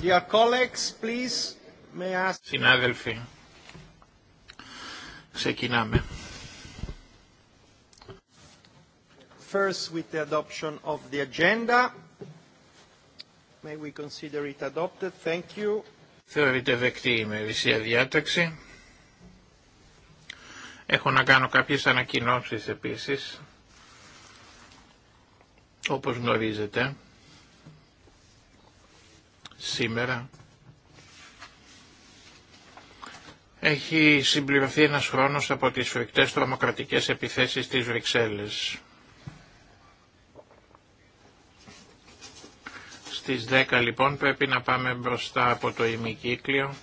Dear colleagues, please, may Συνάδελφοι, ξεκινάμε. First with the adoption of the agenda. May we consider it adopted. Thank you. Θεωρείται δεκτή η μερισία διάταξη. Έχω να κάνω κάποιες ανακοινώσεις επίσης. Όπως γνωρίζετε, σήμερα έχει συμπληρωθεί ένας χρόνος από τις φρικτές τρομοκρατικές επιθέσεις της Βρυξέλλες. Στις 10 λοιπόν πρέπει να πάμε μπροστά από το ημικύκλιο.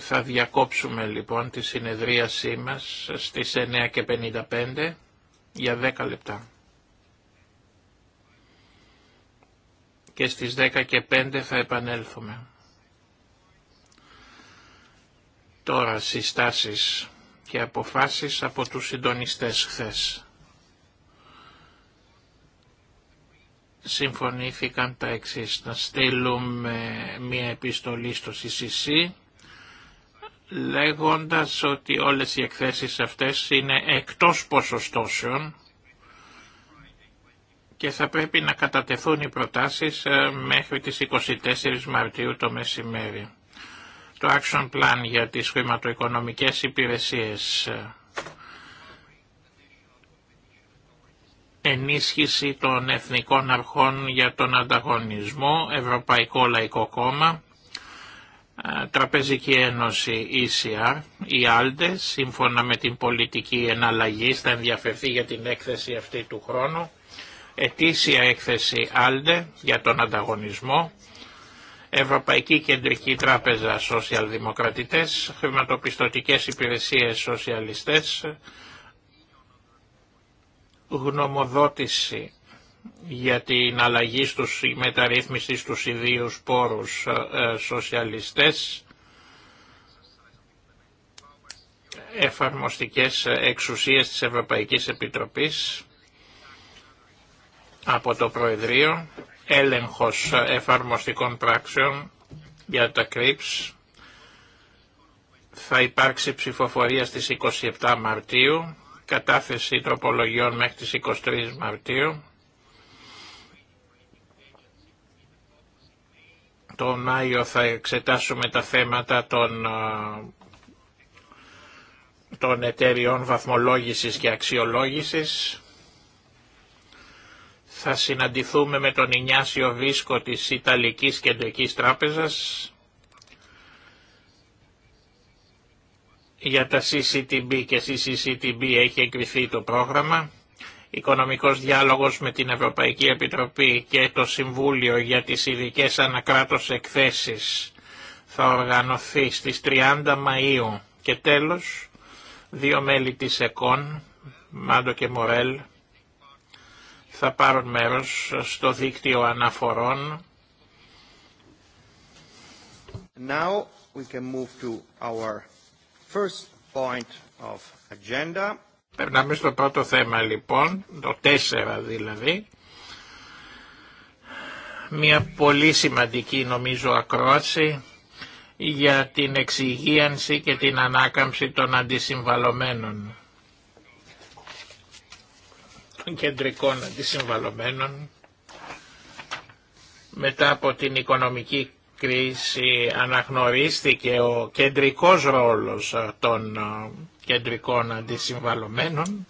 Θα διακόψουμε λοιπόν τη συνεδρίασή μας στις 9.55 για 10 λεπτά. και στις 10 και 5 θα επανέλθουμε. Τώρα συστάσεις και αποφάσεις από τους συντονιστές χθες. Συμφωνήθηκαν τα εξής. Να στείλουμε μία επιστολή στο CCC λέγοντας ότι όλες οι εκθέσεις αυτές είναι εκτός ποσοστώσεων και θα πρέπει να κατατεθούν οι προτάσεις ε, μέχρι τις 24 Μαρτίου το μεσημέρι. Το Action Plan για τις χρηματοοικονομικές υπηρεσίες. Ενίσχυση των εθνικών αρχών για τον ανταγωνισμό, Ευρωπαϊκό Λαϊκό Κόμμα, ε, Τραπεζική Ένωση ECR, η ALDE, σύμφωνα με την πολιτική εναλλαγή, θα ενδιαφερθεί για την έκθεση αυτή του χρόνου ετήσια έκθεση ALDE για τον ανταγωνισμό, Ευρωπαϊκή Κεντρική Τράπεζα Σοσιαλδημοκρατητές, Χρηματοπιστωτικές Υπηρεσίες Σοσιαλιστές, γνωμοδότηση για την αλλαγή στους μεταρρύθμιση στους ιδίους πόρους ε, ε, σοσιαλιστές, εφαρμοστικές ε, εξουσίες της Ευρωπαϊκής Επιτροπής, από το Προεδρείο, έλεγχος εφαρμοστικών πράξεων για τα κρύψ Θα υπάρξει ψηφοφορία στις 27 Μαρτίου, κατάθεση τροπολογιών μέχρι τις 23 Μαρτίου. Το Μάιο θα εξετάσουμε τα θέματα των των εταιριών βαθμολόγησης και αξιολόγησης. Θα συναντηθούμε με τον Ινιάσιο Βίσκο της Ιταλικής Κεντρικής Τράπεζας για τα CCTB και CCTB έχει εγκριθεί το πρόγραμμα. Οικονομικός διάλογος με την Ευρωπαϊκή Επιτροπή και το Συμβούλιο για τις ειδικέ ανακράτως εκθέσεις θα οργανωθεί στις 30 Μαΐου. Και τέλος, δύο μέλη της ΕΚΟΝ, Μάντο και Μορέλ, θα πάρουν μέρος στο δίκτυο αναφορών. Περνάμε στο πρώτο θέμα λοιπόν, το τέσσερα δηλαδή. Μια πολύ σημαντική νομίζω ακρόαση για την εξυγίανση και την ανάκαμψη των αντισυμβαλωμένων κεντρικών αντισυμβαλωμένων μετά από την οικονομική κρίση αναγνωρίστηκε ο κεντρικός ρόλος των ε, κεντρικών αντισυμβαλωμένων.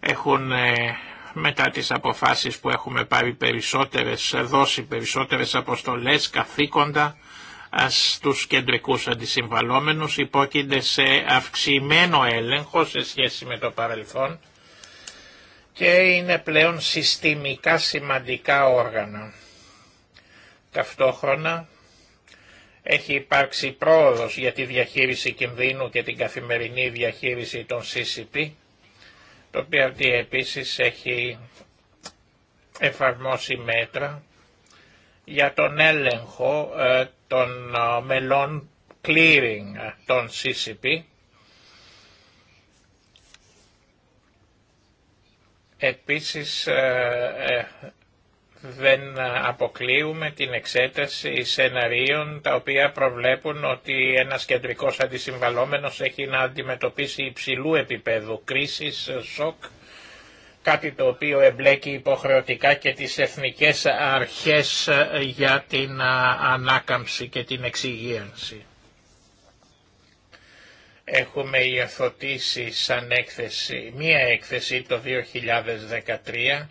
Έχουν ε, μετά τις αποφάσεις που έχουμε πάρει περισσότερες, δώσει περισσότερες αποστολές, καθήκοντα, στους κεντρικούς αντισυμβαλόμενους υπόκεινται σε αυξημένο έλεγχο σε σχέση με το παρελθόν και είναι πλέον συστημικά σημαντικά όργανα. Ταυτόχρονα έχει υπάρξει πρόοδος για τη διαχείριση κινδύνου και την καθημερινή διαχείριση των CCP, το PRT επίσης έχει εφαρμόσει μέτρα για τον έλεγχο ε, των μελών clearing των CCP. Επίσης ε, ε, δεν αποκλείουμε την εξέταση σεναρίων τα οποία προβλέπουν ότι ένας κεντρικός αντισυμβαλόμενος έχει να αντιμετωπίσει υψηλού επίπεδου κρίσης, σοκ κάτι το οποίο εμπλέκει υποχρεωτικά και τις εθνικές αρχές ε, για την ε, ανάκαμψη και την εξυγίανση. Έχουμε υιοθετήσει σαν έκθεση, μία έκθεση το 2013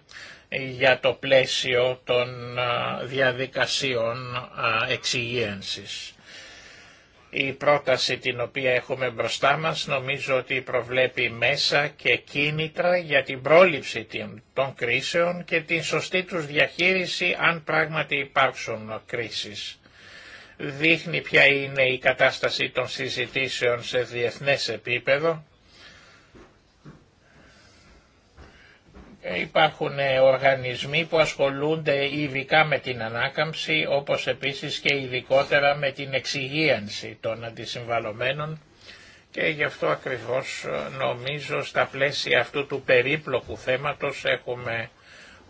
ε, για το πλαίσιο των διαδικασιών εξυγίανσης. Η πρόταση την οποία έχουμε μπροστά μας νομίζω ότι προβλέπει μέσα και κίνητρα για την πρόληψη των κρίσεων και την σωστή τους διαχείριση αν πράγματι υπάρξουν κρίσεις. Δείχνει ποια είναι η κατάσταση των συζητήσεων σε διεθνές επίπεδο Ε, υπάρχουν ε, οργανισμοί που ασχολούνται ειδικά με την ανάκαμψη, όπως επίσης και ειδικότερα με την εξυγίανση των αντισυμβαλωμένων και γι' αυτό ακριβώς ε, νομίζω στα πλαίσια αυτού του περίπλοκου θέματος έχουμε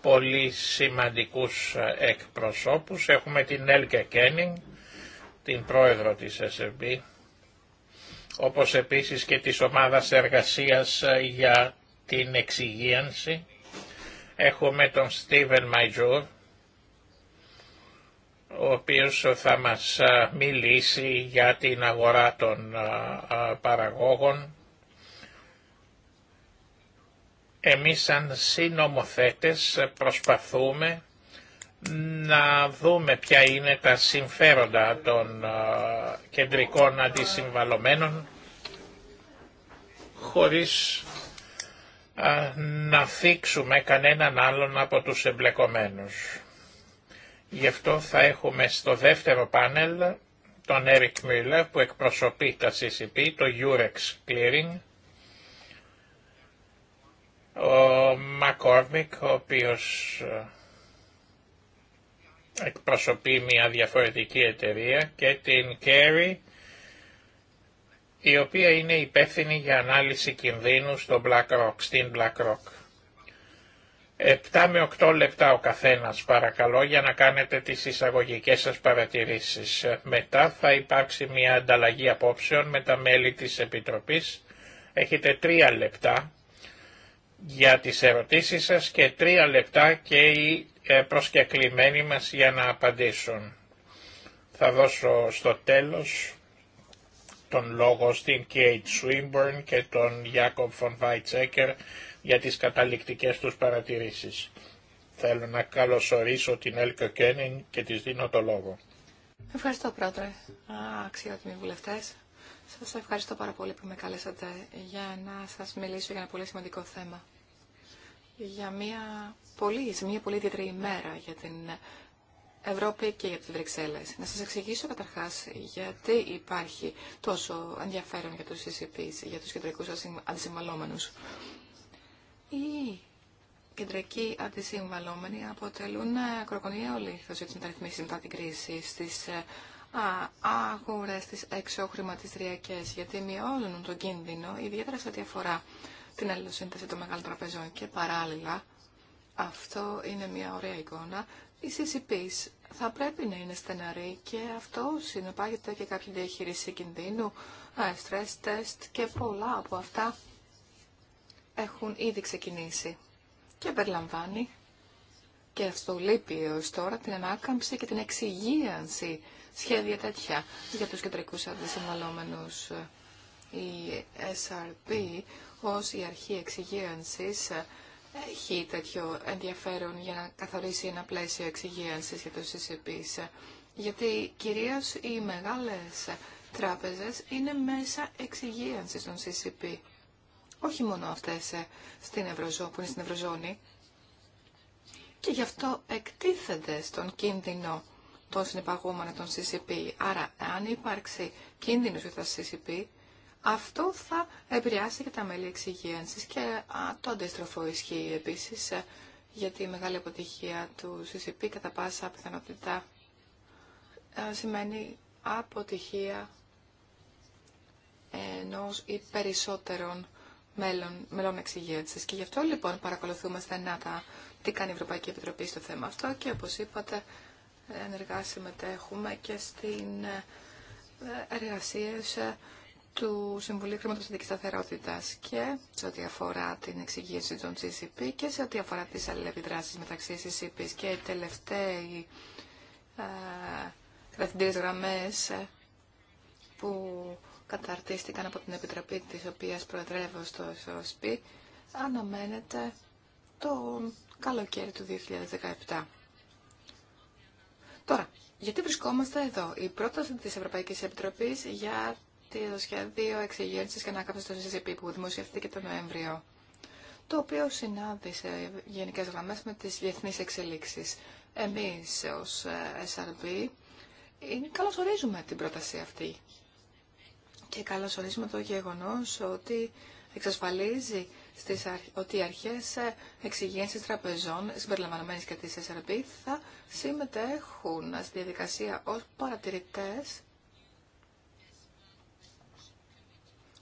πολύ σημαντικούς εκπροσώπους. Έχουμε την Έλκε Κένινγκ, την πρόεδρο της SRB, όπως επίσης και της ομάδας εργασίας για την εξυγίανση Έχουμε τον Στίβεν Μαϊτζούρ, ο οποίος θα μας μιλήσει για την αγορά των παραγόγων. Εμείς σαν συνομοθέτες προσπαθούμε να δούμε ποια είναι τα συμφέροντα των κεντρικών αντισυμβαλωμένων χωρίς να θίξουμε κανέναν άλλον από τους εμπλεκομένους. Γι' αυτό θα έχουμε στο δεύτερο πάνελ τον Έρικ Müller που εκπροσωπεί τα CCP, το Eurex Clearing, ο Μακόρμικ, ο οποίος ε, εκπροσωπεί μια διαφορετική εταιρεία και την Κέρι, η οποία είναι υπεύθυνη για ανάλυση κινδύνου στο BlackRock, στην BlackRock. 7 με 8 λεπτά ο καθένας παρακαλώ για να κάνετε τις εισαγωγικές σας παρατηρήσεις. Μετά θα υπάρξει μια ανταλλαγή απόψεων με τα μέλη της Επιτροπής. Έχετε 3 λεπτά για τις ερωτήσεις σας και 3 λεπτά και οι ε, προσκεκλημένοι μας για να απαντήσουν. Θα δώσω στο τέλος τον λόγο στην Κέιτ Σουίμπορν και τον Ιάκομ Φον Βάιτσέκερ για τις καταληκτικές τους παρατηρήσεις. Θέλω να καλωσορίσω την Έλκο Κένιν και της δίνω το λόγο. Ευχαριστώ πρόεδρε, αξιότιμοι βουλευτές. Σας ευχαριστώ πάρα πολύ που με καλέσατε για να σας μιλήσω για ένα πολύ σημαντικό θέμα. Για μια πολύ, μια πολύ ιδιαίτερη ημέρα για την Ευρώπη και για τις Βρυξέλλες. Να σα εξηγήσω καταρχά, γιατί υπάρχει τόσο ενδιαφέρον για τους CCP, για του κεντρικού αντισυμβαλόμενους. Οι κεντρικοί αντισυμβαλόμενοι αποτελούν ε, ακροκονία όλοι για τις μεταρρυθμίσεις μετά την κρίση στις ε, αγορές, στι εξωχρηματιστριακές, γιατί μειώνουν τον κίνδυνο, ιδιαίτερα σε ό,τι αφορά την αλληλοσύνθεση των μεγάλων τραπεζών και παράλληλα αυτό είναι μια ωραία εικόνα οι CCPs θα πρέπει να είναι στεναροί και αυτό συνεπάγεται και κάποια διαχείριση κινδύνου, ε, stress test και πολλά από αυτά έχουν ήδη ξεκινήσει και περιλαμβάνει και αυτό λείπει τώρα την ανάκαμψη και την εξυγίανση σχέδια τέτοια για τους κεντρικούς αντισυμβαλόμενους. Η SRP ως η αρχή εξυγίανσης ε, έχει τέτοιο ενδιαφέρον για να καθορίσει ένα πλαίσιο εξυγίανσης για το CCPs. Γιατί κυρίως οι μεγάλες τράπεζες είναι μέσα εξυγίανσης των CCP. Όχι μόνο αυτές ε, στην που είναι στην Ευρωζώνη. Και γι' αυτό εκτίθενται στον κίνδυνο των συνεπαγόμενων των CCP. Άρα, αν υπάρξει κίνδυνος για τα CCP, αυτό θα επηρεάσει και τα μέλη εξυγίανσης και α, το αντίστροφο ισχύει επίσης ε, για τη μεγάλη αποτυχία του CCP κατά πάσα πιθανότητα ε, σημαίνει αποτυχία ενό ή περισσότερων μέλων, μέλων Και γι' αυτό λοιπόν παρακολουθούμε στενά τα, τι κάνει η Ευρωπαϊκή Επιτροπή στο θέμα αυτό και όπως είπατε ενεργά συμμετέχουμε και στην ε, εργασίες του Συμβουλίου Χρηματοστατικής Σταθερότητα και σε ό,τι αφορά την εξηγήση των CCP και σε ό,τι αφορά τις αλληλεπιδράσει μεταξύ CCP και οι τελευταίοι ε, καταθυντήρες γραμμές ε, που καταρτίστηκαν από την Επιτροπή της οποίας προεδρεύω στο ΣΟΣΠΗ αναμένεται το καλοκαίρι του 2017. Τώρα, γιατί βρισκόμαστε εδώ. Η πρόταση της Ευρωπαϊκής Επιτροπής για το σχέδιο εξυγένσης και ανάκαμψη του CCP που δημοσιεύτηκε το Νοέμβριο, το οποίο συνάντησε γενικέ γενικές γραμμές με τι διεθνεί εξελίξει, εμεί ω ε, SRB καλωσορίζουμε την πρόταση αυτή και καλωσορίζουμε το γεγονό ότι εξασφαλίζει στις ότι οι αρχέ ε, εξηγήνση τραπεζών, συμπεριλαμβανομένες και τη SRB, θα συμμετέχουν στη διαδικασία ω παρατηρητέ.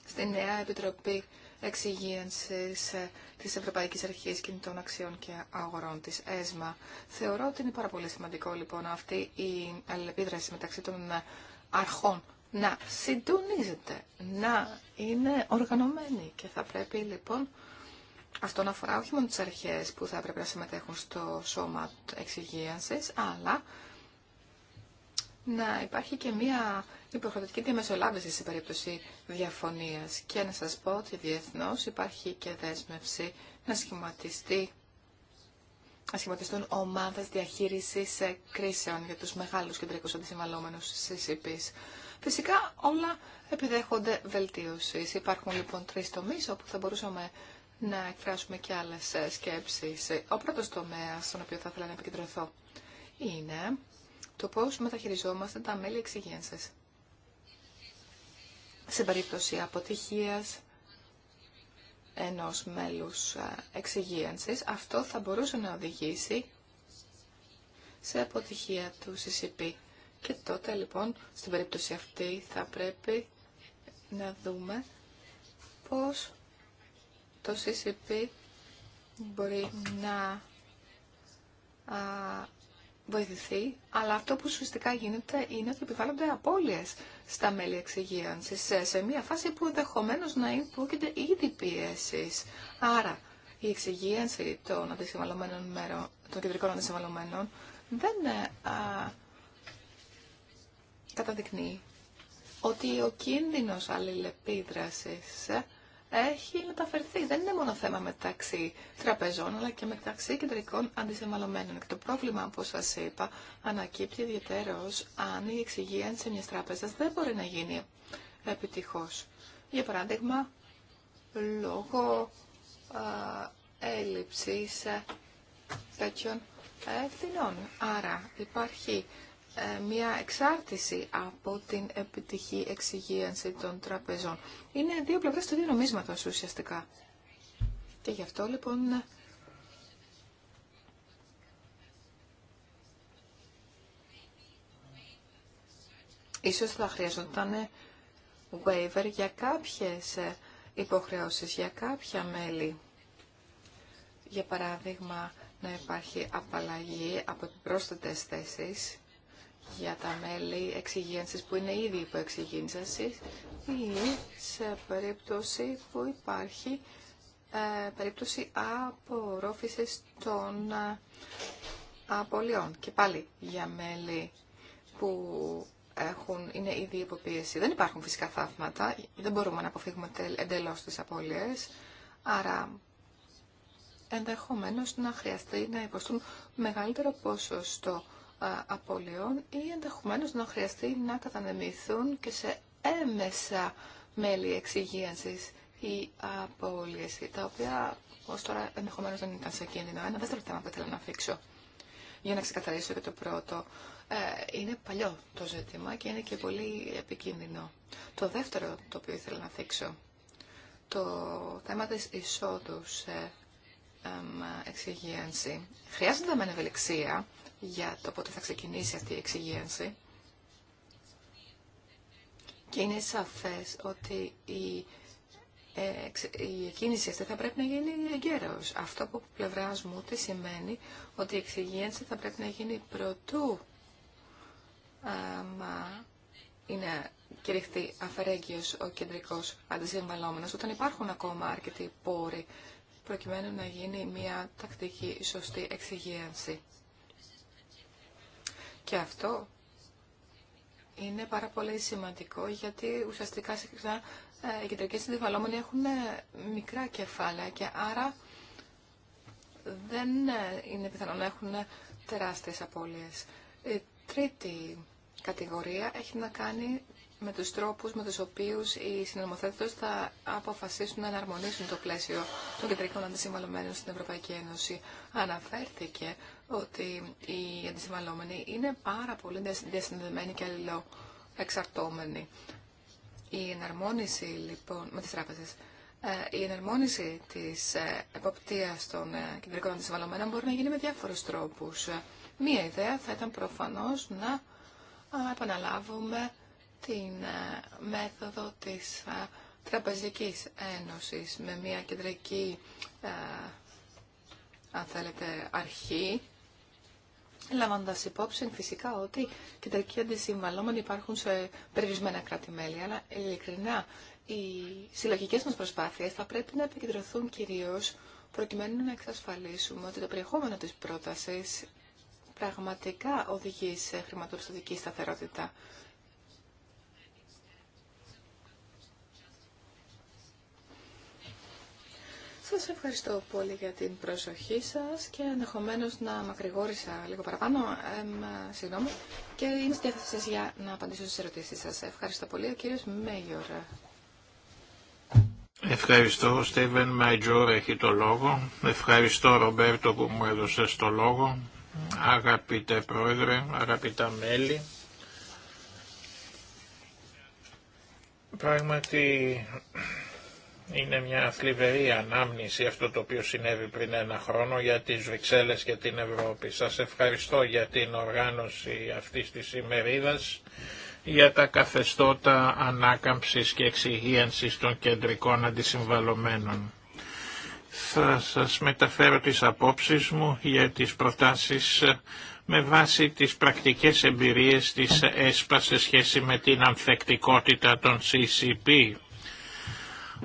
στη νέα Επιτροπή Εξυγίανσης ε, της Ευρωπαϊκής Αρχής Κινητών Αξιών και Αγορών της ΕΣΜΑ. Θεωρώ ότι είναι πάρα πολύ σημαντικό λοιπόν αυτή η αλληλεπίδραση μεταξύ των ε, αρχών να συντονίζεται, να είναι οργανωμένη και θα πρέπει λοιπόν αυτό να αφορά όχι μόνο τις αρχές που θα πρέπει να συμμετέχουν στο σώμα εξυγίανσης, αλλά να υπάρχει και μία υποχρεωτική διαμεσολάβηση σε περίπτωση διαφωνίας. Και να σας πω ότι διεθνώς υπάρχει και δέσμευση να σχηματιστεί να σχηματιστούν ομάδες διαχείρισης κρίσεων για τους μεγάλους κεντρικούς αντισυμβαλόμενους ΕΣΥΠΗΣ. Φυσικά όλα επιδέχονται βελτίωση. Υπάρχουν λοιπόν τρεις τομείς όπου θα μπορούσαμε να εκφράσουμε και άλλες σκέψεις. Ο πρώτος τομέας στον οποίο θα ήθελα να επικεντρωθώ είναι το πώς μεταχειριζόμαστε τα μέλη εξυγένσης. Σε περίπτωση αποτυχίας ενός μέλους ε, εξυγένσης, αυτό θα μπορούσε να οδηγήσει σε αποτυχία του CCP. Και τότε λοιπόν, στην περίπτωση αυτή, θα πρέπει να δούμε πώς το CCP μπορεί να βοηθηθεί, αλλά αυτό που ουσιαστικά γίνεται είναι ότι επιβάλλονται απώλειε στα μέλη εξυγίανση σε, σε μια φάση που ενδεχομένω να υπόκειται ήδη πιέσει. Άρα, η εξυγίανση των μέρων, των κεντρικών αντισυμβαλωμένων, δεν ε, α, καταδεικνύει ότι ο κίνδυνος αλληλεπίδρασης έχει μεταφερθεί. Δεν είναι μόνο θέμα μεταξύ τραπεζών, αλλά και μεταξύ κεντρικών αντισυμβαλωμένων. Και το πρόβλημα, όπω σα είπα, ανακύπτει ιδιαίτερω αν η εξυγίανση μια τράπεζα δεν μπορεί να γίνει επιτυχώ. Για παράδειγμα, λόγω α, έλλειψης ε, τέτοιων ευθυνών. Άρα υπάρχει ε, μια εξάρτηση από την επιτυχή εξυγίανση των τραπεζών. Είναι δύο πλευρές του ίδιου νομίσματος ουσιαστικά. Και γι' αυτό λοιπόν ίσως θα χρειαζόταν waiver για κάποιες υποχρεώσεις, για κάποια μέλη. Για παράδειγμα, να υπάρχει απαλλαγή από πρόσθετες θέσεις για τα μέλη εξυγένσης που είναι ήδη υπό εξυγένσης ή σε περίπτωση που υπάρχει ε, περίπτωση απορρόφησης των ε, απολειών. Και πάλι για μέλη που έχουν, είναι ήδη υποπίεση. Δεν υπάρχουν φυσικά θαύματα, δεν μπορούμε να αποφύγουμε εντελώς τις απώλειες, άρα ενδεχομένως να χρειαστεί να υποστούν μεγαλύτερο ποσοστό απώλειων ή ενδεχομένως να χρειαστεί να κατανεμηθούν και σε έμεσα μέλη εξυγίανσης ή απώλειες, τα οποία ως τώρα ενδεχομένως δεν ήταν σε κίνδυνο. Ένα δεύτερο θέμα που ήθελα να αφήξω για να ξεκαθαρίσω και το πρώτο. Ε, είναι παλιό το ζήτημα και είναι και πολύ επικίνδυνο. Το δεύτερο το οποίο ήθελα να αφήξω, το θέμα της εισόδου σε εξυγίανση. Χρειάζεται μεν ευελιξία, για το πότε θα ξεκινήσει αυτή η εξυγίανση. Και είναι σαφές ότι η, ε, η αυτή θα πρέπει να γίνει εγκαίρως. Αυτό που πλευρά μου τι σημαίνει ότι η εξυγίανση θα πρέπει να γίνει πρωτού μα είναι κηρυχθεί αφαιρέγγιος ο κεντρικός αντισυμβαλόμενος, όταν υπάρχουν ακόμα αρκετοί πόροι προκειμένου να γίνει μια τακτική σωστή εξυγίανση. Και αυτό είναι πάρα πολύ σημαντικό γιατί ουσιαστικά συχνά ε, οι κεντρικές συνδεφαλόμενοι έχουν ε, μικρά κεφάλαια και άρα δεν ε, είναι πιθανό να έχουν τεράστιες απώλειες. Η τρίτη κατηγορία έχει να κάνει με τους τρόπους με τους οποίους οι συνομοθέτες θα αποφασίσουν να εναρμονίσουν το πλαίσιο των κεντρικών αντισυμβαλωμένων στην Ευρωπαϊκή Ένωση. Αναφέρθηκε ότι οι αντισυμβαλωμένοι είναι πάρα πολύ διασυνδεμένοι και αλληλοεξαρτώμενοι. Η εναρμόνιση λοιπόν με τις ε, η εναρμόνιση της ε, εποπτείας των ε, κεντρικών αντισυμβαλωμένων μπορεί να γίνει με διάφορους τρόπους. Μία ιδέα θα ήταν προφανώς να επαναλάβουμε την ε, μέθοδο της ε, Τραπεζικής Ένωσης με μια κεντρική, ε, αν θέλετε, αρχή, λαμβάνοντα υπόψη φυσικά ότι κεντρικοί αντισυμβαλόμενοι υπάρχουν σε περιορισμένα κράτη-μέλη, αλλά ειλικρινά οι συλλογικές μας προσπάθειες θα πρέπει να επικεντρωθούν κυρίως προκειμένου να εξασφαλίσουμε ότι το περιεχόμενο της πρότασης πραγματικά οδηγεί σε χρηματοπιστωτική σταθερότητα Σας ευχαριστώ πολύ για την προσοχή σας και ενδεχομένω να μακρηγόρησα λίγο παραπάνω, Ε, συγγνώμη, και είμαι στη διάθεση σας για να απαντήσω στις ερωτήσεις σας. Ευχαριστώ πολύ, ο κύριος Μέγιορ. Ευχαριστώ, Στίβεν Μαϊτζόρ έχει το λόγο. Ευχαριστώ, Ρομπέρτο, που μου έδωσε το λόγο. Αγαπητέ Πρόεδρε, αγαπητά μέλη. Πράγματι, είναι μια θλιβερή ανάμνηση αυτό το οποίο συνέβη πριν ένα χρόνο για τις Βρυξέλλες και την Ευρώπη. Σας ευχαριστώ για την οργάνωση αυτής της ημερίδας, για τα καθεστώτα ανάκαμψης και εξυγίανσης των κεντρικών αντισυμβαλωμένων. Θα σας μεταφέρω τις απόψεις μου για τις προτάσεις με βάση τις πρακτικές εμπειρίες της ΕΣΠΑ σε σχέση με την ανθεκτικότητα των CCP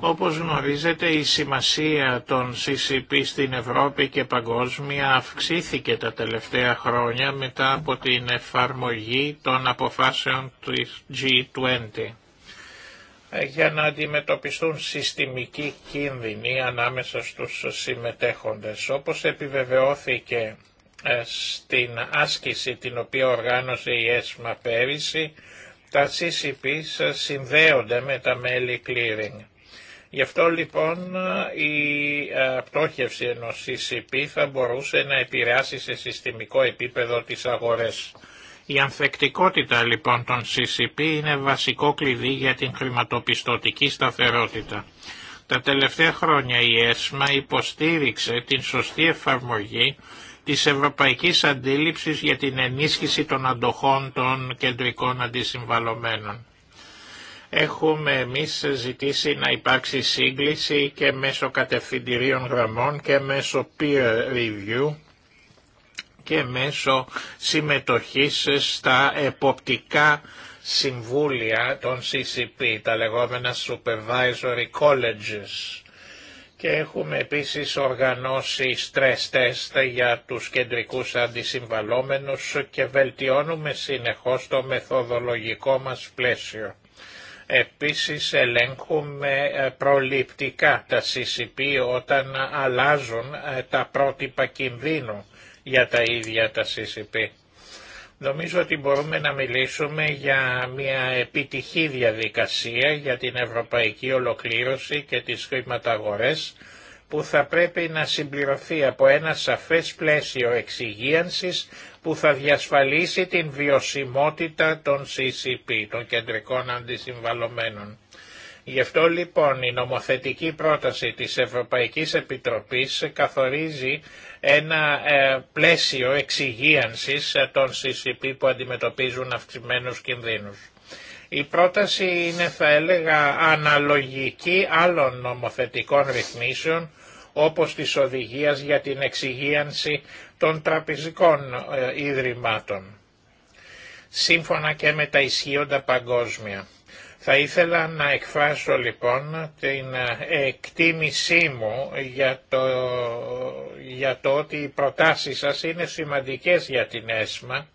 όπως γνωρίζετε η σημασία των CCP στην Ευρώπη και παγκόσμια αυξήθηκε τα τελευταία χρόνια μετά από την εφαρμογή των αποφάσεων του G20 για να αντιμετωπιστούν συστημικοί κίνδυνοι ανάμεσα στους συμμετέχοντες. Όπως επιβεβαιώθηκε ε, στην άσκηση την οποία οργάνωσε η ΕΣΜΑ πέρυσι, τα CCP συνδέονται με τα μέλη clearing. Γι' αυτό λοιπόν η ε, πτώχευση ενός CCP θα μπορούσε να επηρεάσει σε συστημικό επίπεδο τις αγορές. Η ανθεκτικότητα λοιπόν των CCP είναι βασικό κλειδί για την χρηματοπιστωτική σταθερότητα. Τα τελευταία χρόνια η ΕΣΜΑ υποστήριξε την σωστή εφαρμογή της ευρωπαϊκής αντίληψης για την ενίσχυση των αντοχών των κεντρικών αντισυμβαλωμένων έχουμε εμείς ζητήσει να υπάρξει σύγκληση και μέσω κατευθυντηρίων γραμμών και μέσω peer review και μέσω συμμετοχής στα εποπτικά συμβούλια των CCP, τα λεγόμενα Supervisory Colleges. Και έχουμε επίσης οργανώσει stress test για τους κεντρικούς αντισυμβαλόμενους και βελτιώνουμε συνεχώς το μεθοδολογικό μας πλαίσιο. Επίσης ελέγχουμε ε, προληπτικά τα CCP όταν αλλάζουν ε, τα πρότυπα κινδύνου για τα ίδια τα CCP. Νομίζω ότι μπορούμε να μιλήσουμε για μια επιτυχή διαδικασία για την ευρωπαϊκή ολοκλήρωση και τις χρηματαγορές που θα πρέπει να συμπληρωθεί από ένα σαφές πλαίσιο εξυγίανσης που θα διασφαλίσει την βιωσιμότητα των CCP, των κεντρικών αντισυμβαλωμένων. Γι' αυτό λοιπόν η νομοθετική πρόταση της Ευρωπαϊκής Επιτροπής καθορίζει ένα ε, πλαίσιο εξυγίανσης των CCP που αντιμετωπίζουν αυξημένους κινδύνους. Η πρόταση είναι θα έλεγα αναλογική άλλων νομοθετικών ρυθμίσεων όπως της οδηγίας για την εξυγίανση των τραπεζικών ε, ιδρυμάτων, σύμφωνα και με τα ισχύοντα παγκόσμια. Θα ήθελα να εκφράσω λοιπόν την ε, εκτίμησή μου για το, για το ότι οι προτάσεις σας είναι σημαντικές για την ΕΣΜΑ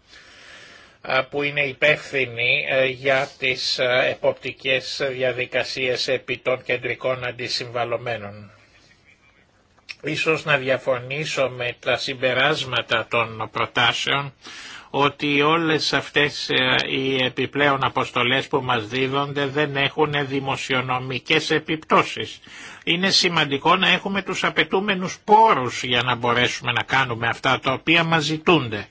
ε, που είναι υπεύθυνη για τις εποπτικές διαδικασίες επί των κεντρικών αντισυμβαλωμένων ίσως να διαφωνήσω με τα συμπεράσματα των προτάσεων ότι όλες αυτές ε, οι επιπλέον αποστολές που μας δίδονται δεν έχουν δημοσιονομικές επιπτώσεις. Είναι σημαντικό να έχουμε τους απαιτούμενους πόρους για να μπορέσουμε να κάνουμε αυτά τα οποία μας ζητούνται.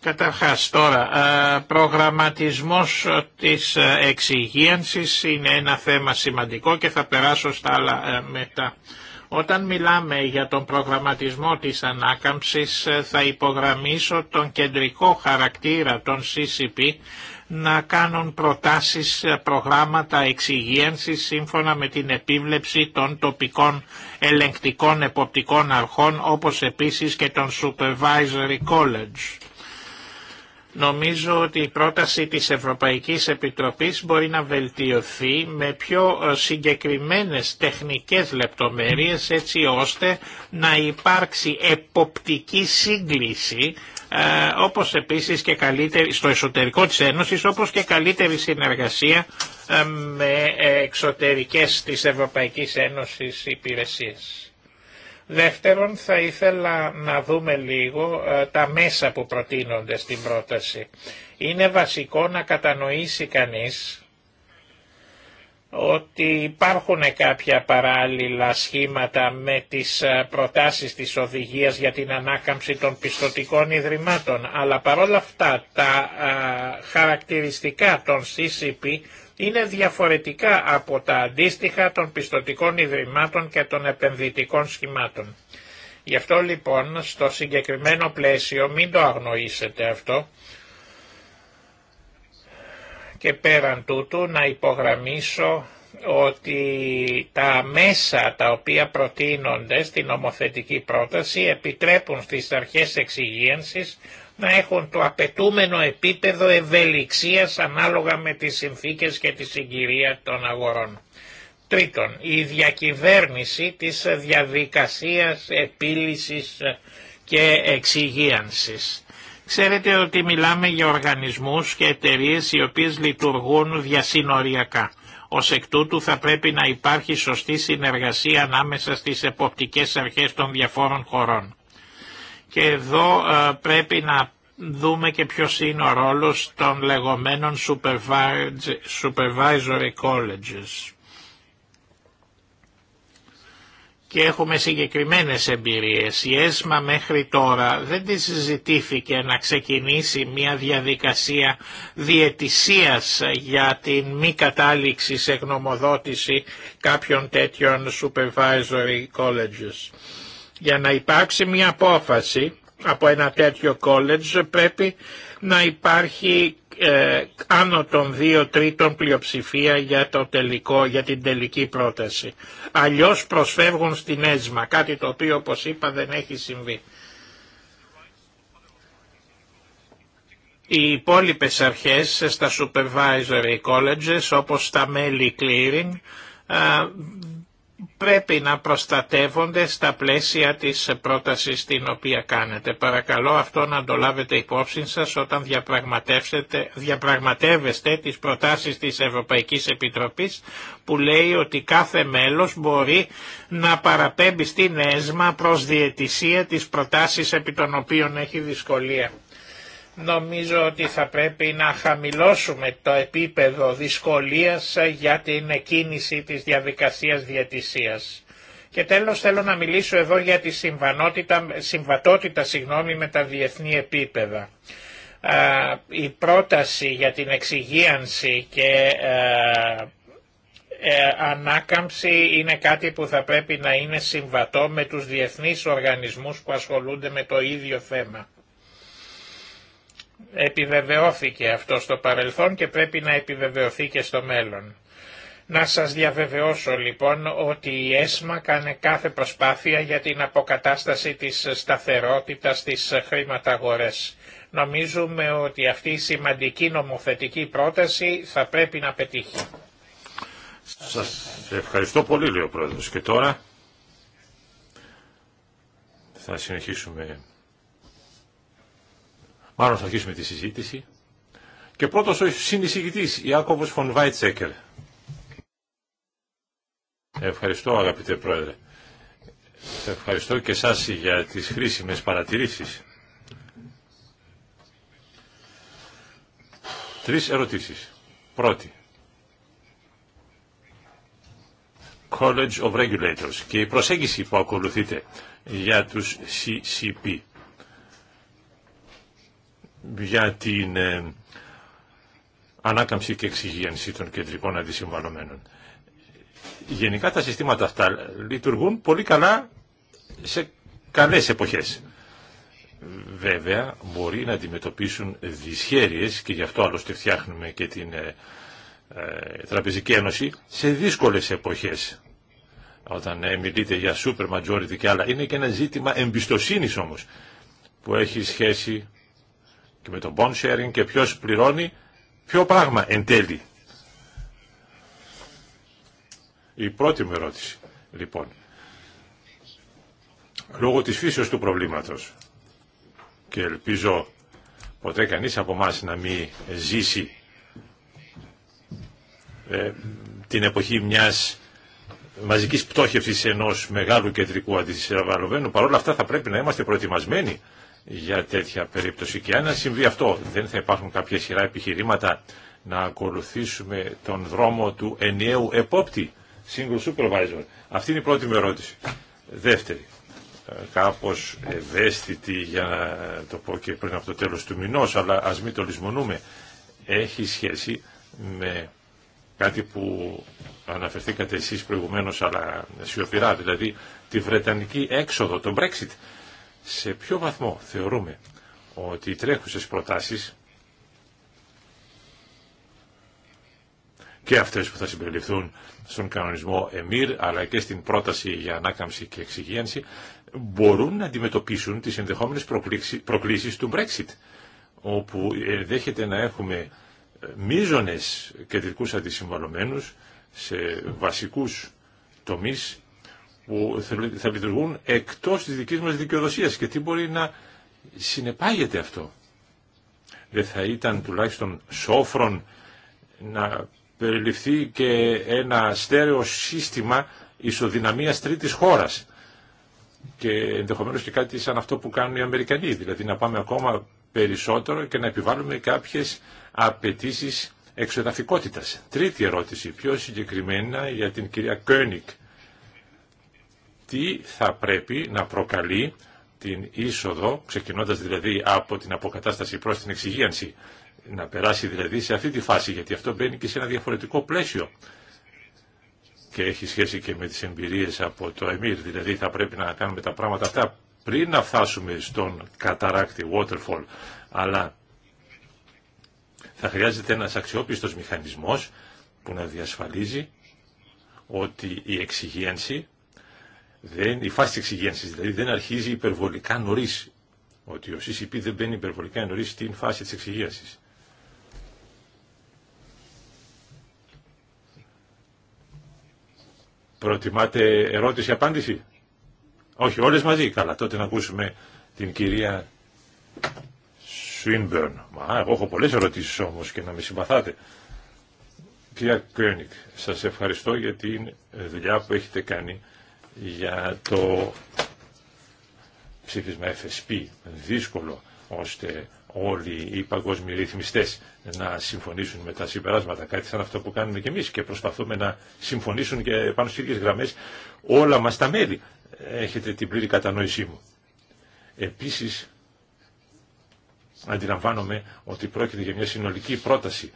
Καταρχάς τώρα, ε, προγραμματισμός της εξυγίανσης είναι ένα θέμα σημαντικό και θα περάσω στα άλλα ε, μετά. Όταν μιλάμε για τον προγραμματισμό της ανάκαμψης ε, θα υπογραμμίσω τον κεντρικό χαρακτήρα των CCP να κάνουν προτάσεις, ε, προγράμματα εξυγίανσης σύμφωνα με την επίβλεψη των τοπικών ελεγκτικών εποπτικών αρχών όπως επίσης και των Supervisory College. Νομίζω ότι η πρόταση της Ευρωπαϊκής Επιτροπής μπορεί να βελτιωθεί με πιο ε, συγκεκριμένες τεχνικές λεπτομέρειες έτσι ώστε να υπάρξει εποπτική σύγκληση ε, όπως επίσης και καλύτερη, στο εσωτερικό της Ένωσης όπως και καλύτερη συνεργασία ε, με εξωτερικές της Ευρωπαϊκής Ένωσης υπηρεσίες. Δεύτερον, θα ήθελα να δούμε λίγο ε, τα μέσα που προτείνονται στην πρόταση. Είναι βασικό να κατανοήσει κανείς ότι υπάρχουν κάποια παράλληλα σχήματα με τις ε, προτάσεις της οδηγίας για την ανάκαμψη των πιστοτικών ιδρυμάτων, αλλά παρόλα αυτά τα ε, χαρακτηριστικά των CCP είναι διαφορετικά από τα αντίστοιχα των πιστοτικών ιδρυμάτων και των επενδυτικών σχημάτων. Γι' αυτό λοιπόν στο συγκεκριμένο πλαίσιο μην το αγνοήσετε αυτό και πέραν τούτου να υπογραμμίσω ότι τα μέσα τα οποία προτείνονται στην ομοθετική πρόταση επιτρέπουν στις αρχές εξυγίανσης να έχουν το απαιτούμενο επίπεδο ευελιξίας ανάλογα με τις συνθήκες και τη συγκυρία των αγορών. Τρίτον, η διακυβέρνηση της διαδικασίας επίλυσης και εξυγίανσης. Ξέρετε ότι μιλάμε για οργανισμούς και εταιρείες οι οποίες λειτουργούν διασυνοριακά. Ως εκ τούτου θα πρέπει να υπάρχει σωστή συνεργασία ανάμεσα στις εποπτικές αρχές των διαφόρων χωρών. Και εδώ ε, πρέπει να δούμε και ποιος είναι ο ρόλος των λεγόμενων supervisory colleges. Και έχουμε συγκεκριμένες εμπειρίες. Η ΕΣΜΑ μέχρι τώρα δεν τη συζητήθηκε να ξεκινήσει μια διαδικασία διαιτησίας για την μη κατάληξη σε γνωμοδότηση κάποιων τέτοιων supervisory colleges. Για να υπάρξει μια απόφαση από ένα τέτοιο college πρέπει να υπάρχει ε, άνω των δύο τρίτων πλειοψηφία για, το τελικό, για την τελική πρόταση. Αλλιώς προσφεύγουν στην έσμα, κάτι το οποίο όπως είπα δεν έχει συμβεί. Οι υπόλοιπες αρχές στα supervisory colleges όπως τα μέλη clearing πρέπει να προστατεύονται στα πλαίσια της πρότασης την οποία κάνετε. Παρακαλώ αυτό να το λάβετε υπόψη σας όταν διαπραγματεύσετε, διαπραγματεύεστε τις προτάσεις της Ευρωπαϊκής Επιτροπής που λέει ότι κάθε μέλος μπορεί να παραπέμπει στην ΕΣΜΑ προς διαιτησία τις προτάσεις επί των οποίων έχει δυσκολία. Νομίζω ότι θα πρέπει να χαμηλώσουμε το επίπεδο δυσκολίας ε, για την κίνηση της διαδικασίας διατησίας. Και τέλος θέλω να μιλήσω εδώ για τη συμβατότητα συγγνώμη, με τα διεθνή επίπεδα. Η πρόταση για την εξυγίανση και ε, ε, ανάκαμψη είναι κάτι που θα πρέπει να είναι συμβατό με τους διεθνείς οργανισμούς που ασχολούνται με το ίδιο θέμα. Επιβεβαιώθηκε αυτό στο παρελθόν και πρέπει να επιβεβαιωθεί και στο μέλλον. Να σας διαβεβαιώσω λοιπόν ότι η ΕΣΜΑ κάνει κάθε προσπάθεια για την αποκατάσταση της σταθερότητας χρήματα χρηματαγορές. Νομίζουμε ότι αυτή η σημαντική νομοθετική πρόταση θα πρέπει να πετύχει. Σας ευχαριστώ πολύ λέει ο Πρόεδρος και τώρα θα συνεχίσουμε Μάλλον θα αρχίσουμε τη συζήτηση. Και πρώτος ο συνεισηγητής, Ιάκωβος Φον Βάιτσέκερ. Ευχαριστώ αγαπητέ Πρόεδρε. Ευχαριστώ και εσά για τις χρήσιμε παρατηρήσεις. Τρεις ερωτήσεις. Πρώτη. College of Regulators και η προσέγγιση που ακολουθείτε για τους CCP για την ε, ανάκαμψη και εξυγίανση των κεντρικών αντισυμβαλωμένων. Γενικά τα συστήματα αυτά λειτουργούν πολύ καλά σε καλές εποχές. Βέβαια μπορεί να αντιμετωπίσουν δυσχέρειες και γι' αυτό άλλωστε φτιάχνουμε και την ε, ε, Τραπεζική Ένωση σε δύσκολες εποχές. Όταν μιλείτε για super majority και άλλα είναι και ένα ζήτημα εμπιστοσύνης όμως που έχει σχέση και με το bond sharing και ποιος πληρώνει ποιο πράγμα εν τέλει. Η πρώτη μου ερώτηση, λοιπόν, λόγω της φύσεως του προβλήματος και ελπίζω ποτέ κανείς από εμά να μην ζήσει ε, την εποχή μιας μαζικής πτώχευσης ενός μεγάλου κεντρικού αντισυραβαλωμένου, παρόλα αυτά θα πρέπει να είμαστε προετοιμασμένοι για τέτοια περίπτωση. Και αν συμβεί αυτό, δεν θα υπάρχουν κάποια σειρά επιχειρήματα να ακολουθήσουμε τον δρόμο του ενιαίου επόπτη, single supervisor. Αυτή είναι η πρώτη μου ερώτηση. Δεύτερη, ε, κάπως ευαίσθητη για να το πω και πριν από το τέλος του μηνός, αλλά ας μην το λησμονούμε, έχει σχέση με κάτι που αναφερθήκατε εσείς προηγουμένως, αλλά σιωπηρά, δηλαδή τη Βρετανική έξοδο, το Brexit σε ποιο βαθμό θεωρούμε ότι οι τρέχουσες προτάσεις και αυτές που θα συμπεριληφθούν στον κανονισμό ΕΜΙΡ αλλά και στην πρόταση για ανάκαμψη και εξυγίανση μπορούν να αντιμετωπίσουν τις ενδεχόμενες προκλήσεις του Brexit όπου ε, δέχεται να έχουμε ε, μίζονες κεντρικούς αντισυμβαλωμένους σε βασικούς τομείς που θα λειτουργούν εκτός της δικής μας δικαιοδοσίας και τι μπορεί να συνεπάγεται αυτό. Δεν θα ήταν τουλάχιστον σόφρον να περιληφθεί και ένα στέρεο σύστημα ισοδυναμίας τρίτης χώρας και ενδεχομένως και κάτι σαν αυτό που κάνουν οι Αμερικανοί, δηλαδή να πάμε ακόμα περισσότερο και να επιβάλλουμε κάποιες απαιτήσει εξοδαφικότητας. Τρίτη ερώτηση, πιο συγκεκριμένα για την κυρία Κόνικ τι θα πρέπει να προκαλεί την είσοδο, ξεκινώντας δηλαδή από την αποκατάσταση προς την εξυγίανση, να περάσει δηλαδή σε αυτή τη φάση, γιατί αυτό μπαίνει και σε ένα διαφορετικό πλαίσιο και έχει σχέση και με τις εμπειρίες από το ΕΜΙΡ, δηλαδή θα πρέπει να κάνουμε τα πράγματα αυτά πριν να φτάσουμε στον καταράκτη waterfall, αλλά θα χρειάζεται ένας αξιόπιστος μηχανισμός που να διασφαλίζει ότι η εξυγίανση δεν, η φάση της δηλαδή δεν αρχίζει υπερβολικά νωρίς. Ότι ο CCP δεν μπαίνει υπερβολικά νωρίς στην φάση της εξυγένσης. Προτιμάτε ερώτηση-απάντηση. Όχι, όλες μαζί. Καλά, τότε να ακούσουμε την κυρία Σουίνμπερν. Μα, εγώ έχω πολλές ερωτήσεις όμως και να με συμπαθάτε. Κυρία Κρένικ, σας ευχαριστώ για την δουλειά που έχετε κάνει για το ψήφισμα FSP δύσκολο ώστε όλοι οι παγκόσμιοι ρυθμιστές να συμφωνήσουν με τα συμπεράσματα. Κάτι σαν αυτό που κάνουμε και εμείς και προσπαθούμε να συμφωνήσουν και πάνω στις ίδιες γραμμές όλα μας τα μέλη. Έχετε την πλήρη κατανόησή μου. Επίσης, αντιλαμβάνομαι ότι πρόκειται για μια συνολική πρόταση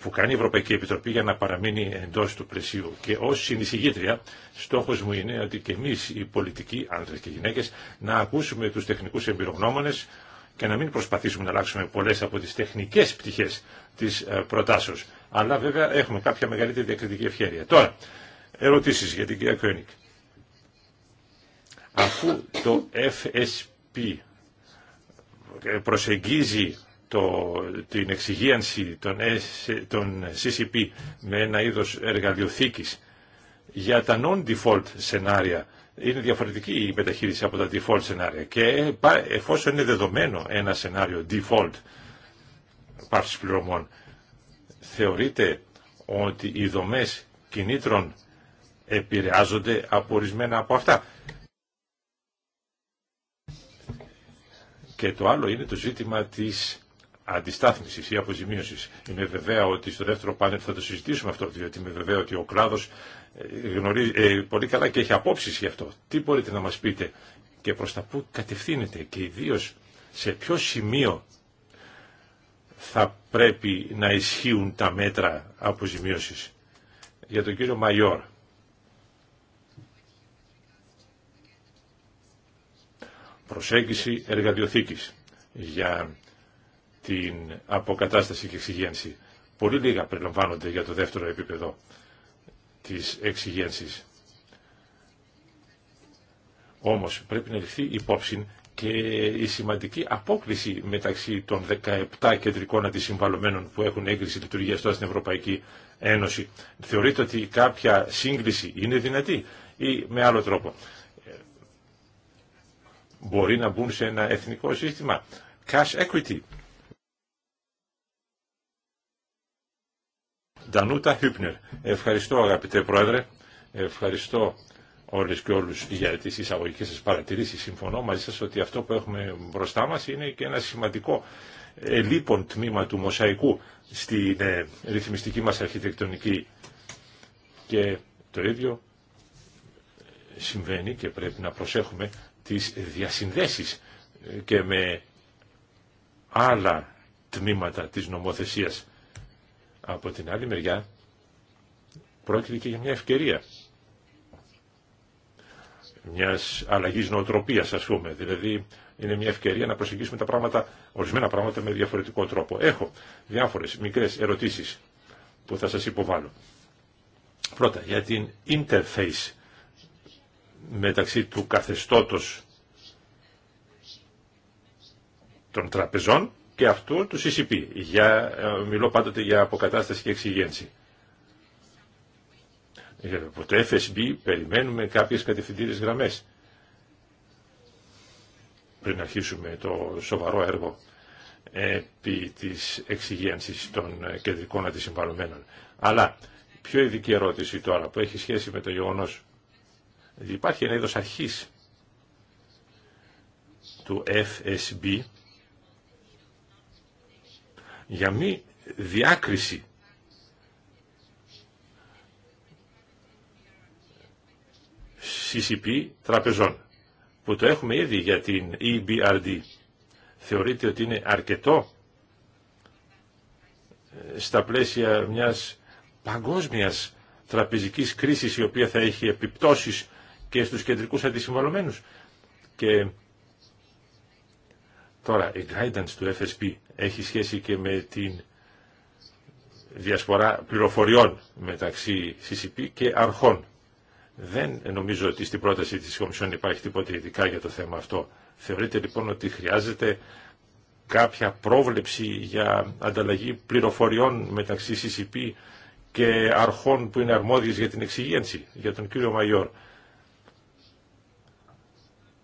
που κάνει η Ευρωπαϊκή Επιτροπή για να παραμείνει εντός του πλαισίου. Και ω συνεισηγήτρια στόχο μου είναι ότι και εμείς οι πολιτικοί άντρε και γυναίκες να ακούσουμε τους τεχνικούς εμπειρογνώμονε και να μην προσπαθήσουμε να αλλάξουμε πολλές από τις τεχνικές πτυχές της ε, προτάσεως. Αλλά βέβαια έχουμε κάποια μεγαλύτερη διακριτική ευχαίρεια. Τώρα, ερωτήσει για την κυρία Αφού το FSP ε, προσεγγίζει το, την εξυγίανση των, των CCP με ένα είδος εργαλειοθήκης για τα non-default σενάρια είναι διαφορετική η μεταχείριση από τα default σενάρια και εφόσον είναι δεδομένο ένα σενάριο default πάυσης πληρωμών θεωρείται ότι οι δομές κινήτρων επηρεάζονται από ορισμένα από αυτά. Και το άλλο είναι το ζήτημα της Αντισταθμιση ή αποζημίωση. Είμαι βεβαία ότι στο δεύτερο πάνελ θα το συζητήσουμε αυτό, διότι είμαι βεβαία ότι ο κλάδο ε, γνωρίζει ε, πολύ καλά και έχει απόψεις γι' αυτό. Τι μπορείτε να μας πείτε και προς τα πού κατευθύνεται και ιδίω σε ποιο σημείο θα πρέπει να ισχύουν τα μέτρα αποζημίωση. Για τον κύριο Μαϊόρ. Προσέγγιση εργαδιοθήκης για την αποκατάσταση και εξυγένση. Πολύ λίγα περιλαμβάνονται για το δεύτερο επίπεδο της εξυγένσης. Όμως πρέπει να ληφθεί υπόψη και η σημαντική απόκληση μεταξύ των 17 κεντρικών αντισυμβαλωμένων που έχουν έγκριση λειτουργία τώρα στην Ευρωπαϊκή Ένωση. Θεωρείτε ότι κάποια σύγκριση είναι δυνατή ή με άλλο τρόπο. Μπορεί να μπουν σε ένα εθνικό σύστημα. Cash equity Ντανούτα Χίπνερ. Ευχαριστώ αγαπητέ Πρόεδρε, ευχαριστώ όλες και όλους για τις εισαγωγικές σας παρατηρήσεις. Συμφωνώ μαζί σας ότι αυτό που έχουμε μπροστά μας είναι και ένα σημαντικό ελίπον τμήμα του μοσαϊκού στην ε, ρυθμιστική μας αρχιτεκτονική. Και το ίδιο ε, συμβαίνει και πρέπει να προσέχουμε τις διασυνδέσεις ε, και με άλλα τμήματα της νομοθεσίας. Από την άλλη μεριά πρόκειται και για μια ευκαιρία μιας αλλαγής νοοτροπίας ας πούμε. Δηλαδή είναι μια ευκαιρία να προσεγγίσουμε τα πράγματα, ορισμένα πράγματα με διαφορετικό τρόπο. Έχω διάφορες μικρές ερωτήσεις που θα σας υποβάλω. Πρώτα, για την interface μεταξύ του καθεστώτος των τραπεζών και αυτό του CCP. Για, ε, μιλώ πάντοτε για αποκατάσταση και εξυγένση. Από το FSB περιμένουμε κάποιες κατευθυντήριες γραμμές πριν αρχίσουμε το σοβαρό έργο επί της εξυγένσης των ε, κεντρικών αντισυμβαλωμένων. Αλλά πιο ειδική ερώτηση τώρα που έχει σχέση με το γεγονό υπάρχει ένα είδος αρχής του FSB για μη διάκριση CCP τραπεζών που το έχουμε ήδη για την EBRD θεωρείται ότι είναι αρκετό ε, στα πλαίσια μιας παγκόσμιας τραπεζικής κρίσης η οποία θα έχει επιπτώσεις και στους κεντρικούς αντισυμβαλωμένους. Και τώρα η guidance του FSP έχει σχέση και με την διασπορά πληροφοριών μεταξύ CCP και αρχών. Δεν νομίζω ότι στην πρόταση της Κομισιόν υπάρχει τίποτα ειδικά για το θέμα αυτό. Θεωρείτε λοιπόν ότι χρειάζεται κάποια πρόβλεψη για ανταλλαγή πληροφοριών μεταξύ CCP και αρχών που είναι αρμόδιες για την εξυγένση, για τον κύριο Μαϊόρ.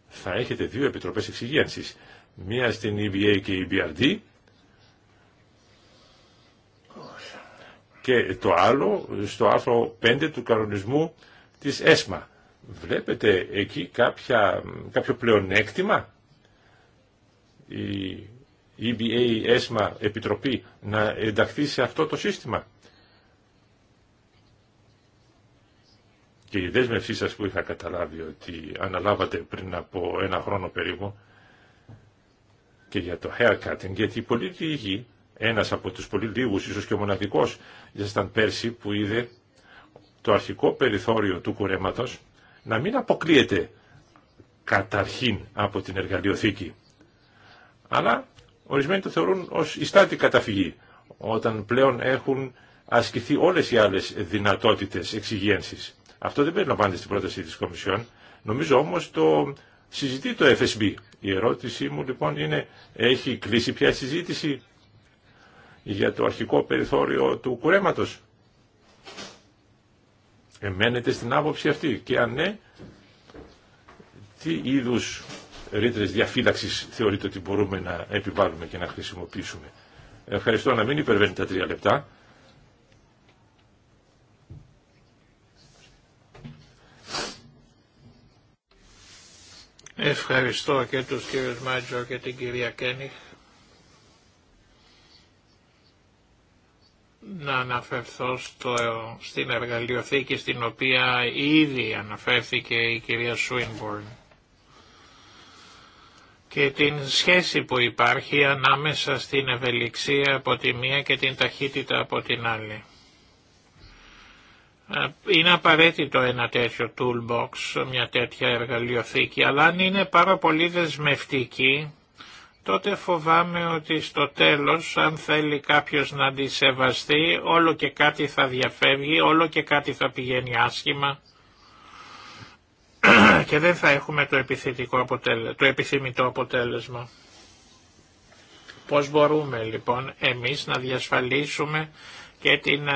Θα έχετε δύο επιτροπές εξυγίανσης, μία στην EBA και EBRD Και το άλλο, στο άρθρο 5 του κανονισμού της ΕΣΜΑ. Βλέπετε εκεί κάποια, κάποιο πλεονέκτημα η EBA, ΕΣΜΑ, Επιτροπή να ενταχθεί σε αυτό το σύστημα. Και η δέσμευσή σας που είχα καταλάβει ότι αναλάβατε πριν από ένα χρόνο περίπου και για το haircutting, γιατί πολλοί λίγοι ένας από τους πολύ λίγους, ίσως και ο μοναδικός, ήσασταν πέρσι που είδε το αρχικό περιθώριο του κουρέματος να μην αποκλείεται καταρχήν από την εργαλειοθήκη. Αλλά ορισμένοι το θεωρούν ως ιστάτη καταφυγή, όταν πλέον έχουν ασκηθεί όλες οι άλλες δυνατότητες εξυγένσης. Αυτό δεν περιλαμβάνεται στην πρόταση της Κομισιόν. Νομίζω όμως το συζητεί το FSB. Η ερώτησή μου λοιπόν είναι, έχει κλείσει πια συζήτηση για το αρχικό περιθώριο του κουρέματος. Εμένετε στην άποψη αυτή και αν ναι, τι είδους ρήτρε διαφύλαξης θεωρείτε ότι μπορούμε να επιβάλλουμε και να χρησιμοποιήσουμε. Ευχαριστώ να μην υπερβαίνει τα τρία λεπτά. Ευχαριστώ και τους κύριους Μάτζο και την κυρία Κένιχ. να αναφερθώ στο, στην εργαλειοθήκη στην οποία ήδη αναφέρθηκε η κυρία Σουίνμπορν και την σχέση που υπάρχει ανάμεσα στην ευελιξία από τη μία και την ταχύτητα από την άλλη. Ε, είναι απαραίτητο ένα τέτοιο toolbox, μια τέτοια εργαλειοθήκη, αλλά αν είναι πάρα πολύ δεσμευτική τότε φοβάμαι ότι στο τέλος αν θέλει κάποιος να αντισεβαστεί, όλο και κάτι θα διαφεύγει, όλο και κάτι θα πηγαίνει άσχημα και δεν θα έχουμε το, επιθυμητό αποτέλεσμα, το επιθυμητό αποτέλεσμα. Πώς μπορούμε λοιπόν εμείς να διασφαλίσουμε και την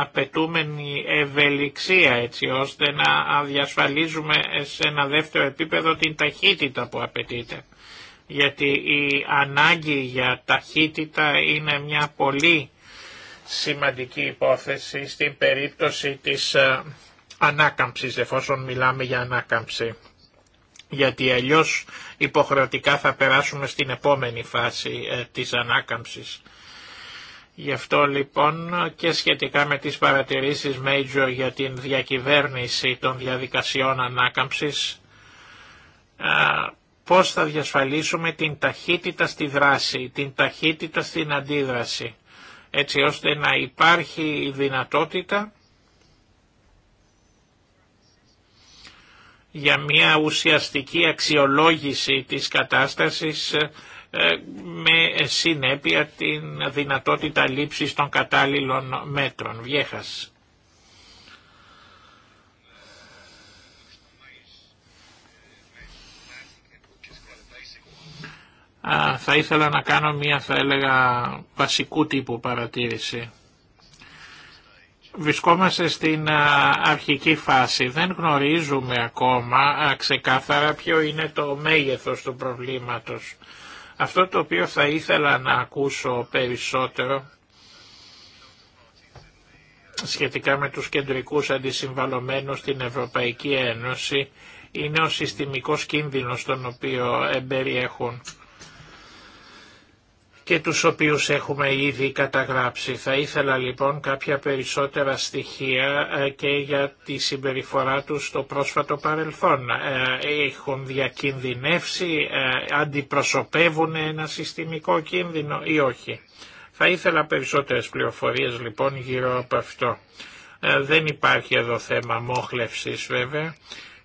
απαιτούμενη ευελιξία έτσι ώστε να διασφαλίζουμε σε ένα δεύτερο επίπεδο την ταχύτητα που απαιτείται γιατί η ανάγκη για ταχύτητα είναι μια πολύ σημαντική υπόθεση στην περίπτωση της ε, ανάκαμψης, εφόσον μιλάμε για ανάκαμψη. Γιατί αλλιώς υποχρεωτικά θα περάσουμε στην επόμενη φάση ε, της ανάκαμψης. Γι' αυτό λοιπόν και σχετικά με τις παρατηρήσεις Major για την διακυβέρνηση των διαδικασιών ανάκαμψης, ε, πώς θα διασφαλίσουμε την ταχύτητα στη δράση, την ταχύτητα στην αντίδραση, έτσι ώστε να υπάρχει η δυνατότητα για μια ουσιαστική αξιολόγηση της κατάστασης ε, με συνέπεια την δυνατότητα λήψης των κατάλληλων μέτρων. Βιέχας. θα ήθελα να κάνω μία θα έλεγα βασικού τύπου παρατήρηση. Βρισκόμαστε στην αρχική φάση. Δεν γνωρίζουμε ακόμα ξεκάθαρα ποιο είναι το μέγεθος του προβλήματος. Αυτό το οποίο θα ήθελα να ακούσω περισσότερο σχετικά με τους κεντρικούς αντισυμβαλωμένους στην Ευρωπαϊκή Ένωση είναι ο συστημικός κίνδυνος τον οποίο εμπεριέχουν και τους οποίους έχουμε ήδη καταγράψει. Θα ήθελα λοιπόν κάποια περισσότερα στοιχεία ε, και για τη συμπεριφορά τους στο πρόσφατο παρελθόν. Ε, έχουν διακινδυνεύσει, ε, αντιπροσωπεύουν ένα συστημικό κίνδυνο ή όχι. Θα ήθελα περισσότερες πληροφορίες λοιπόν γύρω από αυτό. Δεν υπάρχει εδώ θέμα μόχλευσης βέβαια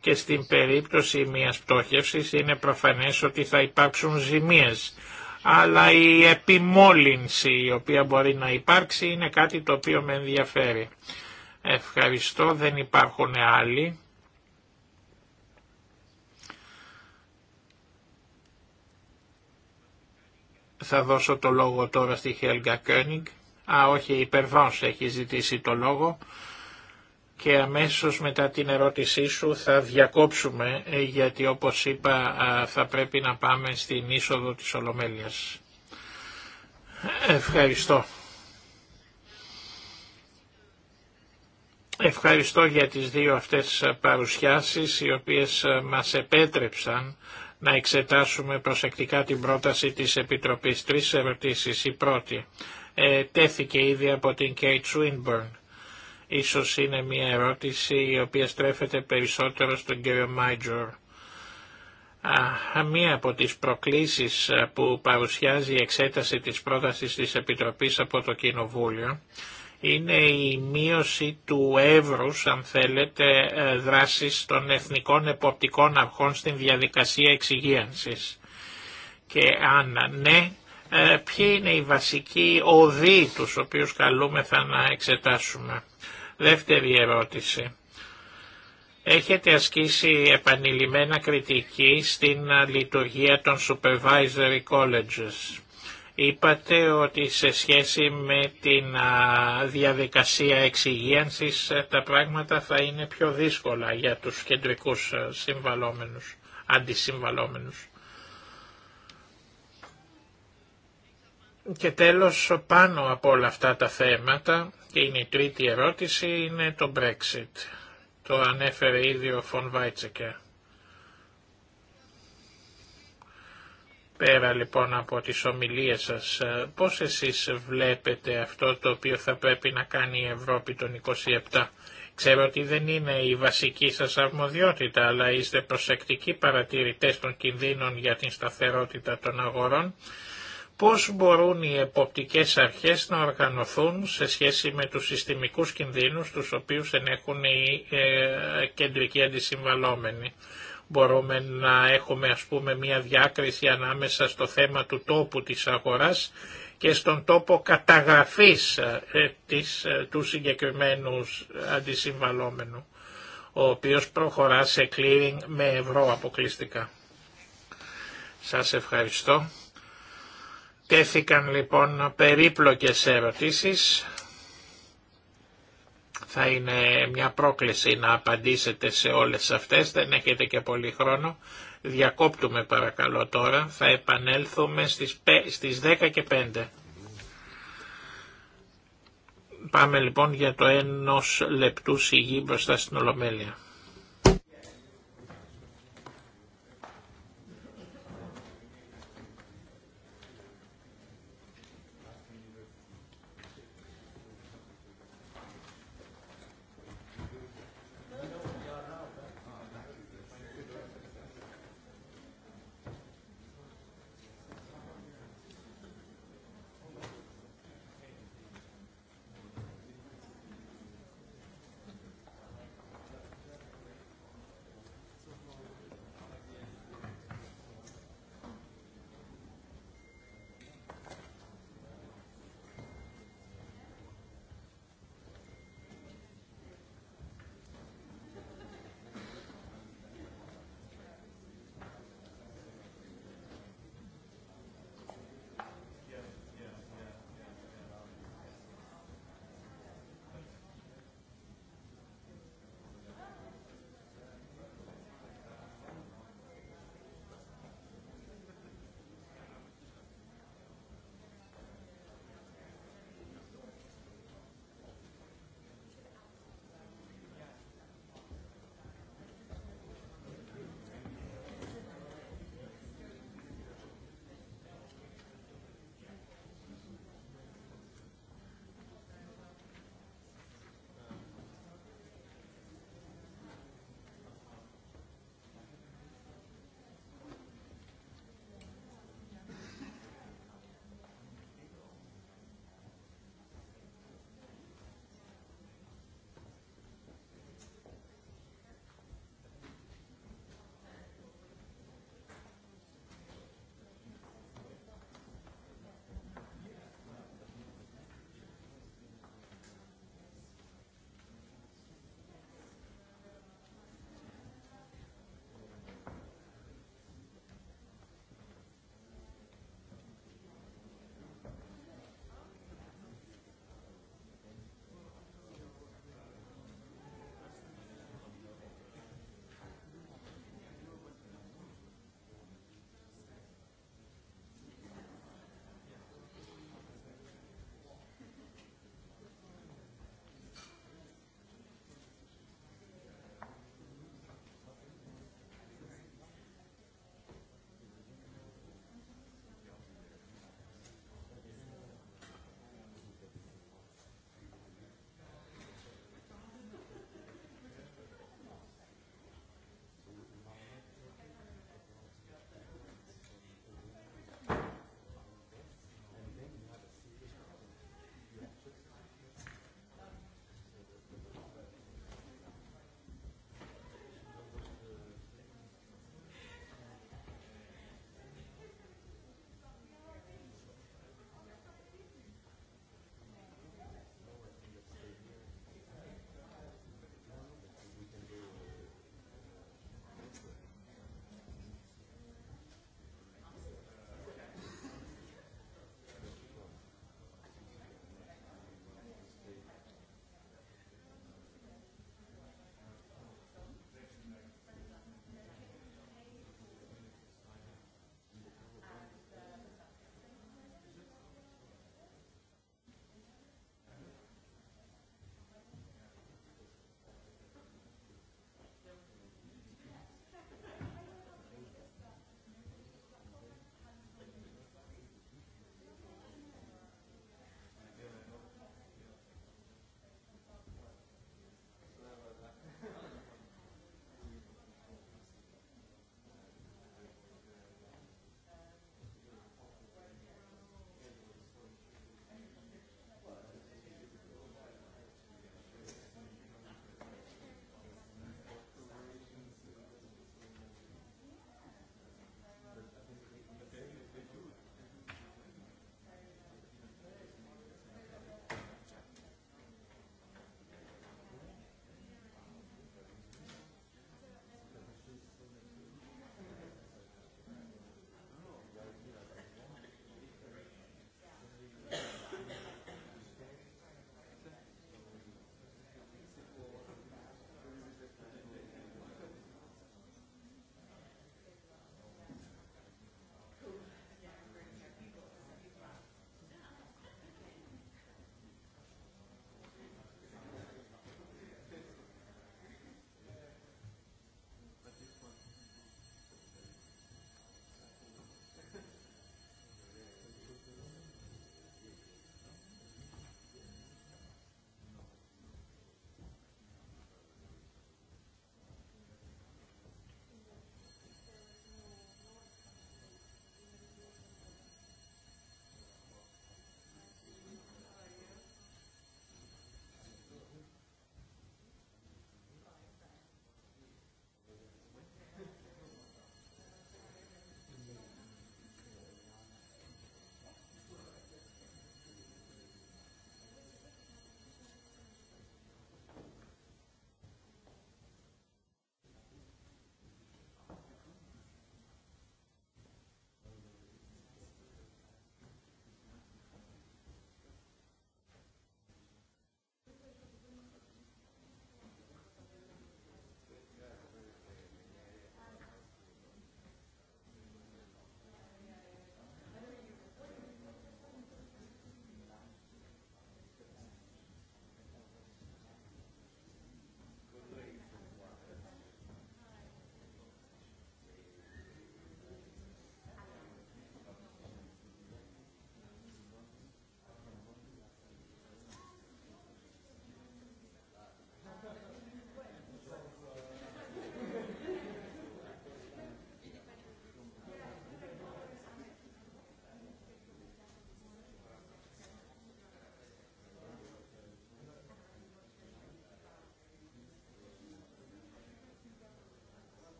και στην περίπτωση μιας πτώχευσης είναι προφανές ότι θα υπάρξουν ζημίες αλλά η επιμόλυνση η οποία μπορεί να υπάρξει είναι κάτι το οποίο με ενδιαφέρει. Ευχαριστώ, δεν υπάρχουν άλλοι. Θα δώσω το λόγο τώρα στη Χέλγα Κόνιγκ. Α, όχι, η έχει ζητήσει το λόγο και αμέσως μετά την ερώτησή σου θα διακόψουμε ε, γιατί όπως είπα θα πρέπει να πάμε στην είσοδο της Ολομέλειας. Ευχαριστώ. Ευχαριστώ για τις δύο αυτές παρουσιάσεις οι οποίες ε, μας επέτρεψαν να εξετάσουμε προσεκτικά την πρόταση της Επιτροπής. Τρεις ερωτήσεις. Η πρώτη ε, τέθηκε ήδη από την Κέιτ Σουίνμπερν Ίσως είναι μια ερώτηση η οποία στρέφεται περισσότερο στον κύριο Μάιτζορ. Μία από τις προκλήσεις που παρουσιάζει η εξέταση της πρότασης της Επιτροπής από το Κοινοβούλιο είναι η μείωση του εύρους, αν θέλετε, ε, δράσης των εθνικών εποπτικών αρχών στην διαδικασία εξυγίανσης. Και αν ναι, ε, ποιοι είναι οι βασικοί οδοί τους οποίους καλούμεθα να εξετάσουμε. Δεύτερη ερώτηση. Έχετε ασκήσει επανειλημμένα κριτική στην λειτουργία των supervisory colleges. Είπατε ότι σε σχέση με την διαδικασία εξυγίανσης ε, τα πράγματα θα είναι πιο δύσκολα για τους κεντρικούς ε, συμβαλόμενους, αντισυμβαλόμενους. Και τέλος πάνω από όλα αυτά τα θέματα και είναι η τρίτη ερώτηση είναι το Brexit. Το ανέφερε ήδη ο Φον Βάιτσεκερ. Πέρα λοιπόν από τις ομιλίες σας, πώς εσείς βλέπετε αυτό το οποίο θα πρέπει να κάνει η Ευρώπη τον 27. Ξέρω ότι δεν είναι η βασική σας αρμοδιότητα, αλλά είστε προσεκτικοί παρατηρητές των κινδύνων για την σταθερότητα των αγορών πώς μπορούν οι εποπτικές αρχές να οργανωθούν σε σχέση με τους συστημικούς κινδύνους τους οποίους ενέχουν οι ε, κεντρικοί αντισυμβαλόμενοι. Μπορούμε να έχουμε ας πούμε μια διάκριση ανάμεσα στο θέμα του τόπου της αγοράς και στον τόπο καταγραφής ε, της, ε, του συγκεκριμένου αντισυμβαλόμενου, ο οποίος προχωρά σε clearing με ευρώ αποκλειστικά. Σας ευχαριστώ. Τέθηκαν λοιπόν περίπλοκες ερωτήσεις. Θα είναι μια πρόκληση να απαντήσετε σε όλες αυτές, δεν έχετε και πολύ χρόνο. Διακόπτουμε παρακαλώ τώρα, θα επανέλθουμε στις, στις 10 και 5. Πάμε λοιπόν για το ενός λεπτού σιγή μπροστά στην Ολομέλεια.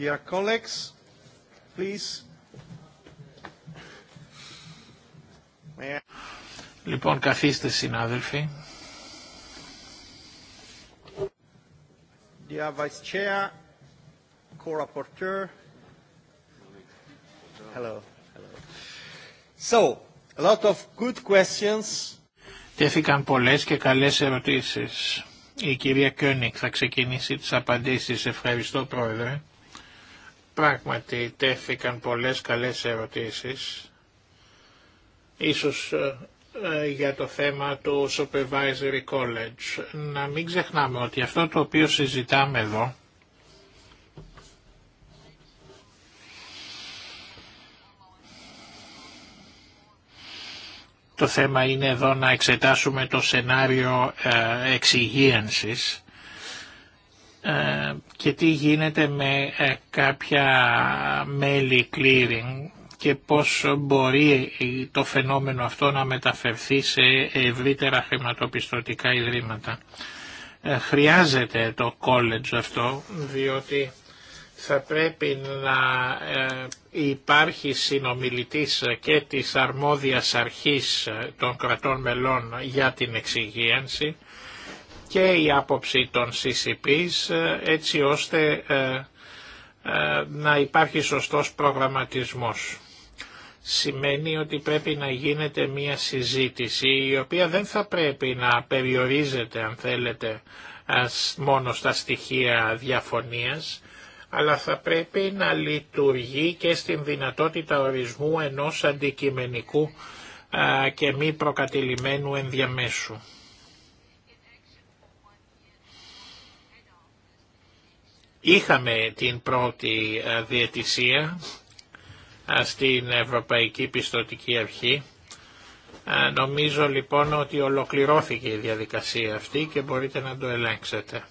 Dear colleagues, please. Λοιπόν, καθίστε συνάδελφοι. Dear Vice Chair, Co-Rapporteur, hello. hello. So, a lot of good questions. Τέθηκαν πολλές και καλές ερωτήσεις. Η κυρία Κιόνικ θα ξεκινήσει τις απαντήσεις. Ευχαριστώ, Πρόεδρε. Πράγματι τέθηκαν πολλές καλές ερωτήσεις. Ίσως ε, ε, για το θέμα του Supervisory College. Να μην ξεχνάμε ότι αυτό το οποίο συζητάμε εδώ Το θέμα είναι εδώ να εξετάσουμε το σενάριο ε, εξυγίανσης ε, και τι γίνεται με ε, κάποια μέλη clearing και πώς μπορεί το φαινόμενο αυτό να μεταφερθεί σε ευρύτερα χρηματοπιστωτικά ιδρύματα. Ε, χρειάζεται το college αυτό, διότι θα πρέπει να υπάρχει συνομιλητής και της αρμόδιας αρχής των κρατών μελών για την εξυγίανση και η άποψη των CCP ε, έτσι ώστε ε, ε, να υπάρχει σωστός προγραμματισμός. Σημαίνει ότι πρέπει να γίνεται μία συζήτηση η οποία δεν θα πρέπει να περιορίζεται αν θέλετε μόνο στα στοιχεία διαφωνίας αλλά θα πρέπει να λειτουργεί και στην δυνατότητα ορισμού ενός αντικειμενικού και μη προκατηλημένου ενδιαμέσου. Είχαμε την πρώτη ε, διαιτησία ε, στην Ευρωπαϊκή Πιστοτική Αρχή. Ε, νομίζω λοιπόν ότι ολοκληρώθηκε η διαδικασία αυτή και μπορείτε να το ελέγξετε.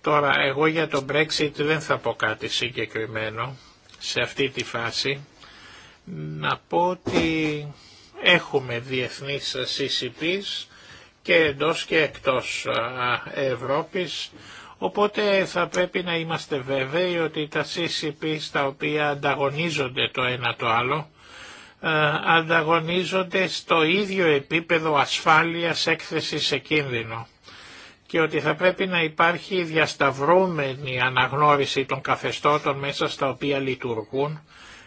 Τώρα εγώ για το Brexit δεν θα πω κάτι συγκεκριμένο σε αυτή τη φάση. Να πω ότι έχουμε διεθνείς CCPs και εντός και εκτός Ευρώπης Οπότε θα πρέπει να είμαστε βέβαιοι ότι τα CCP στα οποία ανταγωνίζονται το ένα το άλλο ε, ανταγωνίζονται στο ίδιο επίπεδο ασφάλειας έκθεσης σε κίνδυνο και ότι θα πρέπει να υπάρχει διασταυρούμενη αναγνώριση των καθεστώτων μέσα στα οποία λειτουργούν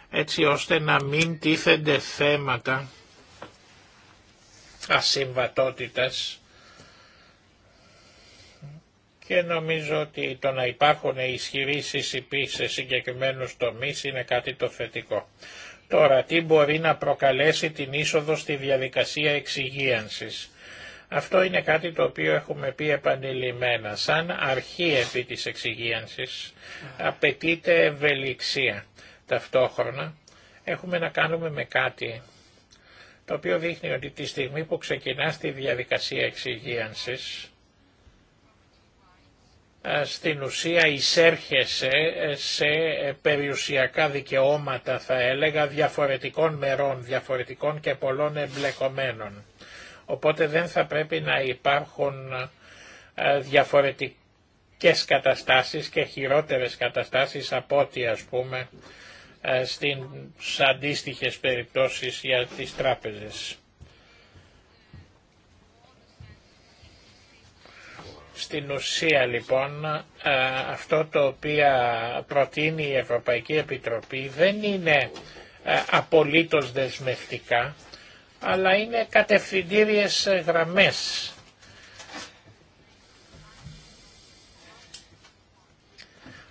έτσι ώστε να μην τίθενται θέματα ασυμβατότητας και νομίζω ότι το να υπάρχουν ισχυροί CCP σε συγκεκριμένους τομείς είναι κάτι το θετικό. Τώρα, τι μπορεί να προκαλέσει την είσοδο στη διαδικασία εξυγίανσης. Αυτό είναι κάτι το οποίο έχουμε πει επανειλημμένα. Σαν αρχή επί της εξυγίανσης απαιτείται ευελιξία. Ταυτόχρονα έχουμε να κάνουμε με κάτι το οποίο δείχνει ότι τη στιγμή που ξεκινά στη διαδικασία εξυγίανσης ε, στην ουσία εισέρχεσαι ε, σε ε, περιουσιακά δικαιώματα θα έλεγα διαφορετικών μερών, διαφορετικών και πολλών εμπλεκομένων. Οπότε δεν θα πρέπει να υπάρχουν διαφορετικές καταστάσεις και χειρότερες καταστάσεις από ό,τι ας πούμε στις αντίστοιχες περιπτώσεις για τις τράπεζες. Στην ουσία λοιπόν ε, αυτό το οποίο προτείνει η Ευρωπαϊκή Επιτροπή δεν είναι ε, απολύτως δεσμευτικά αλλά είναι κατευθυντήριες γραμμές.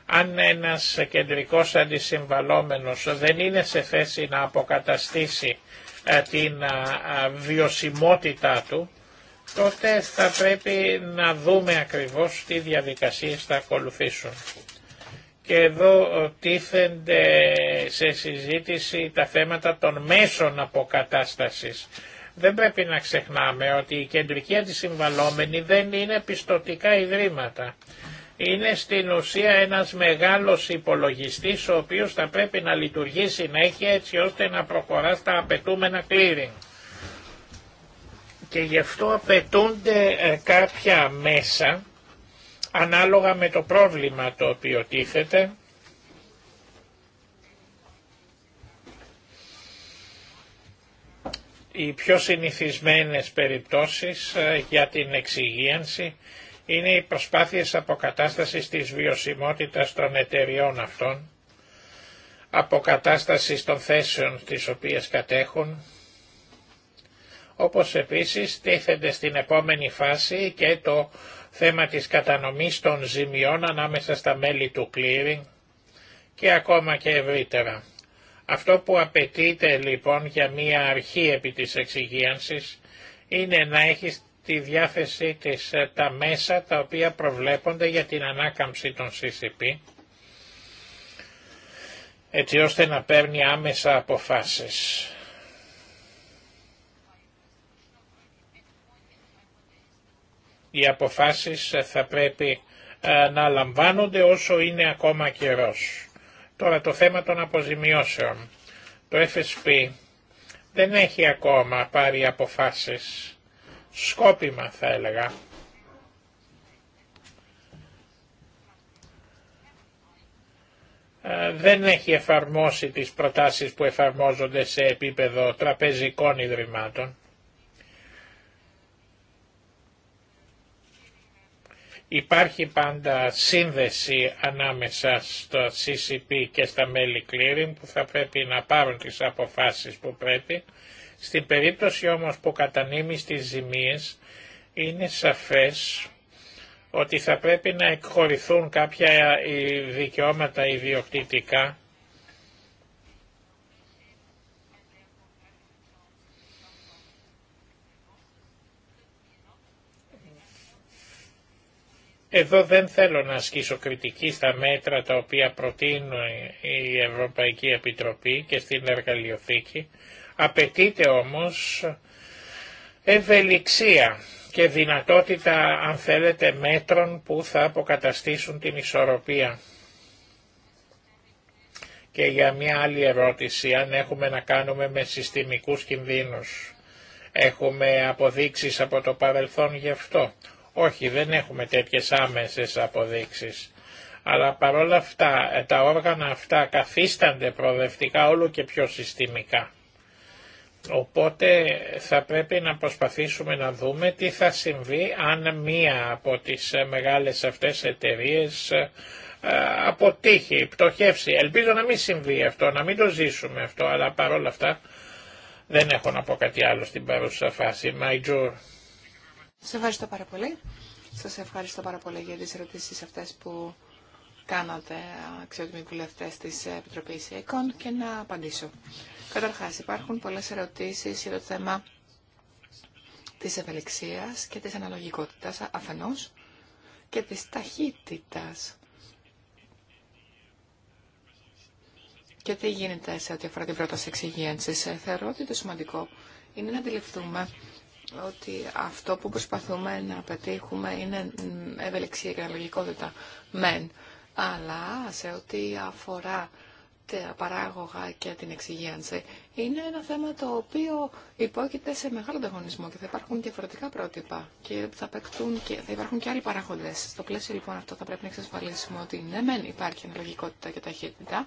Αν ένας κεντρικός αντισυμβαλόμενος δεν είναι σε θέση να αποκαταστήσει ε, την βιωσιμότητά του, τότε θα πρέπει να δούμε ακριβώς τι διαδικασίες θα ακολουθήσουν. Και εδώ ε, τίθενται σε συζήτηση τα θέματα των μέσων αποκατάστασης. Δεν πρέπει να ξεχνάμε ότι η κεντρική αντισυμβαλόμενη δεν είναι πιστοτικά ιδρύματα. Είναι στην ουσία ένας μεγάλος υπολογιστής ο οποίος θα πρέπει να λειτουργεί συνέχεια έτσι ώστε να προχωρά στα απαιτούμενα clearing και γι' αυτό απαιτούνται ε, κάποια μέσα ανάλογα με το πρόβλημα το οποίο τίθεται οι πιο συνηθισμένες περιπτώσεις ε, για την εξυγίανση είναι οι προσπάθειες αποκατάστασης της βιωσιμότητας των εταιριών αυτών, αποκατάστασης των θέσεων τις οποίες κατέχουν, όπως επίσης τίθενται στην επόμενη φάση και το θέμα της κατανομής των ζημιών ανάμεσα στα μέλη του clearing και ακόμα και ευρύτερα. Αυτό που απαιτείται λοιπόν για μία αρχή επί της εξυγίανσης είναι να έχει τη διάθεσή της ε, τα μέσα τα οποία προβλέπονται για την ανάκαμψη των CCP έτσι ώστε να παίρνει άμεσα αποφάσεις. Οι αποφάσεις θα πρέπει ε, να λαμβάνονται όσο είναι ακόμα καιρός. Τώρα το θέμα των αποζημιώσεων. Το FSP δεν έχει ακόμα πάρει αποφάσεις. Σκόπιμα θα έλεγα. Ε, δεν έχει εφαρμόσει τις προτάσεις που εφαρμόζονται σε επίπεδο τραπεζικών ιδρυμάτων. Υπάρχει πάντα σύνδεση ανάμεσα στο CCP και στα μέλη clearing που θα πρέπει να πάρουν τις αποφάσεις που πρέπει. Στην περίπτωση όμως που κατανείμει στις ζημίες είναι σαφές ότι θα πρέπει να εκχωρηθούν κάποια ε, δικαιώματα ιδιοκτητικά Εδώ δεν θέλω να ασκήσω κριτική στα μέτρα τα οποία προτείνουν η Ευρωπαϊκή Επιτροπή και στην εργαλειοθήκη. Απαιτείται όμως ευελιξία και δυνατότητα αν θέλετε μέτρων που θα αποκαταστήσουν την ισορροπία. Και για μια άλλη ερώτηση, αν έχουμε να κάνουμε με συστημικούς κινδύνους. Έχουμε αποδείξεις από το παρελθόν γι' αυτό όχι, δεν έχουμε τέτοιες άμεσες αποδείξεις. Αλλά παρόλα αυτά, ε, τα όργανα αυτά καθίστανται προοδευτικά όλο και πιο συστημικά. Οπότε θα πρέπει να προσπαθήσουμε να δούμε τι θα συμβεί αν μία από τις ε, μεγάλες αυτές εταιρείες ε, αποτύχει, πτωχεύσει. Ελπίζω να μην συμβεί αυτό, να μην το ζήσουμε αυτό, αλλά παρόλα αυτά δεν έχω να πω κάτι άλλο στην παρούσα φάση. Σας ευχαριστώ πάρα πολύ. Σας ευχαριστώ πάρα πολύ για τις ερωτήσεις αυτές που κάνατε αξιότιμοι βουλευτέ της επιτροπή ΕΚΟΝ και να απαντήσω. Καταρχάς, υπάρχουν πολλές ερωτήσεις για το θέμα της ευελιξίας και της αναλογικότητας αφενός και της ταχύτητας. Και τι γίνεται σε ό,τι αφορά την πρόταση εξυγίανσης. Ε, θεωρώ ότι το σημαντικό είναι να αντιληφθούμε ότι αυτό που προσπαθούμε να πετύχουμε είναι ευελιξία και αναλογικότητα μεν, αλλά σε ό,τι αφορά τα παράγωγα και την εξυγίανση είναι ένα θέμα το οποίο υπόκειται σε μεγάλο ανταγωνισμό και θα υπάρχουν διαφορετικά πρότυπα και θα, και θα υπάρχουν και άλλοι παραγοντέ. Στο πλαίσιο λοιπόν αυτό θα πρέπει να εξασφαλίσουμε ότι ναι μεν υπάρχει αναλογικότητα και ταχύτητα,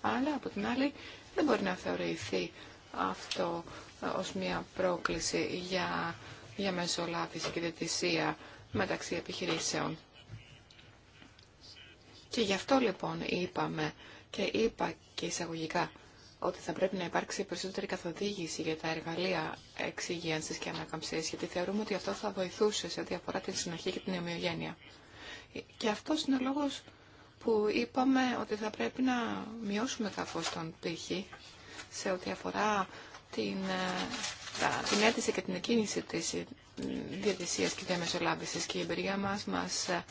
αλλά από την άλλη δεν μπορεί να θεωρηθεί αυτό ως μια πρόκληση για, για μεσολάβηση και διατησία μεταξύ επιχειρήσεων. Και γι' αυτό λοιπόν είπαμε και είπα και εισαγωγικά ότι θα πρέπει να υπάρξει περισσότερη καθοδήγηση για τα εργαλεία εξυγίανση και ανάκαμψη, γιατί θεωρούμε ότι αυτό θα βοηθούσε σε ό,τι αφορά την συνοχή και την ομοιογένεια. Και αυτό είναι ο λόγο που είπαμε ότι θα πρέπει να μειώσουμε καθώς τον πύχη σε ό,τι αφορά την, ε, την αίτηση και την εκκίνηση της διατησίας και διαμεσολάβησης και η εμπειρία μας μας ε,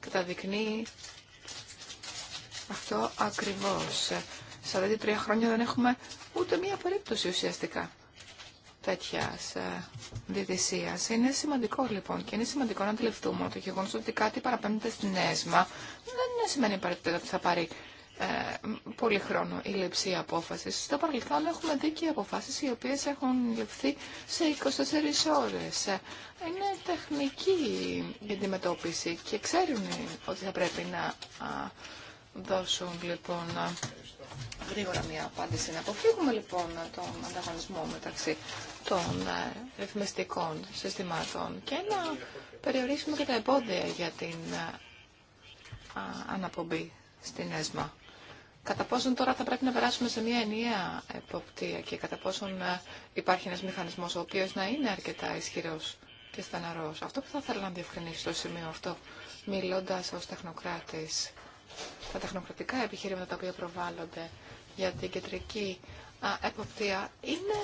καταδεικνύει αυτό ακριβώς. Σε τρία χρόνια δεν έχουμε ούτε μία περίπτωση ουσιαστικά τέτοια ε, διαιτησία. Είναι σημαντικό λοιπόν και είναι σημαντικό να αντιληφθούμε ότι το γεγονό ότι κάτι παραπέμπεται στην ΕΣΜΑ δεν σημαίνει απαραίτητα ότι θα πάρει ε, πολύ χρόνο η λήψη απόφασης. Στο παρελθόν έχουμε δει και αποφάσεις οι οποίες έχουν ληφθεί σε 24 ώρες. Ε, είναι τεχνική η αντιμετώπιση και ξέρουν ότι θα πρέπει να δώσουν λοιπόν γρήγορα μια απάντηση. Να αποφύγουμε λοιπόν τον ανταγωνισμό μεταξύ των ε, ρυθμιστικών συστημάτων και να περιορίσουμε και τα εμπόδια για την αναπομπή στην ΕΣΜΑ. Κατά πόσον τώρα θα πρέπει να περάσουμε σε μια ενιαία εποπτεία και κατά πόσον ε, υπάρχει ένας μηχανισμός ο οποίος να είναι αρκετά ισχυρός και στεναρός. Αυτό που θα ήθελα να διευκρινίσω στο σημείο αυτό, μιλώντας ως τεχνοκράτης, τα τεχνοκρατικά επιχείρηματα τα οποία προβάλλονται για την κεντρική εποπτεία είναι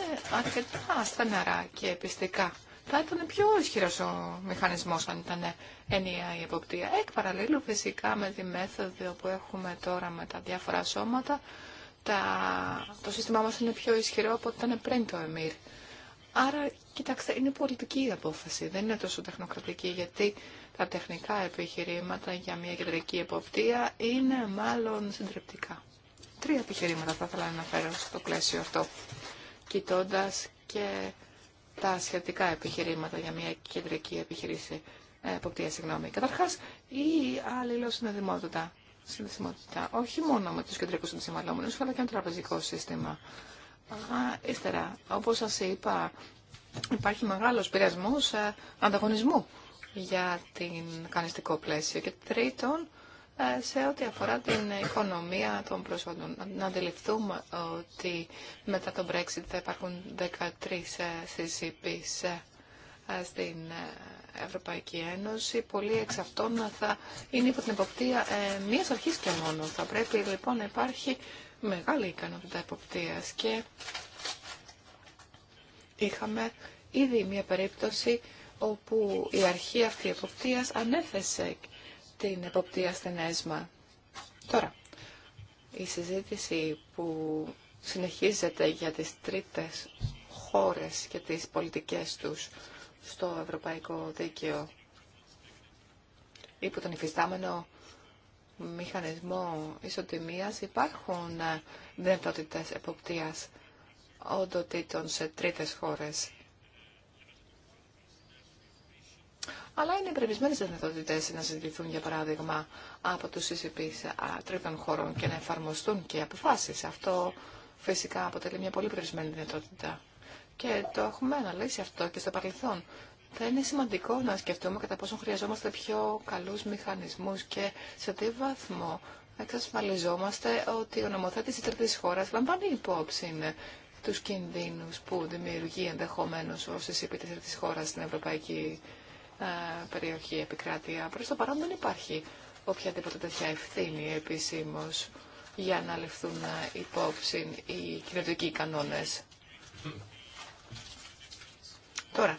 αρκετά στεναρά και πιστικά θα ήταν πιο ισχυρό ο μηχανισμό αν ήταν ενιαία η εποπτεία. Εκ παραλλήλου, φυσικά με τη μέθοδο που έχουμε τώρα με τα διάφορα σώματα, το σύστημά μα είναι πιο ισχυρό από ό,τι ήταν πριν το ΕΜΗΡ. Άρα, κοιτάξτε, είναι πολιτική η απόφαση, δεν είναι τόσο τεχνοκρατική, γιατί τα τεχνικά επιχειρήματα για μια κεντρική εποπτεία είναι μάλλον συντριπτικά. Τρία επιχειρήματα θα ήθελα να αναφέρω στο πλαίσιο αυτό, κοιτώντα και τα σχετικά επιχειρήματα για μια κεντρική επιχειρήση ε, εποπτεία, συγγνώμη. Καταρχάς, η αλληλοσυνδεσιμότητα. Συνδεσιμότητα. Όχι μόνο με του κεντρικού συνδεσιμαλόμενους, αλλά και με το τραπεζικό σύστημα. Ύστερα, όπω σα είπα, υπάρχει μεγάλος πειρασμό ε, ανταγωνισμού για την κανιστικό πλαίσιο. Και τρίτον, σε ό,τι αφορά την οικονομία των προσόντων. Να αντιληφθούμε ότι μετά τον Brexit θα υπάρχουν 13 CCPs ε, ε, στην ε, Ευρωπαϊκή Ένωση. Πολλοί εξ αυτών θα είναι υπό την εποπτεία μια αρχής και μόνο. Θα πρέπει λοιπόν να υπάρχει μεγάλη ικανότητα εποπτείας και είχαμε ήδη μια περίπτωση όπου η αρχή αυτή εποπτείας ανέθεσε την εποπτεία στην ΕΣΜΑ. Τώρα, η συζήτηση που συνεχίζεται για τις τρίτες χώρες και τις πολιτικές τους στο Ευρωπαϊκό Δίκαιο υπό τον υφιστάμενο μηχανισμό ισοτιμίας υπάρχουν δυνατότητε εποπτείας οντοτήτων σε τρίτες χώρες. αλλά είναι υπερβισμένε δυνατότητε να συζητηθούν, για παράδειγμα, από του CCP τρίτων χωρών και να εφαρμοστούν και αποφάσει. Αυτό φυσικά αποτελεί μια πολύ περιορισμένη δυνατότητα. Και το έχουμε αναλύσει αυτό και στο παρελθόν. Θα είναι σημαντικό να σκεφτούμε κατά πόσο χρειαζόμαστε πιο καλούς μηχανισμούς και σε τι βαθμό εξασφαλιζόμαστε ότι ο νομοθέτης της τρίτης χώρας λαμβάνει υπόψη τους κινδύνους που δημιουργεί ενδεχομένως ο CCP της χώρας στην Ευρωπαϊκή ε, περιοχή, επικράτεια. Προς το παρόν δεν υπάρχει οποιαδήποτε τέτοια ευθύνη επισήμω για να ληφθούν ε, υπόψη οι κοινωνικοί κανόνες. Τώρα,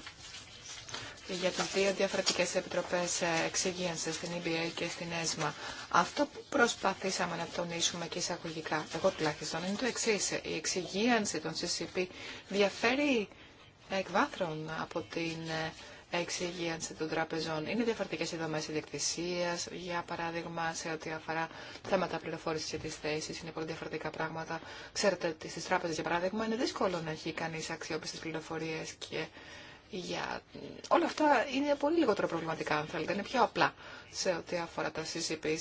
για τις δύο διαφορετικές επιτροπές ε, εξυγίανσης στην EBA και στην ΕΣΜΑ. Αυτό που προσπαθήσαμε να τονίσουμε και εισαγωγικά, εγώ τουλάχιστον, είναι το εξή. Η εξυγίανση των CCP διαφέρει εκ από την εξυγίανση των τραπεζών. Είναι διαφορετικέ οι δομέ ιδιοκτησία, για παράδειγμα, σε ό,τι αφορά θέματα πληροφόρηση και τι θέσει. Είναι πολύ διαφορετικά πράγματα. Ξέρετε ότι στι τράπεζε, για παράδειγμα, είναι δύσκολο να έχει κανεί αξιόπιστε πληροφορίε και για... όλα αυτά είναι πολύ λιγότερο προβληματικά, αν θέλετε. Είναι πιο απλά σε ό,τι αφορά τα CCP.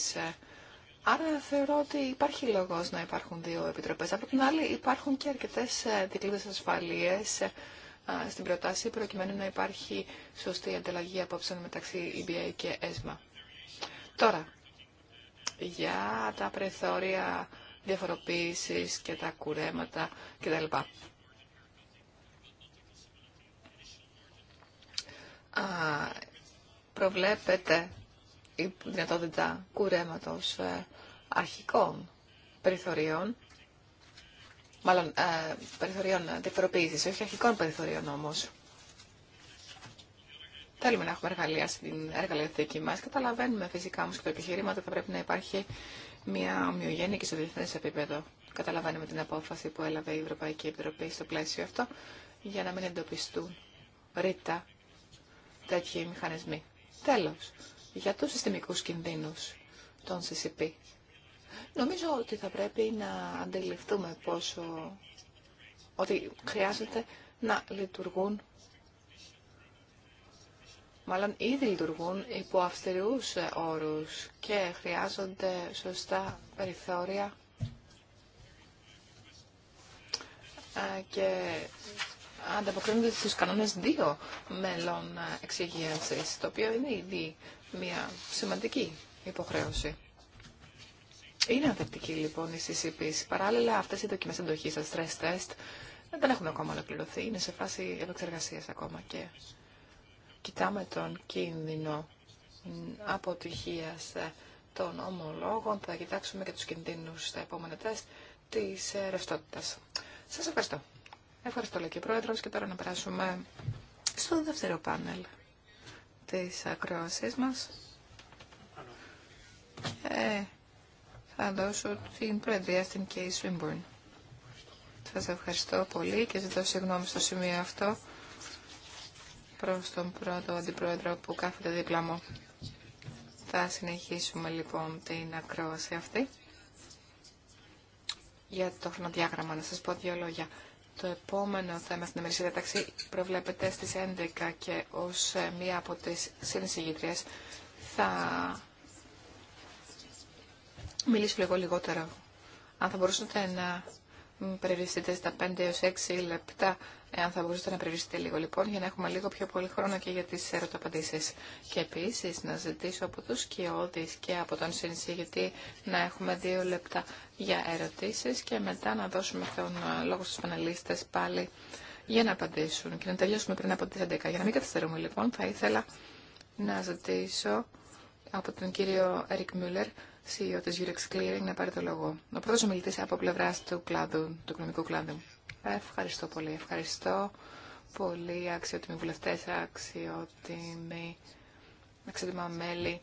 Άρα θεωρώ ότι υπάρχει λόγο να υπάρχουν δύο επιτροπέ. Από την άλλη, υπάρχουν και αρκετέ ε, δικλείδε ασφαλείε ε, στην προτάση προκειμένου να υπάρχει σωστή ανταλλαγή απόψεων μεταξύ EBA και ΕΣΜΑ. Τώρα, για τα πρεθόρια διαφοροποίησης και τα κουρέματα κτλ. Α, προβλέπεται η δυνατότητα κουρέματος ε, αρχικών περιθωρίων μάλλον ε, περιθωρίων διαφοροποίηση, όχι αρχικών περιθωρίων όμως. Θέλουμε να έχουμε εργαλεία στην εργαλειοθήκη μας. Καταλαβαίνουμε φυσικά όμως και το επιχείρημα ότι θα πρέπει να υπάρχει μια ομοιογένεια και στο διεθνές επίπεδο. Καταλαβαίνουμε την απόφαση που έλαβε η Ευρωπαϊκή Επιτροπή στο πλαίσιο αυτό για να μην εντοπιστούν ρήτα τέτοιοι μηχανισμοί. Τέλος, για τους συστημικούς κινδύνους των CCP. Νομίζω ότι θα πρέπει να αντιληφθούμε πόσο ότι χρειάζεται να λειτουργούν μάλλον ήδη λειτουργούν υπό αυστηρούς όρους και χρειάζονται σωστά περιθώρια ε, και ανταποκρίνονται στους κανόνες δύο μέλων εξυγίανσης, το οποίο είναι ήδη μια σημαντική υποχρέωση. Είναι ανθεκτική λοιπόν η CCP. Παράλληλα, αυτέ οι δοκιμέ αντοχή, τα stress test, δεν έχουν ακόμα ολοκληρωθεί. Είναι σε φάση επεξεργασία ακόμα και κοιτάμε τον κίνδυνο αποτυχία των ομολόγων. Θα κοιτάξουμε και του κινδύνου στα επόμενα τεστ τη ρευστότητα. Σα ευχαριστώ. Ευχαριστώ, λέει και πρόεδρο. Και τώρα να περάσουμε στο δεύτερο πάνελ τη ακρόαση μα. Ε, θα δώσω την Προεδρία στην Κέι Σουίμπορν. Σας ευχαριστώ πολύ και ζητώ συγγνώμη στο σημείο αυτό προς τον πρώτο αντιπρόεδρο που κάθεται δίπλα μου. Θα συνεχίσουμε λοιπόν την ακρόαση αυτή. Για το χρονοδιάγραμμα να σας πω δύο λόγια. Το επόμενο θέμα στην ημερήσια διάταξη προβλέπεται στις 11 και ως μία από τις συνεισηγητρίες θα μιλήσω λίγο λιγότερο. Αν θα μπορούσατε να περιοριστείτε στα 5 έω 6 λεπτά, ε, αν θα μπορούσατε να περιοριστείτε λίγο λοιπόν, για να έχουμε λίγο πιο πολύ χρόνο και για τις ερωταπαντήσεις. Και επίσης να ζητήσω από του κοιόδης και από τον συνεισηγητή να έχουμε 2 λεπτά για ερωτήσεις και μετά να δώσουμε τον ε, λόγο στους Πανελίστε πάλι για να απαντήσουν και να τελειώσουμε πριν από τι 11. Για να μην καθυστερούμε λοιπόν, θα ήθελα να ζητήσω από τον κύριο Ερικ Μιούλερ CEO της Eurex Clearing, να πάρει το λόγο. Ο πρώτος ομιλητής από πλευρά του κλάδου, του οικονομικού κλάδου. Ευχαριστώ πολύ. Ευχαριστώ πολύ, αξιότιμοι βουλευτές, αξιότιμοι, αξιότιμα μέλη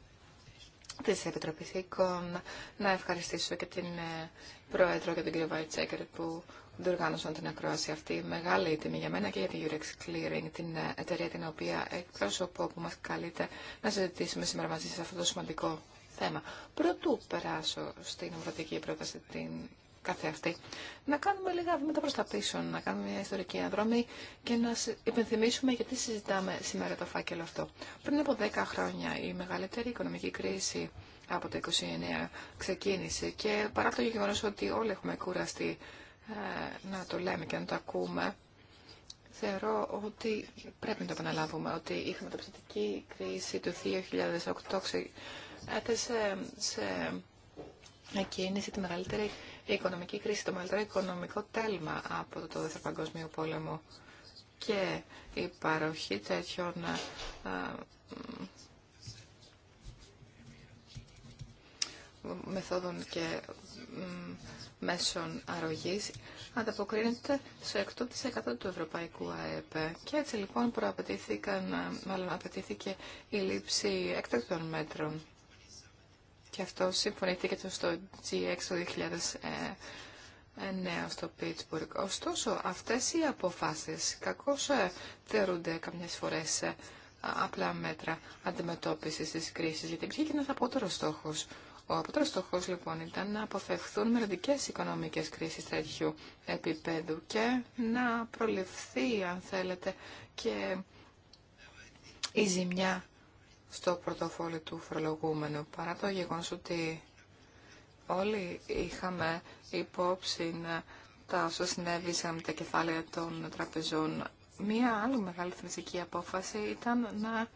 της Επιτροπής Οίκων. Να ευχαριστήσω και την ε, Πρόεδρο και τον κύριο Βαϊτσέκερ που διοργάνωσαν την ακρόαση αυτή. Μεγάλη τιμή για μένα και για την Eurex Clearing, την ε, εταιρεία την οποία εκπρόσωπο που μας καλείται να συζητήσουμε σήμερα μαζί σε αυτό το σημαντικό θέμα. Προτού περάσω στην ευρωπαϊκή πρόταση την κάθε αυτή, να κάνουμε λίγα βήματα προς τα πίσω, να κάνουμε μια ιστορική αναδρομή και να υπενθυμίσουμε γιατί συζητάμε σήμερα το φάκελο αυτό. Πριν από 10 χρόνια η μεγαλύτερη οικονομική κρίση από το 1929 ξεκίνησε και παρά το γεγονός ότι όλοι έχουμε κουραστεί ε, να το λέμε και να το ακούμε, θεωρώ ότι πρέπει να το επαναλάβουμε, ότι η χρηματοπιστωτική κρίση του 2008 έθεσε σε κίνηση τη μεγαλύτερη οικονομική κρίση, το μεγαλύτερο οικονομικό τέλμα από το Δεύτερο Παγκόσμιο Πόλεμο και η παροχή τέτοιων ε, μεθόδων και μέσων αρρωγής ανταποκρίνεται στο 100% του ευρωπαϊκού ΑΕΠ. Και έτσι λοιπόν προαπαιτήθηκαν, μάλλον απαιτήθηκε η λήψη έκτακτων μέτρων και αυτό συμφωνήθηκε στο G6 το 2009 στο Pittsburgh. Ωστόσο, αυτές οι αποφάσεις κακώς ε, θεωρούνται καμιάς φορές ε, απλά μέτρα αντιμετώπισης της κρίσης, γιατί υπήρχε και ένας απότερος στόχος. Ο απότερος στόχος λοιπόν ήταν να αποφευχθούν μερικές οικονομικές κρίσεις τέτοιου επίπεδου και να προληφθεί, αν θέλετε, και η ζημιά στο πρωτοφόλι του φορολογούμενου, παρά το γεγονός ότι όλοι είχαμε υπόψη τα όσα συνέβησαν με τα κεφάλαια των τραπεζών. Μία άλλη μεγάλη θρησική απόφαση ήταν να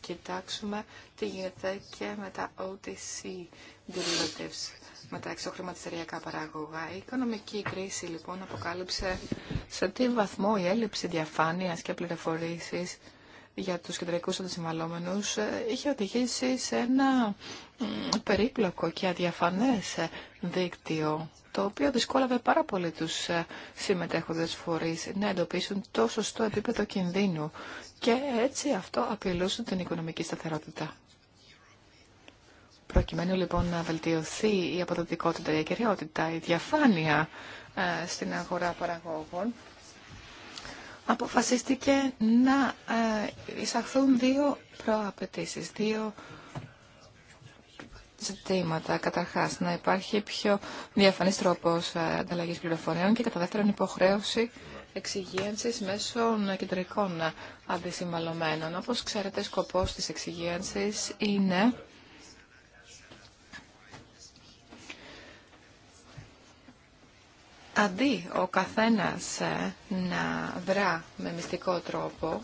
κοιτάξουμε τι γίνεται και με τα OTC derivatives, με τα εξωχρηματιστηριακά παράγωγα. Η οικονομική κρίση λοιπόν αποκάλυψε σε τι βαθμό η έλλειψη διαφάνειας και πληροφορήσεις για τους κεντρικούς αντισυμβαλόμενους ε, είχε οδηγήσει σε ένα περίπλοκο και αδιαφανές ε, δίκτυο το οποίο δυσκόλαβε πάρα πολύ τους ε, συμμετέχοντες φορείς να εντοπίσουν το σωστό επίπεδο κινδύνου και έτσι αυτό απειλούσε την οικονομική σταθερότητα. Προκειμένου λοιπόν να βελτιωθεί η αποδοτικότητα, η ακεραιότητα, η διαφάνεια στην αγορά παραγόγων, αποφασίστηκε να ε, εισαχθούν δύο προαπαιτήσεις, δύο ζητήματα. Καταρχάς, να υπάρχει πιο διαφανής τρόπος ε, ανταλλαγή πληροφοριών και κατά δεύτερον υποχρέωση εξυγίανση μέσων κεντρικών αντισυμβαλωμένων. Όπω ξέρετε, σκοπό τη εξυγίανση είναι αντί ο καθένας ε, να βρά με μυστικό τρόπο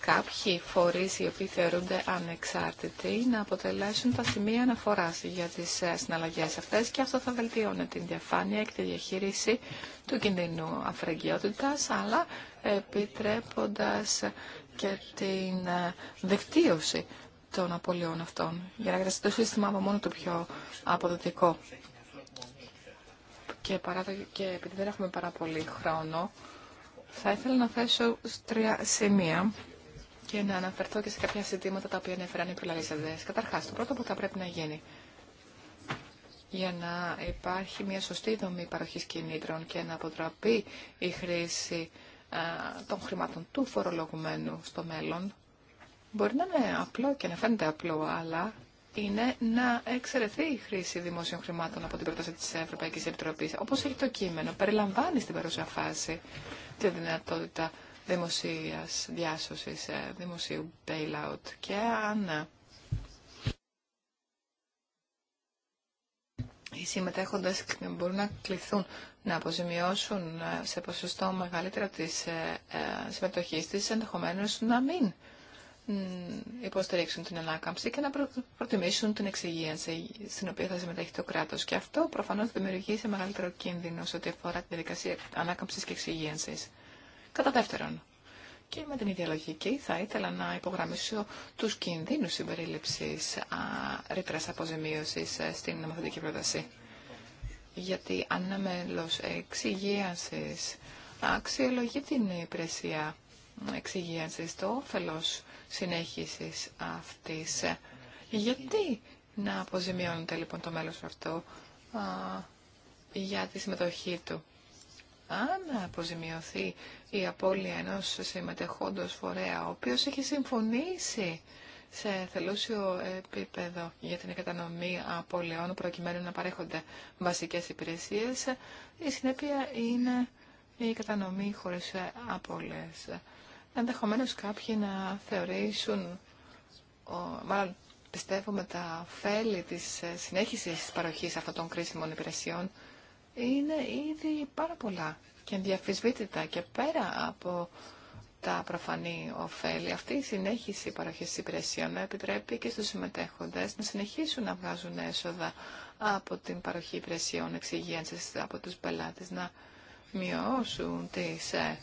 κάποιοι φορείς οι οποίοι θεωρούνται ανεξάρτητοι να αποτελέσουν τα σημεία αναφοράς για τις ε, συναλλαγές αυτές και αυτό θα βελτιώνει την διαφάνεια και τη διαχείριση του κινδυνού αφραγγιότητας αλλά επιτρέποντας και την ε, δικτύωση των απολειών αυτών για να κρατήσει το σύστημα από μόνο το πιο αποδοτικό και, παρά και επειδή δεν έχουμε πάρα πολύ χρόνο, θα ήθελα να θέσω τρία σημεία και να αναφερθώ και σε κάποια ζητήματα τα οποία ανέφεραν οι προλαλήσαντε. Καταρχά, το πρώτο που θα πρέπει να γίνει για να υπάρχει μια σωστή δομή παροχής κινήτρων και να αποτραπεί η χρήση των χρημάτων του φορολογουμένου στο μέλλον. Μπορεί να είναι απλό και να φαίνεται απλό, αλλά είναι να εξαιρεθεί η χρήση δημόσιων χρημάτων από την πρόταση της Ευρωπαϊκής Επιτροπής. Όπως έχει το κείμενο, περιλαμβάνει στην παρούσα φάση τη δυνατότητα δημοσίας διάσωσης, ε, δημοσίου bailout και αν ε, οι συμμετέχοντες μπορούν να κληθούν να αποζημιώσουν ε, σε ποσοστό μεγαλύτερο της συμμετοχής της, ενδεχομένως να μην υποστηρίξουν την ανάκαμψη και να προτιμήσουν την εξυγίανση στην οποία θα συμμετέχει το κράτος. Και αυτό προφανώς δημιουργεί σε μεγαλύτερο κίνδυνο σε ό,τι αφορά τη διαδικασία ανάκαμψης και εξυγίανσης. Κατά δεύτερον, και με την λογική, θα ήθελα να υπογραμμίσω τους κινδύνους συμπερίληψης ρήτρα αποζημίωσης ε, στην νομοθετική πρόταση. Γιατί αν ένα μέλος εξυγίανσης αξιολογεί την υπηρεσία εξυγίανσης, το όφελο συνέχισης αυτής. Γιατί να αποζημιώνεται λοιπόν το μέλος αυτό α, για τη συμμετοχή του. Αν αποζημιωθεί η απώλεια ενός συμμετεχόντος φορέα, ο οποίος έχει συμφωνήσει σε θελούσιο επίπεδο για την κατανομή απώλειών προκειμένου να παρέχονται βασικές υπηρεσίες, η συνέπεια είναι η κατανομή χωρίς απώλειες ενδεχομένως κάποιοι να θεωρήσουν, μάλλον πιστεύουμε τα ωφέλη της ε, συνέχισης της παροχής αυτών των κρίσιμων υπηρεσιών είναι ήδη πάρα πολλά και ενδιαφυσβήτητα και πέρα από τα προφανή ωφέλη. Αυτή η συνέχιση παροχής υπηρεσιών επιτρέπει και στους συμμετέχοντες να συνεχίσουν να βγάζουν έσοδα από την παροχή υπηρεσιών εξυγίανσης από τους πελάτες, να μειώσουν τις ε,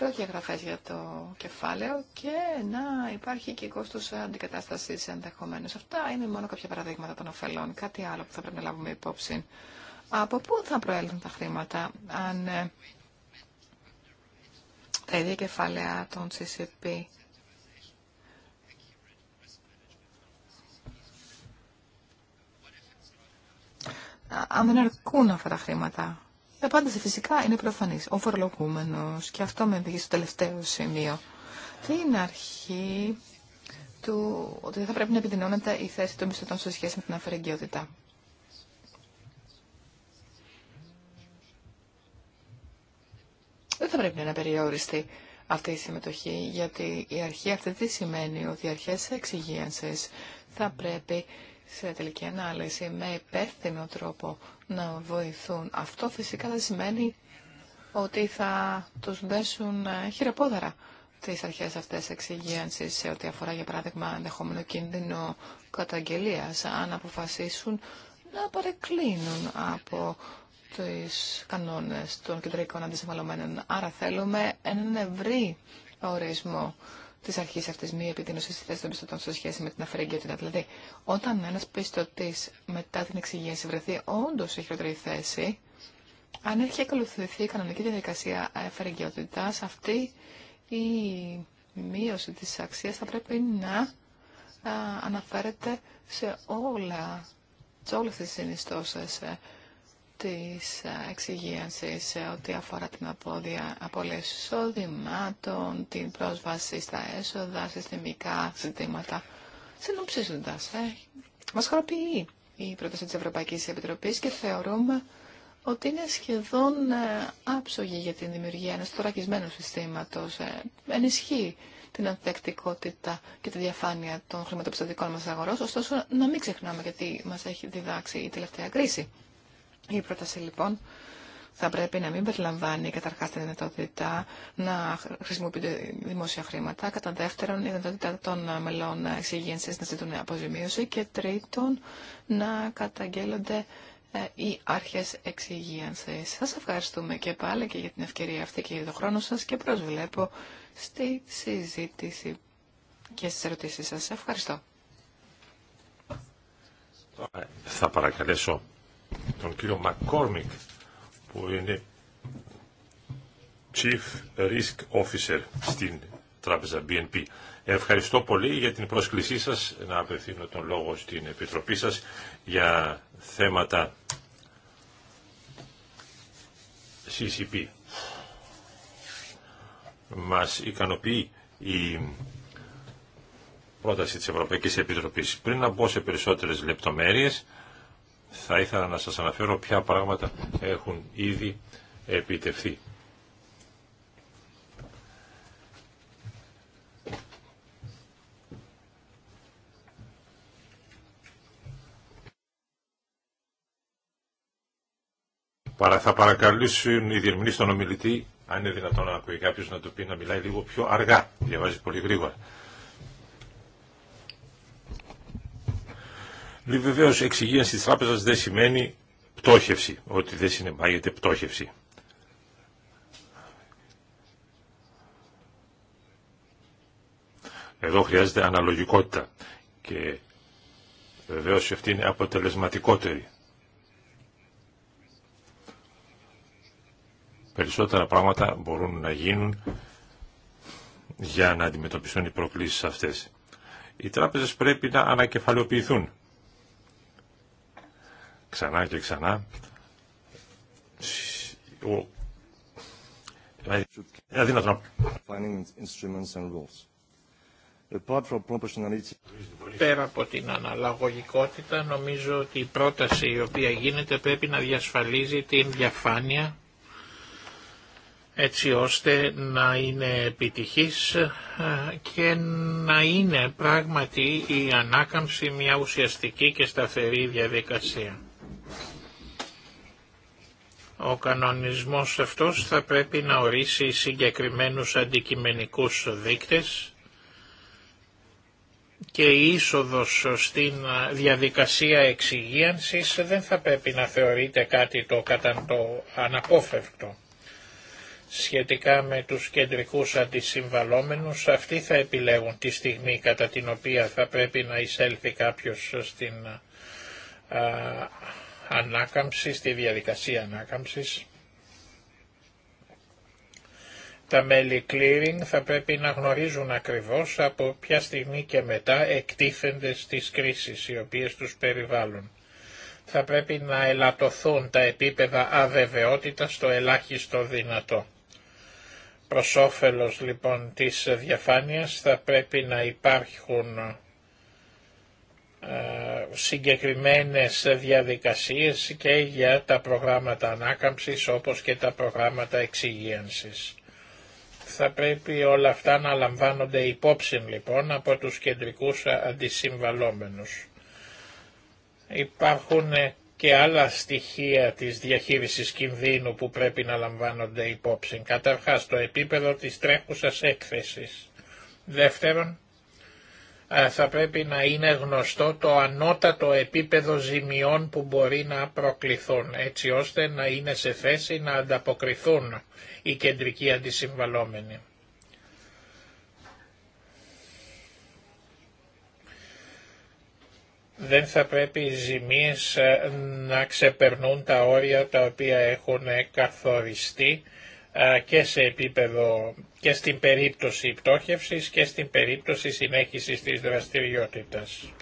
γραφές για το κεφάλαιο και να υπάρχει και κόστος αντικατάστασης ενδεχομένω. Αυτά είναι μόνο κάποια παραδείγματα των ωφελών. Κάτι άλλο που θα πρέπει να λάβουμε υπόψη. Από πού θα προέλθουν τα χρήματα αν ε, τα ίδια κεφάλαια των CCP αν δεν αρκούν αυτά τα χρήματα η απάντηση φυσικά είναι προφανή. Ο φορολογούμενο. Και αυτό με οδηγεί στο τελευταίο σημείο. Την αρχή του ότι δεν θα πρέπει να επιδεινώνεται η θέση των μισθωτών σε σχέση με την αφαιρεγκαιότητα. Δεν θα πρέπει να είναι περιόριστη αυτή η συμμετοχή, γιατί η αρχή αυτή τι σημαίνει ότι οι αρχές εξυγίανσης θα πρέπει σε τελική ανάλυση με υπεύθυνο τρόπο να βοηθούν. Αυτό φυσικά δεν σημαίνει ότι θα τους δέσουν ε, χειροπόδαρα τις αρχές αυτές εξυγίανσης σε ό,τι αφορά για παράδειγμα ενδεχόμενο κίνδυνο καταγγελίας αν αποφασίσουν να παρεκκλίνουν από τις κανόνες των κεντρικών αντισυμβαλωμένων. Άρα θέλουμε έναν ευρύ ορισμό τη αρχή αυτή μη επιδείνωση στη θέση των πιστωτών σε σχέση με την αφαιρεγκαιότητα. Δηλαδή, όταν ένα πιστωτή μετά την εξυγίαση βρεθεί όντω σε χειροτερή θέση, αν έχει ακολουθηθεί η κανονική διαδικασία αφαιρεγκαιότητα, αυτή η μείωση τη αξία θα πρέπει να αναφέρεται σε όλα, σε όλε τι συνιστώσει ε, της εξυγίανσης σε ό,τι αφορά την απώδεια απώλεια εισόδηματων, την πρόσβαση στα έσοδα, συστημικά ζητήματα. Συνοψίζοντας, ε, μας χαροποιεί η πρόταση της Ευρωπαϊκής Επιτροπής και θεωρούμε ότι είναι σχεδόν ε, άψογη για την δημιουργία ενός θωρακισμένου συστήματος. Ε, ενισχύει την ανθεκτικότητα και τη διαφάνεια των χρηματοπιστωτικών μας αγορών, ωστόσο να μην ξεχνάμε γιατί μας έχει διδάξει η τελευταία κρίση. Η πρόταση λοιπόν θα πρέπει να μην περιλαμβάνει καταρχάς τη δυνατότητα να χρησιμοποιούνται δημόσια χρήματα, κατά δεύτερον η δυνατότητα των μελών εξυγίανσης να ζητούν αποζημίωση και τρίτον να καταγγέλλονται ε, οι άρχες εξυγίανσης. Σας ευχαριστούμε και πάλι και για την ευκαιρία αυτή και για τον χρόνο σας και προσβλέπω στη συζήτηση και στις ερωτήσεις σας. Ευχαριστώ. Θα παρακαλέσω τον κύριο Μακκόρμικ που είναι Chief Risk Officer στην τράπεζα BNP. Ευχαριστώ πολύ για την πρόσκλησή σας να απευθύνω τον λόγο στην Επιτροπή σας για θέματα CCP. Μας ικανοποιεί η πρόταση της Ευρωπαϊκής Επιτροπής. Πριν να μπω σε περισσότερες λεπτομέρειες, θα ήθελα να σας αναφέρω ποια πράγματα έχουν ήδη επιτευχθεί. Παρα, θα παρακαλούσουν οι διερμηνείς στον ομιλητή, αν είναι δυνατόν να ακούει κάποιος να του πει να μιλάει λίγο πιο αργά, διαβάζει πολύ γρήγορα. Βεβαίω, εξυγίανση τη τράπεζα δεν σημαίνει πτώχευση, ότι δεν συνεπάγεται πτώχευση. Εδώ χρειάζεται αναλογικότητα και βεβαίω αυτή είναι αποτελεσματικότερη. Περισσότερα πράγματα μπορούν να γίνουν για να αντιμετωπιστούν οι προκλήσεις αυτές. Οι τράπεζες πρέπει να ανακεφαλαιοποιηθούν ξανά και ξανά. Δηλαδή, Πέρα από την αναλαγωγικότητα νομίζω ότι η πρόταση η οποία γίνεται πρέπει να διασφαλίζει την διαφάνεια έτσι ώστε να είναι επιτυχής ε, και να είναι πράγματι η ανάκαμψη μια ουσιαστική και σταθερή διαδικασία. Ο κανονισμός αυτός θα πρέπει να ορίσει συγκεκριμένους αντικειμενικούς δείκτες και η είσοδος στην διαδικασία εξυγίανσης δεν θα πρέπει να θεωρείται κάτι το, κατά το αναπόφευκτο. Σχετικά με τους κεντρικούς αντισυμβαλόμενους, αυτοί θα επιλέγουν τη στιγμή κατά την οποία θα πρέπει να εισέλθει κάποιος στην ανάκαμψη, στη διαδικασία ανάκαμψης. Τα μέλη clearing θα πρέπει να γνωρίζουν ακριβώς από ποια στιγμή και μετά εκτίθενται στις κρίσεις οι οποίες τους περιβάλλουν. Θα πρέπει να ελαττωθούν τα επίπεδα αβεβαιότητα στο ελάχιστο δυνατό. Προς λοιπόν της διαφάνειας θα πρέπει να υπάρχουν ε, συγκεκριμένες διαδικασίες και για τα προγράμματα ανάκαμψης όπως και τα προγράμματα εξυγίανσης. Θα πρέπει όλα αυτά να λαμβάνονται υπόψη λοιπόν από τους κεντρικούς αντισυμβαλόμενους. Υπάρχουν και άλλα στοιχεία της διαχείρισης κινδύνου που πρέπει να λαμβάνονται υπόψη. Καταρχάς το επίπεδο της τρέχουσας έκθεσης. Δεύτερον, ε, θα πρέπει να είναι γνωστό το ανώτατο επίπεδο ζημιών που μπορεί να προκληθούν, έτσι ώστε να είναι σε θέση να ανταποκριθούν οι κεντρικοί αντισυμβαλόμενοι. δεν θα πρέπει οι ζημίες ε, να ξεπερνούν τα όρια τα οποία έχουν καθοριστεί και σε επίπεδο και στην περίπτωση πτώχευσης και στην περίπτωση συνέχισης της δραστηριότητας.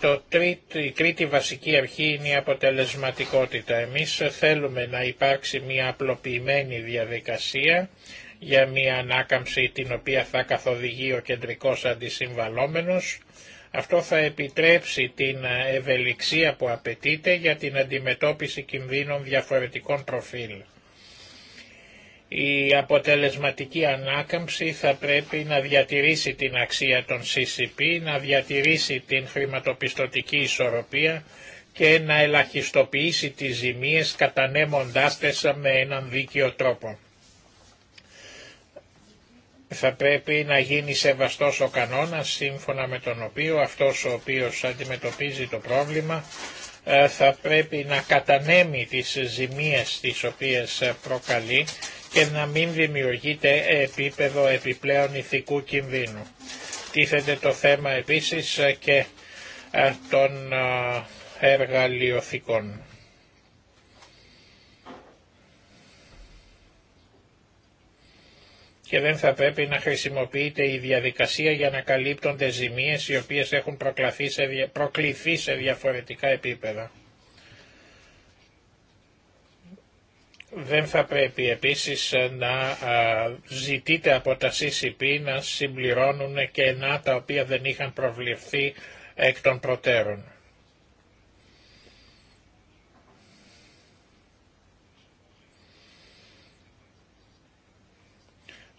Το τρίτη, η τρίτη βασική αρχή είναι η αποτελεσματικότητα. Εμείς θέλουμε να υπάρξει μια απλοποιημένη διαδικασία για μια ανάκαμψη την οποία θα καθοδηγεί ο κεντρικός αντισυμβαλόμενος αυτό θα επιτρέψει την ευελιξία που απαιτείται για την αντιμετώπιση κινδύνων διαφορετικών προφίλ. Η αποτελεσματική ανάκαμψη θα πρέπει να διατηρήσει την αξία των CCP, να διατηρήσει την χρηματοπιστωτική ισορροπία και να ελαχιστοποιήσει τις ζημίες κατανέμοντάς τες με έναν δίκαιο τρόπο θα πρέπει να γίνει σεβαστός ο κανόνας σύμφωνα με τον οποίο αυτός ο οποίος αντιμετωπίζει το πρόβλημα ε, θα πρέπει να κατανέμει τις ζημίες τις οποίες προκαλεί και να μην δημιουργείται επίπεδο επιπλέον ηθικού κινδύνου. Τίθεται το θέμα επίσης και ε, των ε, εργαλειοθηκών. και δεν θα πρέπει να χρησιμοποιείται η διαδικασία για να καλύπτονται ζημίες οι οποίες έχουν προκληθεί σε διαφορετικά επίπεδα. Δεν θα πρέπει επίσης ε, να ζητείτε από τα CCP να συμπληρώνουν κενά τα οποία δεν είχαν προβληθεί εκ των προτέρων.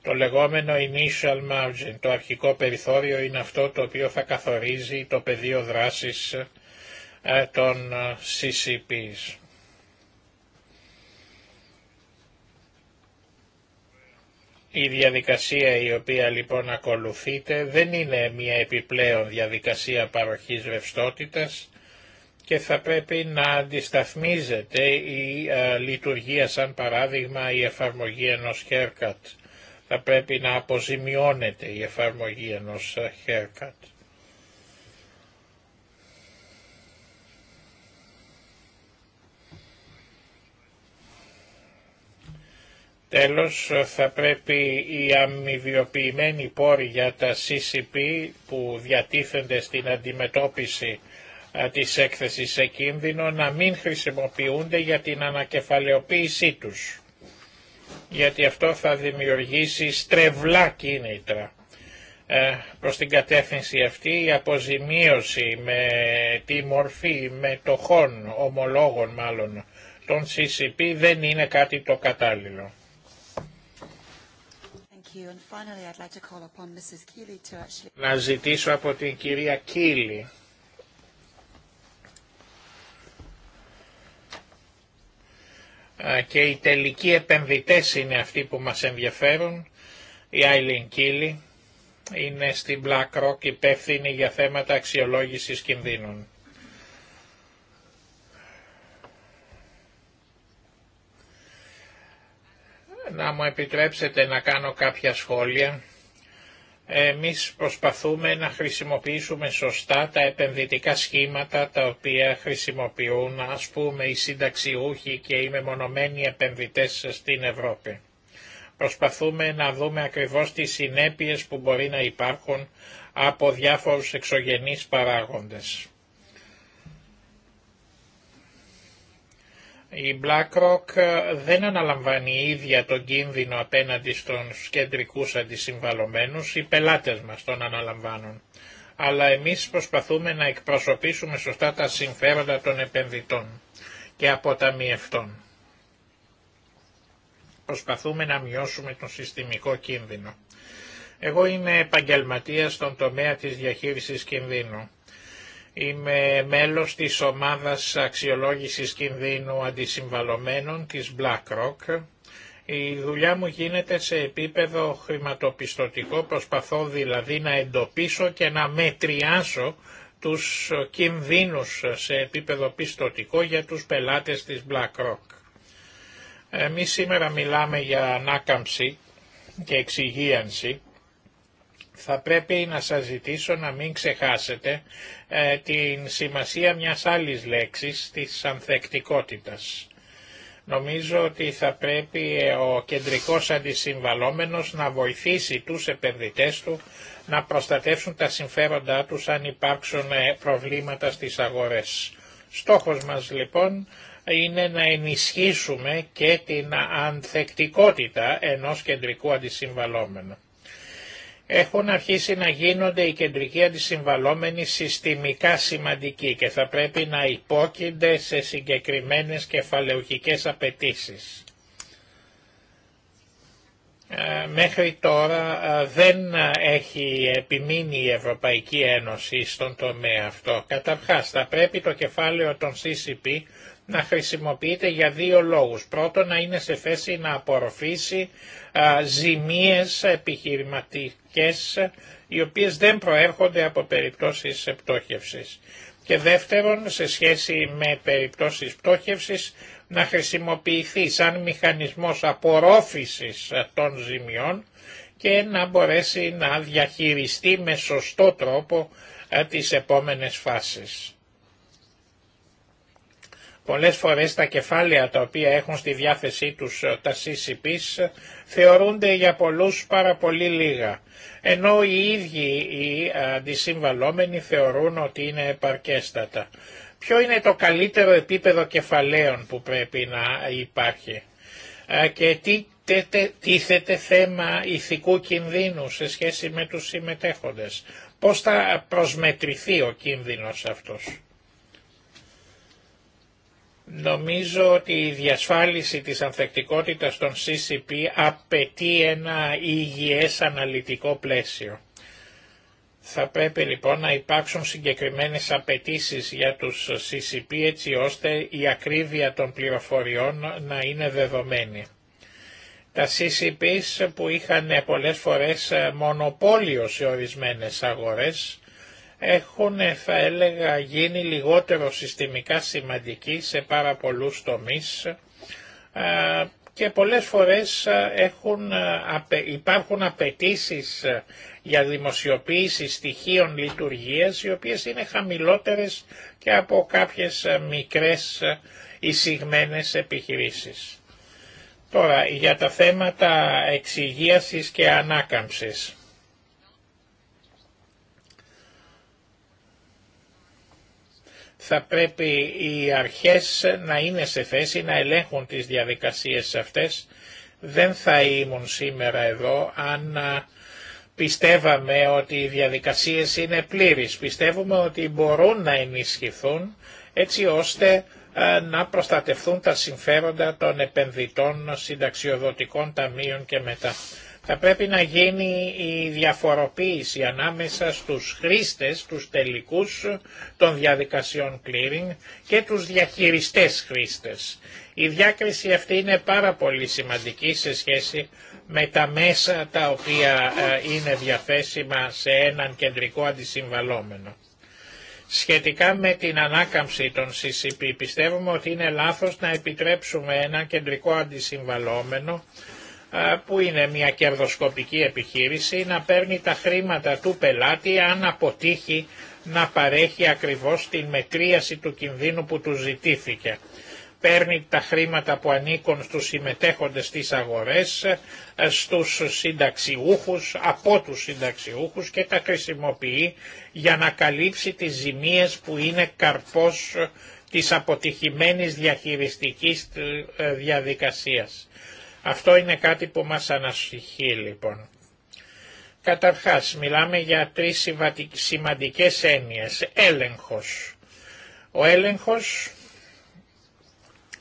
Το λεγόμενο initial margin, το αρχικό περιθώριο, είναι αυτό το οποίο θα καθορίζει το πεδίο δράσης ε, των ε, CCPs. Η διαδικασία η οποία λοιπόν ακολουθείται δεν είναι μια επιπλέον διαδικασία παροχής ρευστότητας και θα πρέπει να αντισταθμίζεται η ε, λειτουργία σαν παράδειγμα η εφαρμογή ενός haircut θα πρέπει να αποζημιώνεται η εφαρμογή ενός haircut. Τέλος θα πρέπει οι αμοιβιοποιημένοι πόροι για τα CCP που διατίθενται στην αντιμετώπιση της έκθεσης σε κίνδυνο να μην χρησιμοποιούνται για την ανακεφαλαιοποίησή τους γιατί αυτό θα δημιουργήσει στρεβλά κίνητρα. Ε, προς την κατεύθυνση αυτή η αποζημίωση με τη μορφή μετοχών, ομολόγων μάλλον, των CCP δεν είναι κάτι το κατάλληλο. Να ζητήσω από την κυρία Κίλη και οι τελικοί επενδυτές είναι αυτοί που μας ενδιαφέρουν. Η Άιλιν Κίλι είναι στην BlackRock υπεύθυνη για θέματα αξιολόγησης κινδύνων. Να μου επιτρέψετε να κάνω κάποια σχόλια εμείς προσπαθούμε να χρησιμοποιήσουμε σωστά τα επενδυτικά σχήματα τα οποία χρησιμοποιούν ας πούμε οι συνταξιούχοι και οι μεμονωμένοι επενδυτές στην Ευρώπη. Προσπαθούμε να δούμε ακριβώς τις συνέπειες που μπορεί να υπάρχουν από διάφορους εξωγενείς παράγοντες. Η BlackRock ε, δεν αναλαμβάνει ίδια τον κίνδυνο απέναντι στους κεντρικούς αντισυμβαλωμένους, οι πελάτες μας τον αναλαμβάνουν. Αλλά εμείς προσπαθούμε να εκπροσωπήσουμε σωστά τα συμφέροντα των επενδυτών και αποταμιευτών. Προσπαθούμε να μειώσουμε τον συστημικό κίνδυνο. Εγώ είμαι επαγγελματίας στον τομέα της διαχείρισης κινδύνου Είμαι μέλος της ομάδας αξιολόγησης κινδύνου αντισυμβαλωμένων της BlackRock. Η δουλειά μου γίνεται σε επίπεδο χρηματοπιστωτικό, προσπαθώ δηλαδή να εντοπίσω και να μετριάσω τους κινδύνους σε επίπεδο πιστωτικό για τους πελάτες της BlackRock. Εμείς σήμερα μιλάμε για ανάκαμψη και εξυγίανση θα πρέπει να σας ζητήσω να μην ξεχάσετε ε, την σημασία μιας άλλης λέξης, της ανθεκτικότητας. Νομίζω ότι θα πρέπει ε, ο κεντρικός αντισυμβαλόμενος να βοηθήσει τους επενδυτές του να προστατεύσουν τα συμφέροντά τους αν υπάρξουν ε, προβλήματα στις αγορές. Στόχος μας λοιπόν είναι να ενισχύσουμε και την ανθεκτικότητα ενός κεντρικού αντισυμβαλόμενου έχουν αρχίσει να γίνονται οι κεντρικοί αντισυμβαλόμενοι συστημικά σημαντικοί και θα πρέπει να υπόκεινται σε συγκεκριμένες κεφαλαιοχικές απαιτήσεις. Ε, μέχρι τώρα ε, δεν έχει επιμείνει η Ευρωπαϊκή Ένωση στον τομέα αυτό. Καταρχάς θα πρέπει το κεφάλαιο των CCP να χρησιμοποιείται για δύο λόγους. Πρώτον, να είναι σε θέση να απορροφήσει α, ζημίες επιχειρηματικές οι οποίες δεν προέρχονται από περιπτώσεις πτώχευσης. Και δεύτερον, σε σχέση με περιπτώσεις πτώχευσης, να χρησιμοποιηθεί σαν μηχανισμός απορρόφησης των ζημιών και να μπορέσει να διαχειριστεί με σωστό τρόπο τις επόμενες φάσεις. Πολλές φορές τα κεφάλαια τα οποία έχουν στη διάθεσή τους ε, τα CCPs θεωρούνται για πολλούς πάρα πολύ λίγα, ενώ οι ίδιοι οι ε, αντισυμβαλόμενοι θεωρούν ότι είναι επαρκέστατα. Ποιο είναι το καλύτερο επίπεδο κεφαλαίων που πρέπει να υπάρχει ε, και τι τίθεται θέμα ηθικού κινδύνου σε σχέση με τους συμμετέχοντες. Πώς θα προσμετρηθεί ο κίνδυνος αυτός. Νομίζω ότι η διασφάλιση της ανθεκτικότητας των CCP απαιτεί ένα υγιές αναλυτικό πλαίσιο. Θα πρέπει λοιπόν να υπάρξουν συγκεκριμένες απαιτήσεις για τους CCP έτσι ώστε η ακρίβεια των πληροφοριών να είναι δεδομένη. Τα CCP που είχαν πολλές φορές μονοπόλιο σε ορισμένες αγορές έχουν θα έλεγα γίνει λιγότερο συστημικά σημαντικοί σε πάρα πολλούς τομείς ε, και πολλές φορές ε, έχουν, ε, υπάρχουν απαιτήσει για δημοσιοποίηση στοιχείων λειτουργίας οι οποίες είναι χαμηλότερες και από κάποιες μικρές εισηγμένες επιχειρήσεις. Τώρα για τα θέματα εξυγίασης και ανάκαμψης. θα πρέπει οι αρχές να είναι σε θέση να ελέγχουν τις διαδικασίες αυτές. Δεν θα ήμουν σήμερα εδώ αν πιστεύαμε ότι οι διαδικασίες είναι πλήρεις. Πιστεύουμε ότι μπορούν να ενισχυθούν έτσι ώστε να προστατευτούν τα συμφέροντα των επενδυτών συνταξιοδοτικών ταμείων και μετά. Θα πρέπει να γίνει η διαφοροποίηση ανάμεσα στους χρήστες, τους τελικούς των διαδικασιών clearing και τους διαχειριστές χρήστες. Η διάκριση αυτή είναι πάρα πολύ σημαντική σε σχέση με τα μέσα τα οποία ε, είναι διαθέσιμα σε έναν κεντρικό αντισυμβαλόμενο. Σχετικά με την ανάκαμψη των CCP πιστεύουμε ότι είναι λάθος να επιτρέψουμε ένα κεντρικό αντισυμβαλόμενο που είναι μια κερδοσκοπική επιχείρηση να παίρνει τα χρήματα του πελάτη αν αποτύχει να παρέχει ακριβώς την μετρίαση του κινδύνου που του ζητήθηκε. Παίρνει τα χρήματα που ανήκουν στους συμμετέχοντες στις αγορές, ε, στους συνταξιούχους, από τους συνταξιούχους και τα χρησιμοποιεί για να καλύψει τις ζημίες που είναι καρπός ε, της αποτυχημένης διαχειριστικής ε, διαδικασίας. Αυτό είναι κάτι που μας ανασυχεί λοιπόν. Καταρχάς, μιλάμε για τρεις σημαντικές έννοιες. Έλεγχος. Ο έλεγχος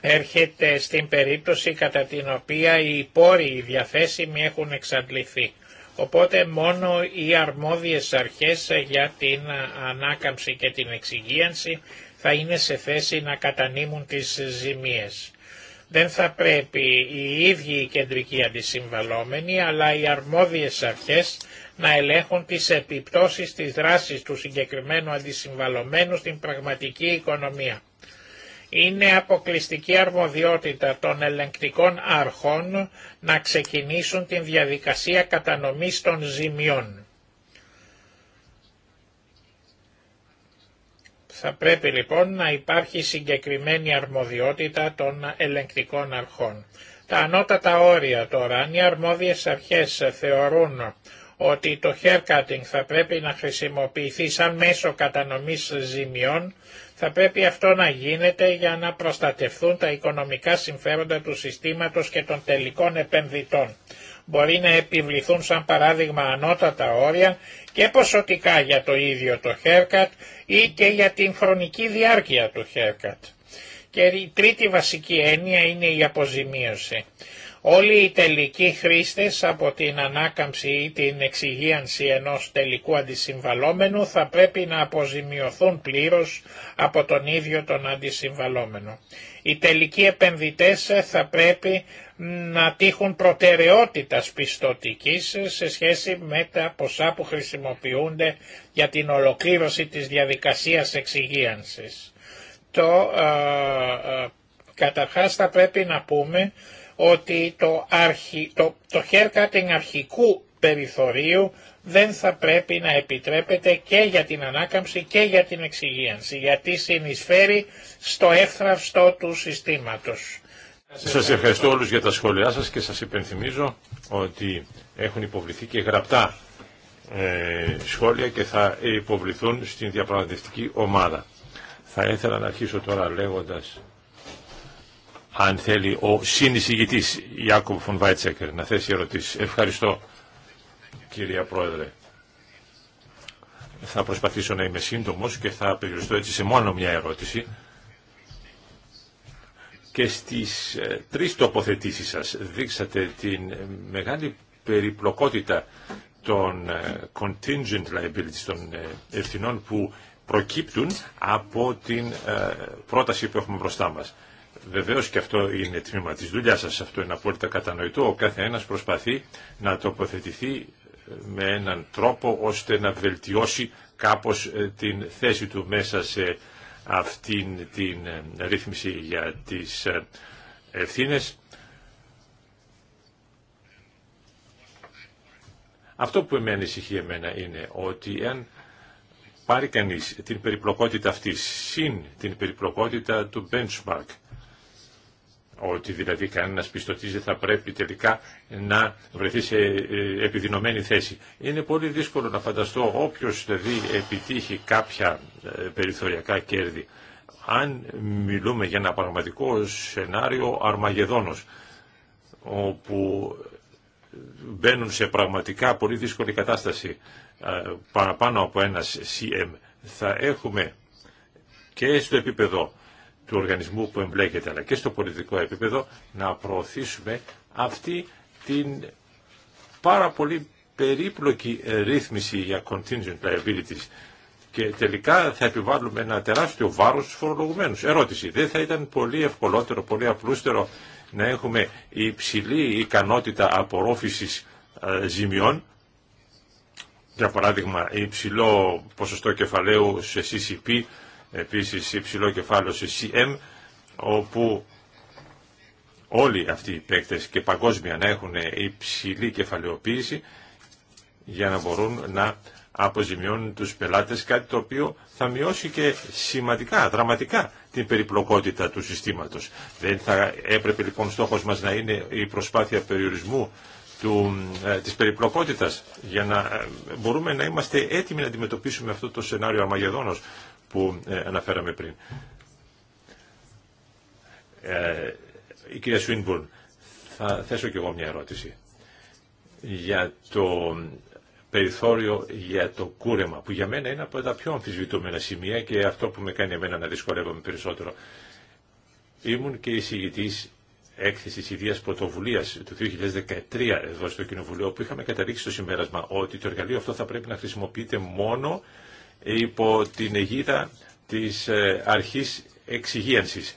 έρχεται στην περίπτωση κατά την οποία οι πόροι οι διαθέσιμοι έχουν εξαντληθεί. Οπότε μόνο οι αρμόδιες αρχές για την ανάκαμψη και την εξυγίανση θα είναι σε θέση να κατανείμουν τις ζημίες δεν θα πρέπει οι ίδιοι οι κεντρικοί αντισυμβαλόμενοι αλλά οι αρμόδιες αρχές να ελέγχουν τις επιπτώσεις της δράσης του συγκεκριμένου αντισυμβαλωμένου στην πραγματική οικονομία. Είναι αποκλειστική αρμοδιότητα των ελεγκτικών αρχών να ξεκινήσουν την διαδικασία κατανομής των ζημιών. Θα πρέπει λοιπόν να υπάρχει συγκεκριμένη αρμοδιότητα των ελεγκτικών αρχών. Τα ανώτατα όρια τώρα, αν οι αρμόδιες αρχές θεωρούν ότι το haircutting θα πρέπει να χρησιμοποιηθεί σαν μέσο κατανομής ζημιών, θα πρέπει αυτό να γίνεται για να προστατευθούν τα οικονομικά συμφέροντα του συστήματος και των τελικών επενδυτών μπορεί να επιβληθούν σαν παράδειγμα ανώτατα όρια και ποσοτικά για το ίδιο το haircut ή και για την χρονική διάρκεια του haircut. Και η τρίτη βασική έννοια είναι η αποζημίωση. Όλοι οι τελικοί χρήστες από την ανάκαμψη ή την εξυγίανση ενός τελικού αντισυμβαλόμενου θα πρέπει να αποζημιωθούν πλήρως από τον ίδιο τον αντισυμβαλόμενο. Οι τελικοί επενδυτές θα πρέπει να τύχουν προτεραιότητας πιστοτικής σε σχέση με τα ποσά που χρησιμοποιούνται για την ολοκλήρωση της διαδικασίας εξυγίανσης. Το καταρχάς θα πρέπει να πούμε ότι το, αρχι, το, το αρχικού περιθωρίου δεν θα πρέπει να επιτρέπεται και για την ανάκαμψη και για την εξυγίανση, γιατί συνεισφέρει στο εύθραυστο του συστήματος. Σας ευχαριστώ όλους για τα σχόλιά σας και σας υπενθυμίζω ότι έχουν υποβληθεί και γραπτά ε, σχόλια και θα υποβληθούν στην διαπραγματευτική ομάδα. Θα ήθελα να αρχίσω τώρα λέγοντας αν θέλει ο συνεισηγητής Ιάκωβ Φων Βάιτσέκερ να θέσει ερωτήσεις. Ευχαριστώ κυρία Πρόεδρε. Θα προσπαθήσω να είμαι σύντομος και θα περιοριστώ έτσι σε μόνο μια ερώτηση και στις ε, τρεις τοποθετήσεις σας δείξατε την ε, μεγάλη περιπλοκότητα των ε, contingent liabilities, των ευθυνών που προκύπτουν από την πρόταση που έχουμε μπροστά μας. Βεβαίως και αυτό είναι τμήμα της δουλειάς σας, αυτό είναι απόλυτα κατανοητό. Ο κάθε προσπαθεί να τοποθετηθεί ε, με έναν τρόπο ώστε να βελτιώσει κάπως ε, την θέση του μέσα σε αυτήν την ε, ρύθμιση για τις ευθύνες. Αυτό που με ανησυχεί εμένα είναι ότι αν πάρει κανείς την περιπλοκότητα αυτή συν την περιπλοκότητα του benchmark ότι δηλαδή κανένας πιστοτίζει θα πρέπει τελικά να βρεθεί σε ε, επιδεινωμένη θέση. Είναι πολύ δύσκολο να φανταστώ όποιος δηλαδή επιτύχει κάποια ε, περιθωριακά κέρδη. Αν μιλούμε για ένα πραγματικό σενάριο αρμαγεδόνος, όπου μπαίνουν σε πραγματικά πολύ δύσκολη κατάσταση ε, παραπάνω από ένας CM, θα έχουμε και στο επίπεδο του οργανισμού που εμπλέκεται, αλλά και στο πολιτικό επίπεδο, να προωθήσουμε αυτή την πάρα πολύ περίπλοκη ρύθμιση για contingent liabilities και τελικά θα επιβάλλουμε ένα τεράστιο βάρος στους φορολογουμένους. Ερώτηση, δεν θα ήταν πολύ ευκολότερο, πολύ απλούστερο να έχουμε υψηλή ικανότητα απορρόφησης ε, ζημιών, για παράδειγμα υψηλό ποσοστό κεφαλαίου σε CCP, επίσης υψηλό κεφάλαιο σε CM, όπου όλοι αυτοί οι παίκτες και παγκόσμια να έχουν υψηλή κεφαλαιοποίηση για να μπορούν να αποζημιώνουν τους πελάτες, κάτι το οποίο θα μειώσει και σημαντικά, δραματικά την περιπλοκότητα του συστήματος. Δεν θα έπρεπε λοιπόν στόχος μας να είναι η προσπάθεια περιορισμού του, ε, της περιπλοκότητας για να ε, μπορούμε να είμαστε έτοιμοι να αντιμετωπίσουμε αυτό το σενάριο Αρμαγεδόνος που ε, αναφέραμε πριν. Ε, η κυρία Σουίνμπουρν, θα θέσω κι εγώ μια ερώτηση για το περιθώριο για το κούρεμα, που για μένα είναι από τα πιο αμφισβητούμενα σημεία και αυτό που με κάνει εμένα να δυσκολεύομαι περισσότερο. Ήμουν και εισηγητής έκθεση ιδία πρωτοβουλία του 2013 εδώ στο Κοινοβουλίο, που είχαμε καταλήξει στο συμπέρασμα ότι το εργαλείο αυτό θα πρέπει να χρησιμοποιείται μόνο υπό την αιγίδα της ε, αρχής εξυγίανσης.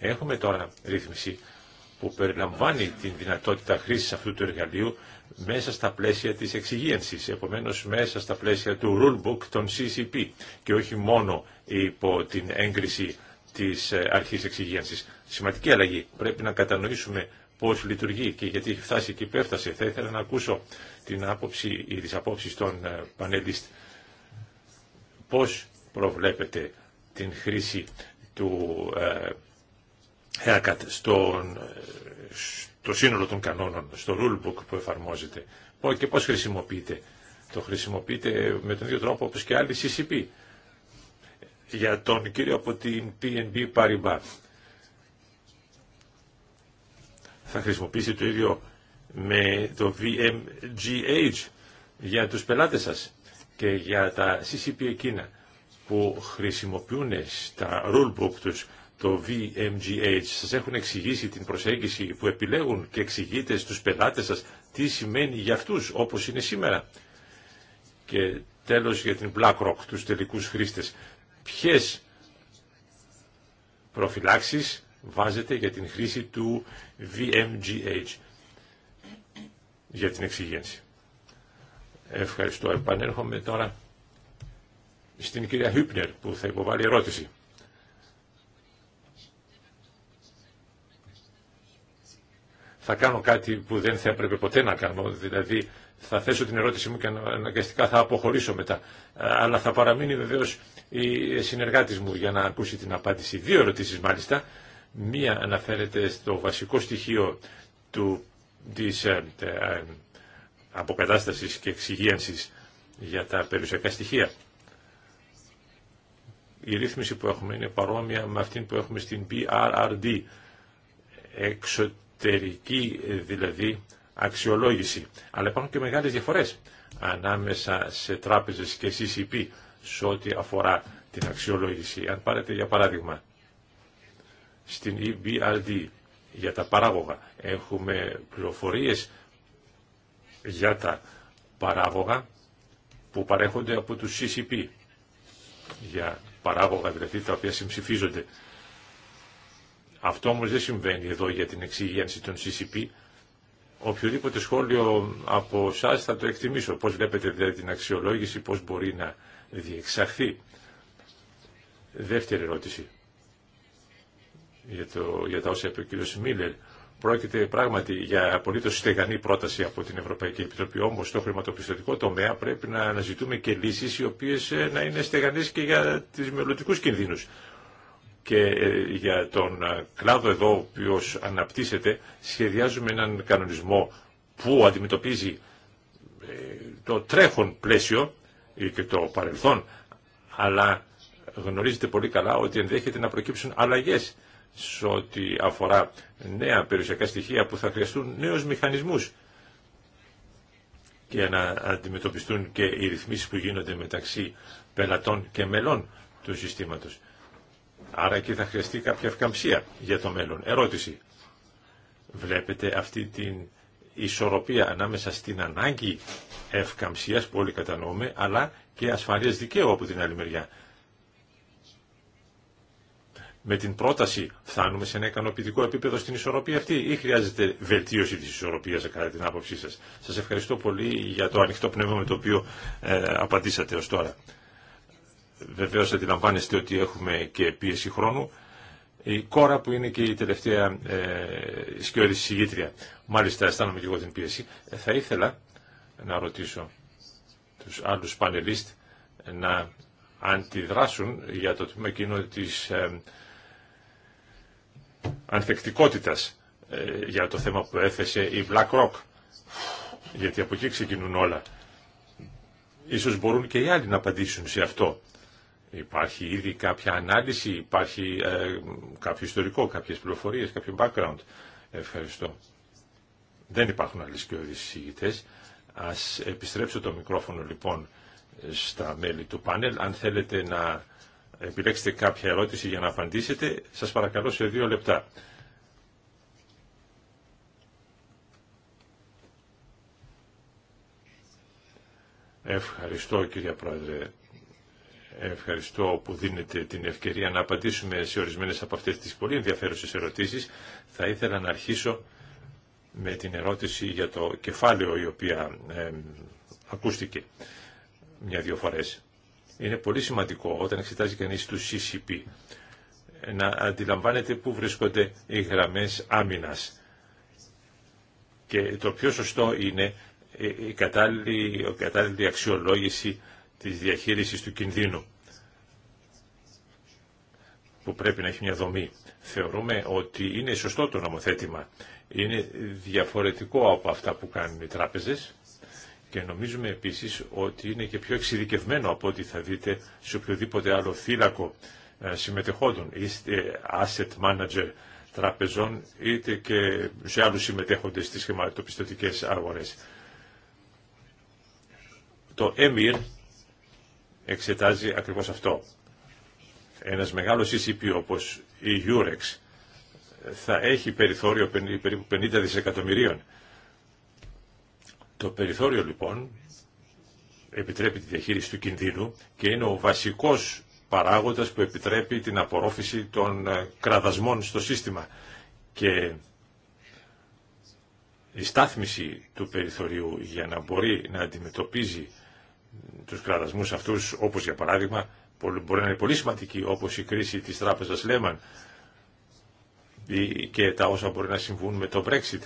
Έχουμε τώρα ρύθμιση που περιλαμβάνει την δυνατότητα χρήσης αυτού του εργαλείου μέσα στα πλαίσια της εξυγίανσης, επομένως μέσα στα πλαίσια του rulebook των CCP και όχι μόνο υπό την έγκριση της ε, αρχής εξυγίανσης. Σημαντική αλλαγή. Πρέπει να κατανοήσουμε πώς λειτουργεί και γιατί έχει φτάσει και υπέφτασε. Θα ήθελα να ακούσω την άποψη ή τις απόψεις των ε, πανελίστ πώς προβλέπετε την χρήση του ε, haircut ε, στο σύνολο των κανόνων, στο rulebook που εφαρμόζεται και πώς χρησιμοποιείτε. Το χρησιμοποιείτε με τον ίδιο τρόπο όπως και άλλοι CCP. Για τον κύριο από την PNB Paribas. Θα χρησιμοποιήσει το ίδιο με το VMGH για τους πελάτες σας και για τα CCP εκείνα που χρησιμοποιούν στα rulebook τους το VMGH. Σας έχουν εξηγήσει την προσέγγιση που επιλέγουν και εξηγείτε στους πελάτες σας τι σημαίνει για αυτούς όπως είναι σήμερα. Και τέλος για την BlackRock, τους τελικούς χρήστες. Ποιες προφυλάξεις βάζετε για την χρήση του VMGH για την εξηγένση. Ευχαριστώ. Επανέρχομαι τώρα στην κυρία Χίπνερ που θα υποβάλει ερώτηση. Θα κάνω κάτι που δεν θα έπρεπε ποτέ να κάνω, δηλαδή θα θέσω την ερώτηση μου και αναγκαστικά θα αποχωρήσω μετά. Αλλά θα παραμείνει βεβαίω η συνεργάτη μου για να ακούσει την απάντηση. Δύο ερωτήσει μάλιστα. Μία αναφέρεται στο βασικό στοιχείο του, της, ε, ε, αποκατάστασης και εξυγίανσης για τα περιουσιακά στοιχεία. Η ρύθμιση που έχουμε είναι παρόμοια με αυτήν που έχουμε στην BRRD, εξωτερική δηλαδή αξιολόγηση. Αλλά υπάρχουν και μεγάλες διαφορές ανάμεσα σε τράπεζες και CCP σε ό,τι αφορά την αξιολόγηση. Αν πάρετε για παράδειγμα στην EBRD για τα παράγωγα έχουμε πληροφορίες για τα παράγωγα που παρέχονται από τους CCP, για παράγωγα δηλαδή τα οποία συμψηφίζονται. Αυτό όμως δεν συμβαίνει εδώ για την εξήγηση των CCP. Οποιοδήποτε σχόλιο από εσά θα το εκτιμήσω. Πώς βλέπετε δηλαδή την αξιολόγηση, πώς μπορεί να διεξαχθεί. Δεύτερη ερώτηση για, το, για τα όσα είπε ο κ. Μίλλερ Πρόκειται πράγματι για απολύτω στεγανή πρόταση από την Ευρωπαϊκή Επιτροπή. Όμω στο χρηματοπιστωτικό τομέα πρέπει να αναζητούμε και λύσει οι οποίε ε, να είναι στεγανέ και για του μελλοντικού κινδύνου. Και ε, για τον ε, κλάδο εδώ, ο οποίο αναπτύσσεται, σχεδιάζουμε έναν κανονισμό που αντιμετωπίζει το τρέχον πλαίσιο και το παρελθόν, αλλά γνωρίζετε πολύ καλά ότι ενδέχεται να προκύψουν αλλαγές σε ό,τι αφορά νέα περιουσιακά στοιχεία που θα χρειαστούν νέους μηχανισμούς και να αντιμετωπιστούν και οι ρυθμίσεις που γίνονται μεταξύ πελατών και μελών του συστήματος. Άρα εκεί θα χρειαστεί κάποια ευκαμψία για το μέλλον. Ερώτηση. Βλέπετε αυτή την ισορροπία ανάμεσα στην ανάγκη ευκαμψίας που όλοι κατανοούμε, αλλά και ασφαλείας δικαίου από την άλλη μεριά με την πρόταση φτάνουμε σε ένα ικανοποιητικό επίπεδο στην ισορροπία αυτή ή χρειάζεται βελτίωση της ισορροπίας κατά την άποψή σας. Σας ευχαριστώ πολύ για το ανοιχτό πνεύμα με το οποίο ε, απαντήσατε ως τώρα. Βεβαίως αντιλαμβάνεστε ότι έχουμε και πίεση χρόνου. Η κόρα που είναι και η τελευταία ε, σκιώδη συγγήτρια. Μάλιστα αισθάνομαι και εγώ την πίεση. Ε, θα ήθελα να ρωτήσω τους άλλους πανελίστ να αντιδράσουν για το τμήμα εκείνο της ε, ανθεκτικότητας ε, για το θέμα που έθεσε η BlackRock. Γιατί από εκεί ξεκινούν όλα. Ίσως μπορούν και οι άλλοι να απαντήσουν σε αυτό. Υπάρχει ήδη κάποια ανάλυση, υπάρχει ε, κάποιο ιστορικό, κάποιες πληροφορίες, κάποιο background. Ευχαριστώ. Δεν υπάρχουν άλλες και συζητητές. Ας επιστρέψω το μικρόφωνο λοιπόν στα μέλη του πάνελ. Αν θέλετε να Επιλέξτε κάποια ερώτηση για να απαντήσετε. Σας παρακαλώ σε δύο λεπτά. Ευχαριστώ κύριε Πρόεδρε. Ευχαριστώ που δίνετε την ευκαιρία να απαντήσουμε σε ορισμένες από αυτές τις πολύ ενδιαφέρουσες ερωτήσεις. Θα ήθελα να αρχίσω με την ερώτηση για το κεφάλαιο η οποία ακούστηκε μια-δυο φορές. Είναι πολύ σημαντικό όταν εξετάζει κανείς του CCP να αντιλαμβάνεται πού βρίσκονται οι γραμμές άμυνας. Και το πιο σωστό είναι η κατάλληλη, η κατάλληλη αξιολόγηση της διαχείρισης του κινδύνου που πρέπει να έχει μια δομή. Θεωρούμε ότι είναι σωστό το νομοθέτημα. Είναι διαφορετικό από αυτά που κάνουν οι τράπεζες και νομίζουμε επίσης ότι είναι και πιο εξειδικευμένο από ό,τι θα δείτε σε οποιοδήποτε άλλο θύλακο ε, συμμετεχόντων, είτε asset manager τραπεζών είτε και σε άλλους συμμετέχοντες στις χρηματοπιστωτικές αγορές. Το EMIR εξετάζει ακριβώς αυτό. Ένας μεγάλος ECP όπως η Eurex θα έχει περιθώριο περίπου 50 δισεκατομμυρίων το περιθώριο λοιπόν επιτρέπει τη διαχείριση του κινδύνου και είναι ο βασικός παράγοντας που επιτρέπει την απορρόφηση των ε, κραδασμών στο σύστημα. Και η στάθμιση του περιθωρίου για να μπορεί να αντιμετωπίζει τους κραδασμούς αυτούς, όπως για παράδειγμα, μπορεί να είναι πολύ σημαντική, όπως η κρίση της τράπεζας Λέμαν και τα όσα μπορεί να συμβούν με το Brexit.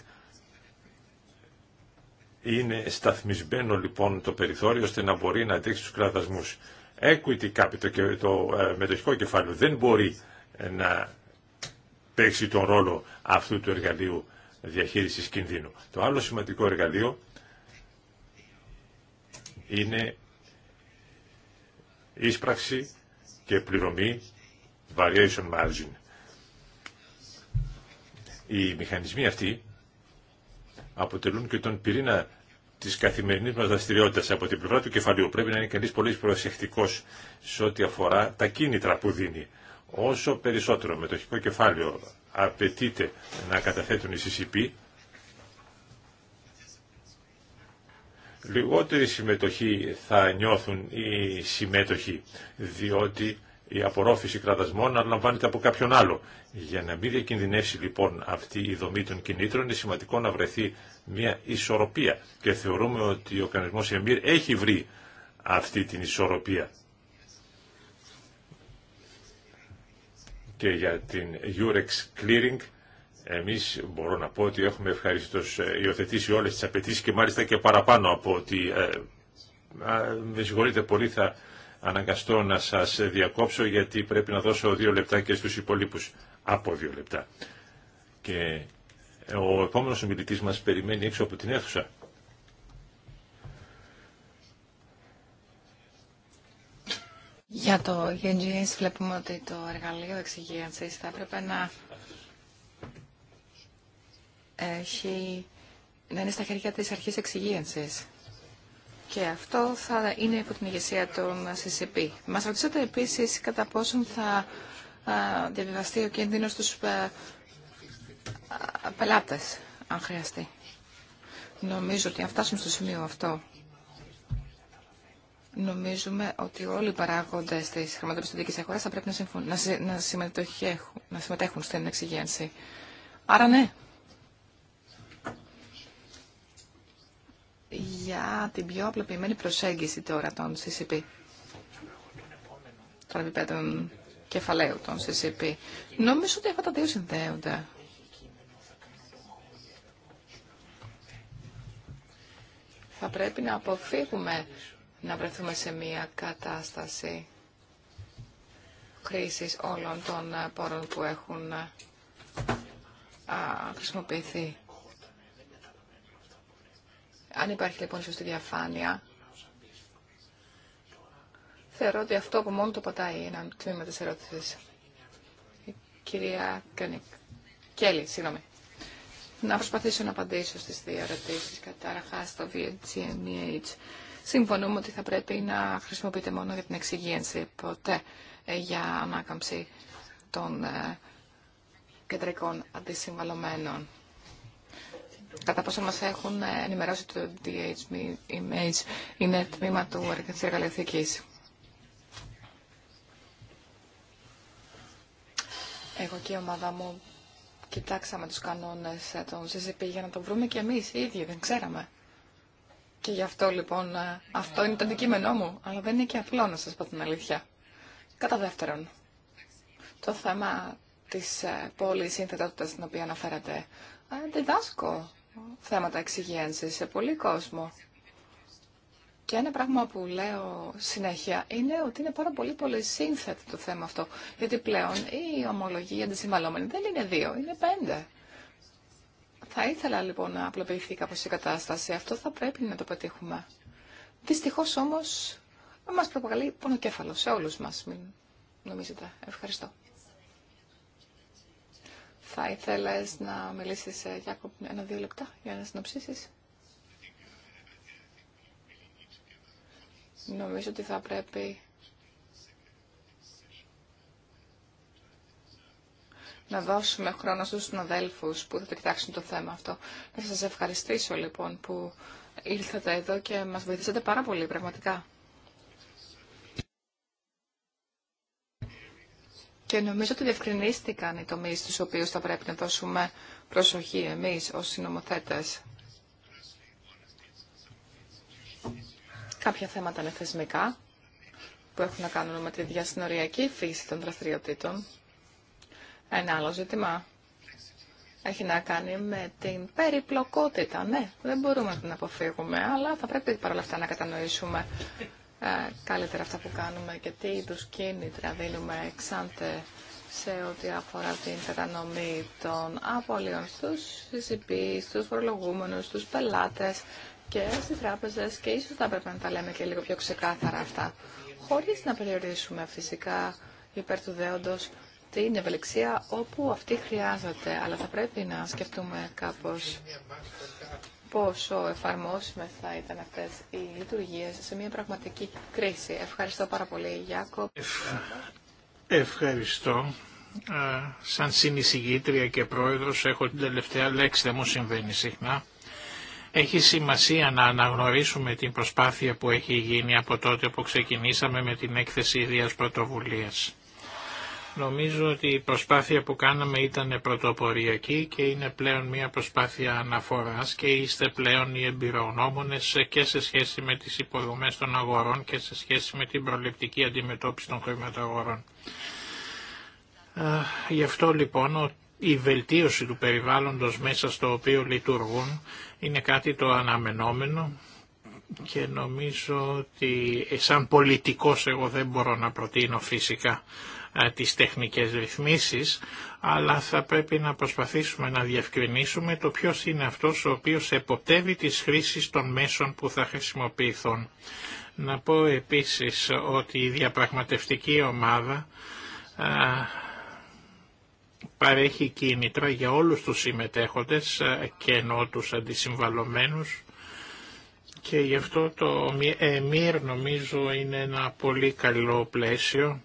Είναι σταθμισμένο λοιπόν το περιθώριο ώστε να μπορεί να αντέξει τους κραδασμούς. Equity capital, το ε, μετοχικό κεφάλαιο δεν μπορεί ε, να παίξει τον ρόλο αυτού του εργαλείου διαχείρισης κινδύνου. Το άλλο σημαντικό εργαλείο είναι ίσπραξη και πληρωμή variation margin. Οι μηχανισμοί αυτοί αποτελούν και τον πυρήνα τη καθημερινή μα δραστηριότητα από την πλευρά του κεφαλίου. Πρέπει να είναι κανεί πολύ προσεκτικό σε ό,τι αφορά τα κίνητρα που δίνει. Όσο περισσότερο μετοχικό κεφάλαιο απαιτείται να καταθέτουν οι CCP, λιγότερη συμμετοχή θα νιώθουν οι συμμέτοχοι, διότι η απορρόφηση κρατασμών να λαμβάνεται από κάποιον άλλο. Για να μην διακινδυνεύσει λοιπόν αυτή η δομή των κινήτρων είναι σημαντικό να βρεθεί μια ισορροπία και θεωρούμε ότι ο κανονισμός ΕΜΗΡ έχει βρει αυτή την ισορροπία. Και για την Eurex Clearing εμείς μπορώ να πω ότι έχουμε ευχαριστώς ε, υιοθετήσει όλες τις απαιτήσεις και μάλιστα και παραπάνω από ότι ε, με συγχωρείτε πολύ θα αναγκαστώ να σας διακόψω γιατί πρέπει να δώσω δύο λεπτά και στους υπολείπους από δύο λεπτά. Και ο επόμενος ομιλητή μας περιμένει έξω από την αίθουσα. Για το GNGS βλέπουμε ότι το εργαλείο εξυγίανσης θα έπρεπε να να είναι στα χέρια της αρχής εξυγίανσης. Και αυτό θα είναι υπό την ηγεσία των CCP. Μας ρωτήσατε επίσης κατά πόσον θα διαβιβαστεί ο κίνδυνος στους πελάτες, αν χρειαστεί. Νομίζω ότι αν φτάσουμε στο σημείο αυτό, νομίζουμε ότι όλοι οι παράγοντες της χρηματοπιστωτικής αγοράς θα πρέπει να συμμετέχουν, να συμμετέχουν στην εξυγένση. Άρα ναι, για την πιο απλοποιημένη προσέγγιση τώρα των CCP, των επιπέδων κεφαλαίου των CCP. Νομίζω ότι αυτά τα δύο συνδέονται. Θα πρέπει να αποφύγουμε να βρεθούμε σε μια κατάσταση χρήσης όλων των πόρων που έχουν χρησιμοποιηθεί αν υπάρχει λοιπόν σωστή διαφάνεια, θεωρώ ότι αυτό από μόνο το πατάει ένα τμήμα της ερώτησης. Η κυρία Κέλλη, συγγνώμη. Να προσπαθήσω να απαντήσω στις δύο ερωτήσεις. Καταρχά, στο VGMEH. Συμφωνούμε ότι θα πρέπει να χρησιμοποιείται μόνο για την εξυγίανση, ποτέ ε, για ανάκαμψη των ε, κεντρικών αντισυμβαλωμένων κατά πόσο μας έχουν ε, ενημερώσει το DHM, Image είναι τμήμα του της εργαλειοθήκης. Εγώ και η ομάδα μου κοιτάξαμε τους κανόνες ε, των CCP για να το βρούμε και εμείς οι ίδιοι, δεν ξέραμε. Και γι' αυτό λοιπόν ε, αυτό είναι το αντικείμενό μου, αλλά δεν είναι και απλό να σας πω την αλήθεια. Κατά δεύτερον, το θέμα της πόλης σύνθετότητας στην οποία αναφέρατε. Διδάσκω θέματα εξυγίανσης σε πολύ κόσμο. Και ένα πράγμα που λέω συνέχεια είναι ότι είναι πάρα πολύ πολύ σύνθετο το θέμα αυτό. Γιατί πλέον η ομολογία για δεν είναι δύο, είναι πέντε. Θα ήθελα λοιπόν να απλοποιηθεί κάπως η κατάσταση. Αυτό θα πρέπει να το πετύχουμε. Δυστυχώς όμως μας προκαλεί πονοκέφαλο σε όλους μας, μην νομίζετε. Ευχαριστώ. Θα ήθελες να μιλήσεις, ε, Γιάκοπ, ένα-δύο λεπτά για να συνοψίσεις. Νομίζω ότι θα πρέπει να δώσουμε χρόνο στους συναδέλφους που θα το κοιτάξουν το θέμα αυτό. Να σας ευχαριστήσω λοιπόν που ήλθατε εδώ και μας βοηθήσατε πάρα πολύ πραγματικά. Και νομίζω ότι διευκρινίστηκαν οι τομείς στους οποίους θα πρέπει να δώσουμε προσοχή εμείς ως συνομοθέτες. Κάποια θέματα είναι θεσμικά, που έχουν να κάνουν με τη διασυνοριακή φύση των δραστηριοτήτων. Ένα άλλο ζήτημα έχει να κάνει με την περιπλοκότητα. Ναι, δεν μπορούμε να την αποφύγουμε, αλλά θα πρέπει παρόλα αυτά να κατανοήσουμε ε, καλύτερα αυτά που κάνουμε και τι είδου κίνητρα δίνουμε εξάντε σε ό,τι αφορά την κατανομή των απολύων στους CCP, στους φορολογούμενους, στους πελάτες και στις τράπεζες και ίσως θα έπρεπε να τα λέμε και λίγο πιο ξεκάθαρα αυτά, χωρίς να περιορίσουμε φυσικά υπέρ του την ευελιξία όπου αυτή χρειάζεται, αλλά θα πρέπει να σκεφτούμε κάπως πόσο εφαρμόσιμε θα ήταν αυτές οι λειτουργίες σε μια πραγματική κρίση. Ευχαριστώ πάρα πολύ, Γιάκο. Ευχαριστώ. Σαν συνεισηγήτρια και πρόεδρος έχω την τελευταία λέξη, δεν μου συμβαίνει συχνά. Έχει σημασία να αναγνωρίσουμε την προσπάθεια που έχει γίνει από τότε που ξεκινήσαμε με την έκθεση ιδίας πρωτοβουλίας. Νομίζω ότι η προσπάθεια που κάναμε ήταν πρωτοποριακή και είναι πλέον μια προσπάθεια αναφοράς και είστε πλέον οι εμπειρογνώμονες και σε σχέση με τις υποδομές των αγορών και σε σχέση με την προληπτική αντιμετώπιση των χρηματαγορών. Ε, γι' αυτό λοιπόν η βελτίωση του περιβάλλοντος μέσα στο οποίο λειτουργούν είναι κάτι το αναμενόμενο και νομίζω ότι σαν πολιτικός εγώ δεν μπορώ να προτείνω φυσικά ε, τις τεχνικές ρυθμίσεις, αλλά θα πρέπει να προσπαθήσουμε να διευκρινίσουμε το ποιος είναι αυτός ο οποίος εποπτεύει τις χρήσεις των μέσων που θα χρησιμοποιηθούν. Να πω επίσης ότι η διαπραγματευτική ομάδα ε, παρέχει κίνητρα για όλους τους συμμετέχοντες ε, και ενώ τους αντισυμβαλωμένους και γι' αυτό το ΕΜΙΡ νομίζω είναι ένα πολύ καλό πλαίσιο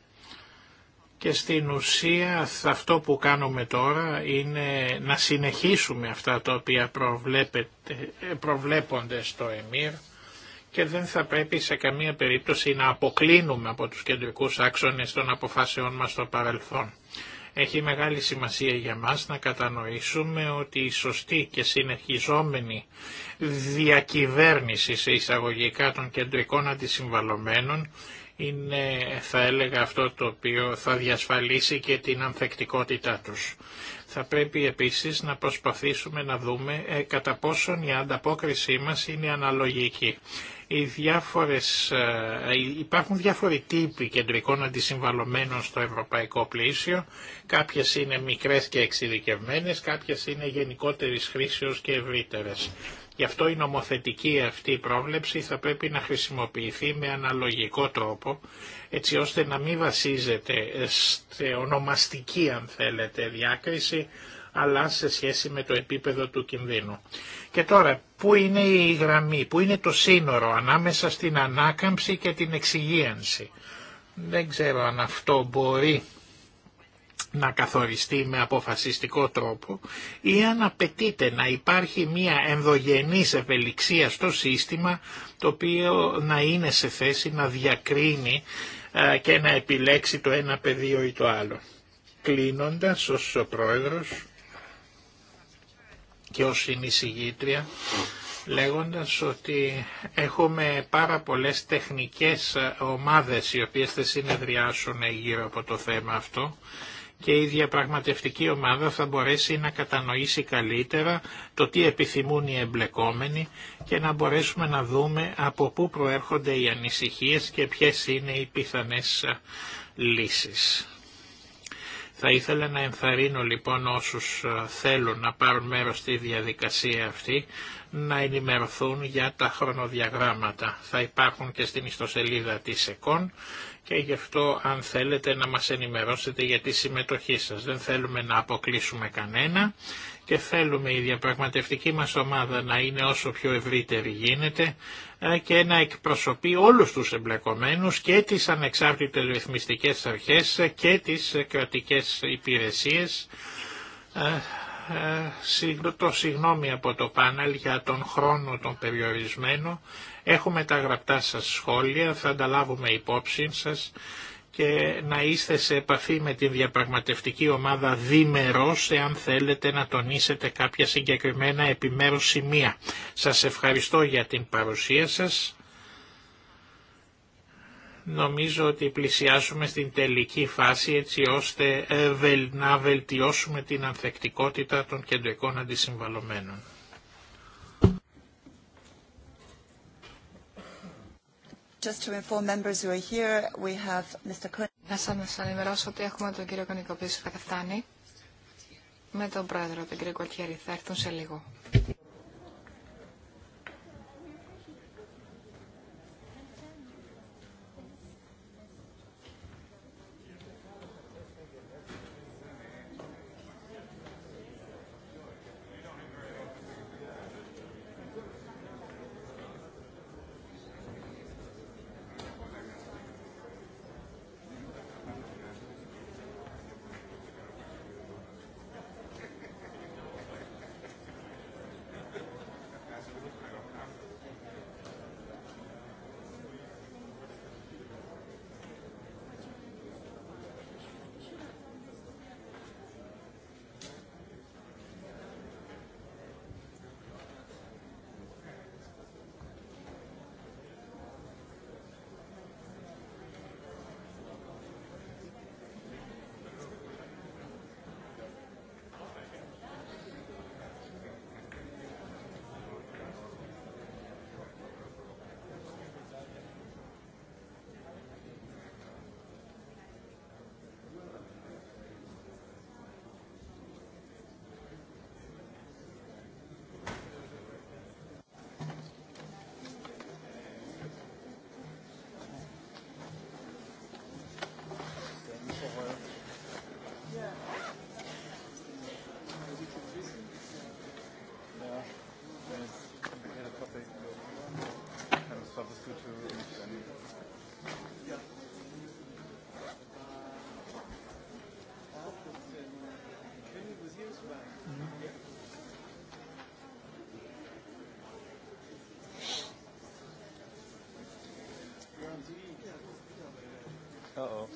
και στην ουσία αυτό που κάνουμε τώρα είναι να συνεχίσουμε αυτά τα οποία προβλέπονται στο ΕΜΗΡ και δεν θα πρέπει σε καμία περίπτωση να αποκλίνουμε από τους κεντρικούς άξονες των αποφάσεών μας στο παρελθόν. Έχει μεγάλη σημασία για μας να κατανοήσουμε ότι η σωστή και συνεχιζόμενη διακυβέρνηση σε εισαγωγικά των κεντρικών αντισυμβαλωμένων είναι θα έλεγα αυτό το οποίο θα διασφαλίσει και την ανθεκτικότητά τους. Θα πρέπει επίσης να προσπαθήσουμε να δούμε ε, κατά πόσον η ανταπόκρισή μας είναι αναλογική. Οι διάφορες, ε, ε, υπάρχουν διάφοροι τύποι κεντρικών αντισυμβαλωμένων στο ευρωπαϊκό πλαίσιο. Κάποιες είναι μικρές και εξειδικευμένες, κάποιες είναι γενικότερης χρήσεως και ευρύτερες. Γι' αυτό η νομοθετική αυτή πρόβλεψη θα πρέπει να χρησιμοποιηθεί με αναλογικό τρόπο, έτσι ώστε να μην βασίζεται σε ονομαστική, αν θέλετε, διάκριση, αλλά σε σχέση με το επίπεδο του κινδύνου. Και τώρα, πού είναι η γραμμή, πού είναι το σύνορο ανάμεσα στην ανάκαμψη και την εξυγίανση. Δεν ξέρω αν αυτό μπορεί να καθοριστεί με αποφασιστικό τρόπο ή αν απαιτείται να υπάρχει μια ενδογενής ευελιξία στο σύστημα το οποίο να είναι σε θέση να διακρίνει και να επιλέξει το ένα πεδίο ή το άλλο. Κλείνοντας ως ο πρόεδρος και ως συνεισηγήτρια λέγοντας ότι έχουμε πάρα πολλές τεχνικές ομάδες οι οποίες θα συνεδριάσουν γύρω από το θέμα αυτό και η διαπραγματευτική ομάδα θα μπορέσει να κατανοήσει καλύτερα το τι επιθυμούν οι εμπλεκόμενοι και να μπορέσουμε να δούμε από πού προέρχονται οι ανησυχίες και ποιες είναι οι πιθανές λύσεις. Θα ήθελα να ενθαρρύνω λοιπόν όσους ε, θέλουν να πάρουν μέρος στη διαδικασία αυτή να ενημερωθούν για τα χρονοδιαγράμματα. Θα υπάρχουν και στην ιστοσελίδα της ΕΚΟΝ και γι' αυτό αν θέλετε να μας ενημερώσετε για τη συμμετοχή σας. Δεν θέλουμε να αποκλείσουμε κανένα και θέλουμε η διαπραγματευτική μας ομάδα να είναι όσο πιο ευρύτερη γίνεται ε, και να εκπροσωπεί όλους τους εμπλεκομένους και τις ανεξάρτητες ρυθμιστικές αρχές ε, και τις ε, κρατικές υπηρεσίες. Το συγγνώμη από το πάνελ για τον χρόνο τον περιορισμένο Έχουμε τα γραπτά σας σχόλια, θα ανταλάβουμε υπόψη σας και να είστε σε επαφή με την διαπραγματευτική ομάδα διμερός εάν θέλετε να τονίσετε κάποια συγκεκριμένα επιμέρους σημεία. Σας ευχαριστώ για την παρουσία σας. Νομίζω ότι πλησιάσουμε στην τελική φάση έτσι ώστε ε, να βελτιώσουμε την ανθεκτικότητα των κεντρικών αντισυμβαλωμένων. Just to inform members who are here, we have Mr. Να σας ενημερώσω ότι έχουμε τον κύριο Κωνικοπής που με τον πρόεδρο, τον κύριο Κουαλτιέρη. Θα έρθουν σε λίγο. Uh-oh.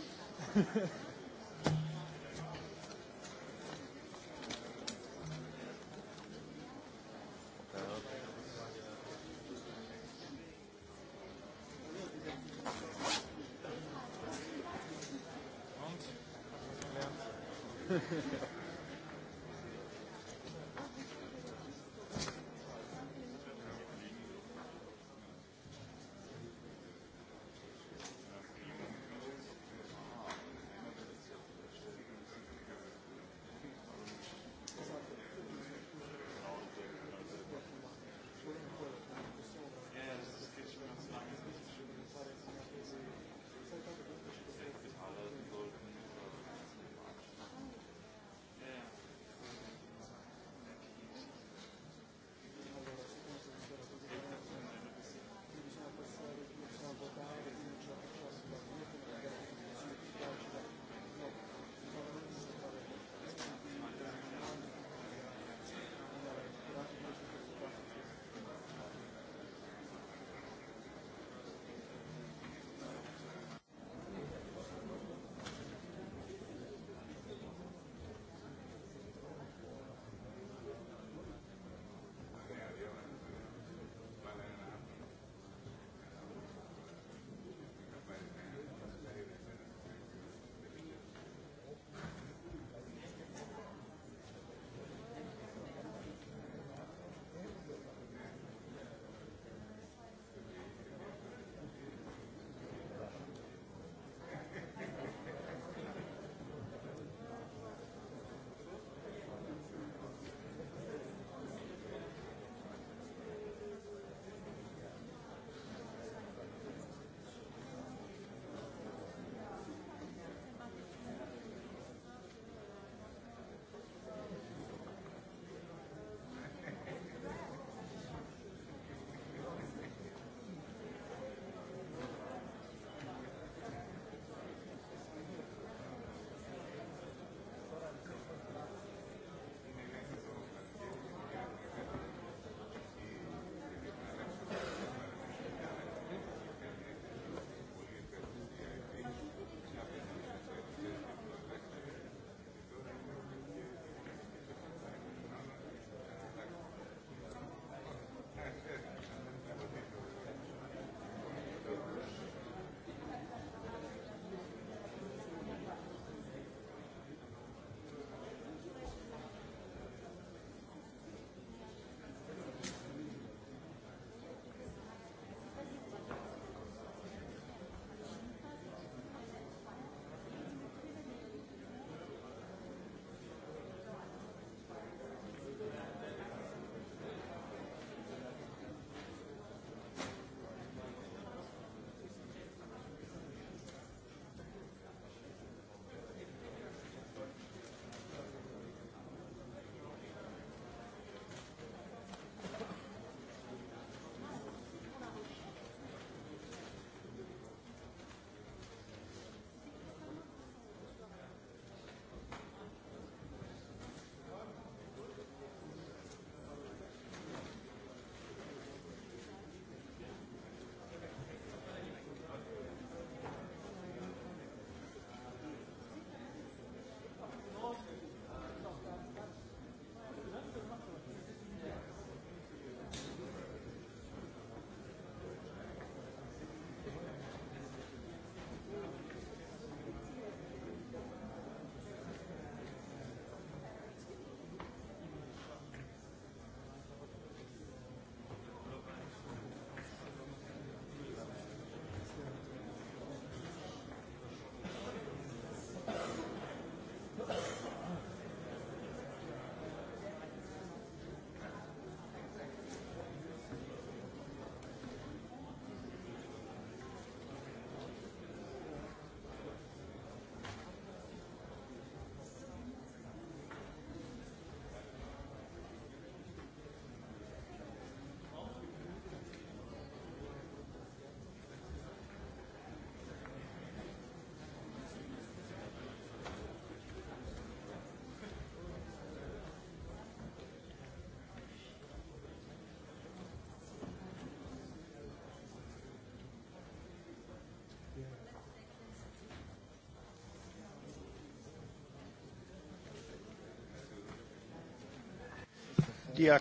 Dear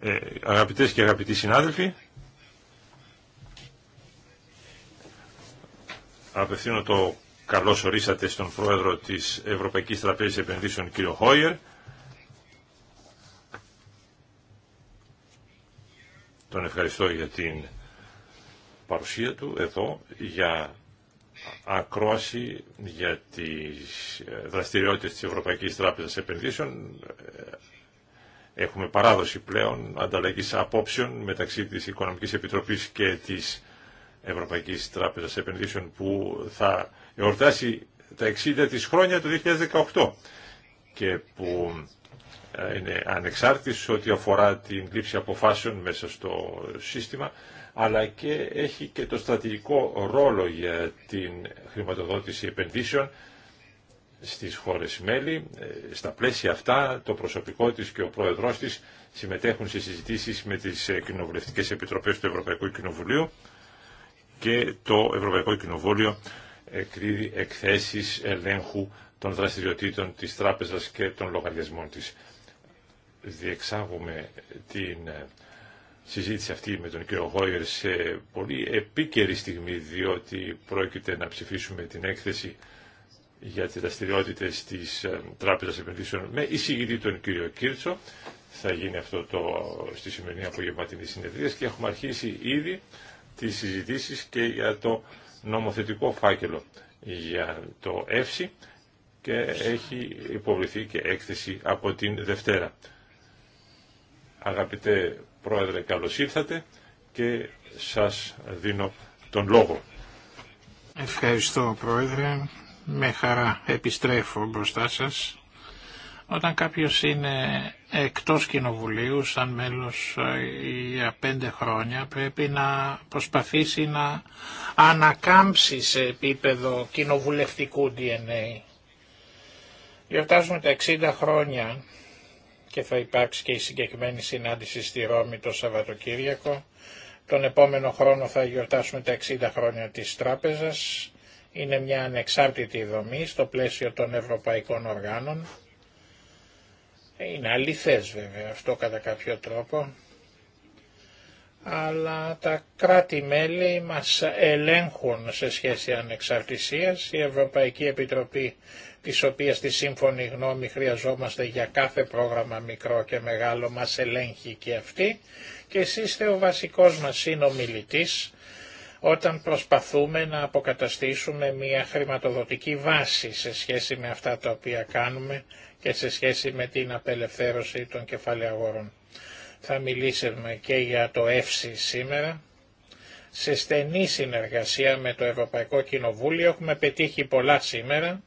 ε, αγαπητές και αγαπητοί συνάδελφοι, απευθύνω το καλό ορίσατε στον πρόεδρο της Ευρωπαϊκής Τραπέζης Επενδύσεων, κύριο Χόιερ, Τον ευχαριστώ για την παρουσία του εδώ, για ακρόαση για τις δραστηριότητες της Ευρωπαϊκής Τράπεζας Επενδύσεων. Έχουμε παράδοση πλέον ανταλλαγής απόψεων μεταξύ της Οικονομικής Επιτροπής και της Ευρωπαϊκής Τράπεζας Επενδύσεων που θα εορτάσει τα 60 της χρόνια το 2018 και που ε, είναι ανεξάρτητης ό,τι αφορά την λήψη αποφάσεων μέσα στο σύστημα αλλά και έχει και το στρατηγικό ρόλο για την χρηματοδότηση επενδύσεων στις χώρες μέλη. Ε, στα πλαίσια αυτά το προσωπικό της και ο πρόεδρός της συμμετέχουν σε συζητήσεις με τις ε, κοινοβουλευτικές επιτροπές του Ευρωπαϊκού Κοινοβουλίου και το Ευρωπαϊκό Κοινοβούλιο εκδίδει εκθέσεις ελέγχου των δραστηριοτήτων της τράπεζας και των λογαριασμών της. Διεξάγουμε την ε, συζήτηση αυτή με τον κύριο Γόιερ σε πολύ επίκαιρη στιγμή, διότι πρόκειται να ψηφίσουμε την έκθεση για τις δραστηριότητε της ε, Τράπεζας Επενδύσεων με εισηγητή τον κύριο Κίρτσο. Θα γίνει αυτό το, στη σημερινή απογευματινή συνεδρία και έχουμε αρχίσει ήδη τις συζητήσεις και για το νομοθετικό φάκελο για το ΕΦΣΙ και έχει υποβληθεί και έκθεση από την Δευτέρα. Αγαπητέ Πρόεδρε, καλώς ήρθατε και σας δίνω τον λόγο. Ευχαριστώ Πρόεδρε, με χαρά επιστρέφω μπροστά σας. Όταν κάποιος είναι εκτός κοινοβουλίου, σαν μέλος ε, για πέντε χρόνια, πρέπει να προσπαθήσει να ανακάμψει σε επίπεδο κοινοβουλευτικού DNA. Γιορτάζουμε τα 60 χρόνια και θα υπάρξει και η συγκεκριμένη συνάντηση στη Ρώμη το Σαββατοκύριακο. Τον επόμενο χρόνο θα γιορτάσουμε τα 60 χρόνια της τράπεζας είναι μια ανεξάρτητη δομή στο πλαίσιο των ευρωπαϊκών οργάνων. Είναι αληθές βέβαια αυτό κατά κάποιο τρόπο, αλλά τα κράτη-μέλη μας ελέγχουν σε σχέση ανεξαρτησίας. Η Ευρωπαϊκή Επιτροπή, της οποίας τη σύμφωνη γνώμη χρειαζόμαστε για κάθε πρόγραμμα μικρό και μεγάλο, μας ελέγχει και αυτή. Και εσείς είστε ο βασικός μας συνομιλητής όταν προσπαθούμε να αποκαταστήσουμε μια χρηματοδοτική βάση σε σχέση με αυτά τα οποία κάνουμε και σε σχέση με την απελευθέρωση των κεφαλαίων Θα μιλήσουμε και για το ΕΦΣΙ σήμερα. Σε στενή συνεργασία με το Ευρωπαϊκό Κοινοβούλιο έχουμε πετύχει πολλά σήμερα.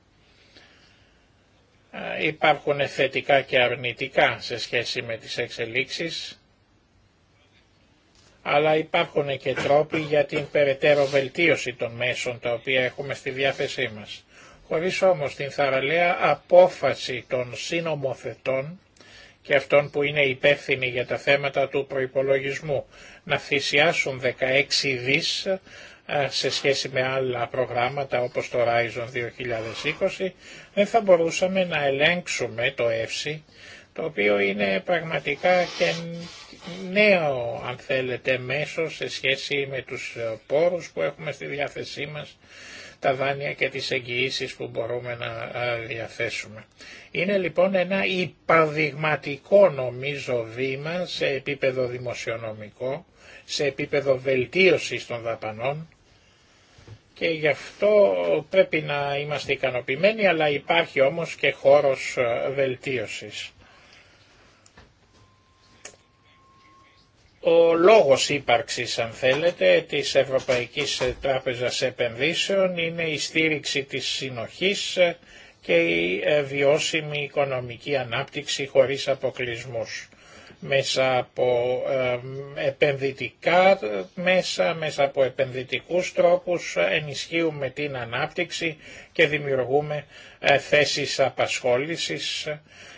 Υπάρχουν θετικά και αρνητικά σε σχέση με τις εξελίξεις αλλά υπάρχουν και τρόποι για την περαιτέρω βελτίωση των μέσων τα οποία έχουμε στη διάθεσή μας. Χωρίς όμως την θαραλέα απόφαση των συνομοθετών και αυτών που είναι υπεύθυνοι για τα θέματα του προϋπολογισμού να θυσιάσουν 16 δις σε σχέση με άλλα προγράμματα όπως το Horizon 2020 δεν θα μπορούσαμε να ελέγξουμε το ΕΦΣΥ το οποίο είναι πραγματικά και νέο αν θέλετε μέσο σε σχέση με τους ε, πόρους που έχουμε στη διάθεσή μας, τα δάνεια και τις εγγυήσεις που μπορούμε να διαθέσουμε. Είναι λοιπόν ένα υπαδειγματικό νομίζω βήμα σε επίπεδο δημοσιονομικό, σε επίπεδο βελτίωσης των δαπανών και γι' αυτό πρέπει να είμαστε ικανοποιημένοι, αλλά υπάρχει όμως και χώρος ε, βελτίωσης. ο λόγος ύπαρξης αν θέλετε της Ευρωπαϊκής Τράπεζας Επενδύσεων είναι η στήριξη της συνοχής και η ε, βιώσιμη οικονομική ανάπτυξη χωρίς αποκλεισμούς μέσα από ε, επενδυτικά μέσα, μέσα από επενδυτικούς τρόπους ενισχύουμε την ανάπτυξη και δημιουργούμε ε, θέσεις απασχόλησης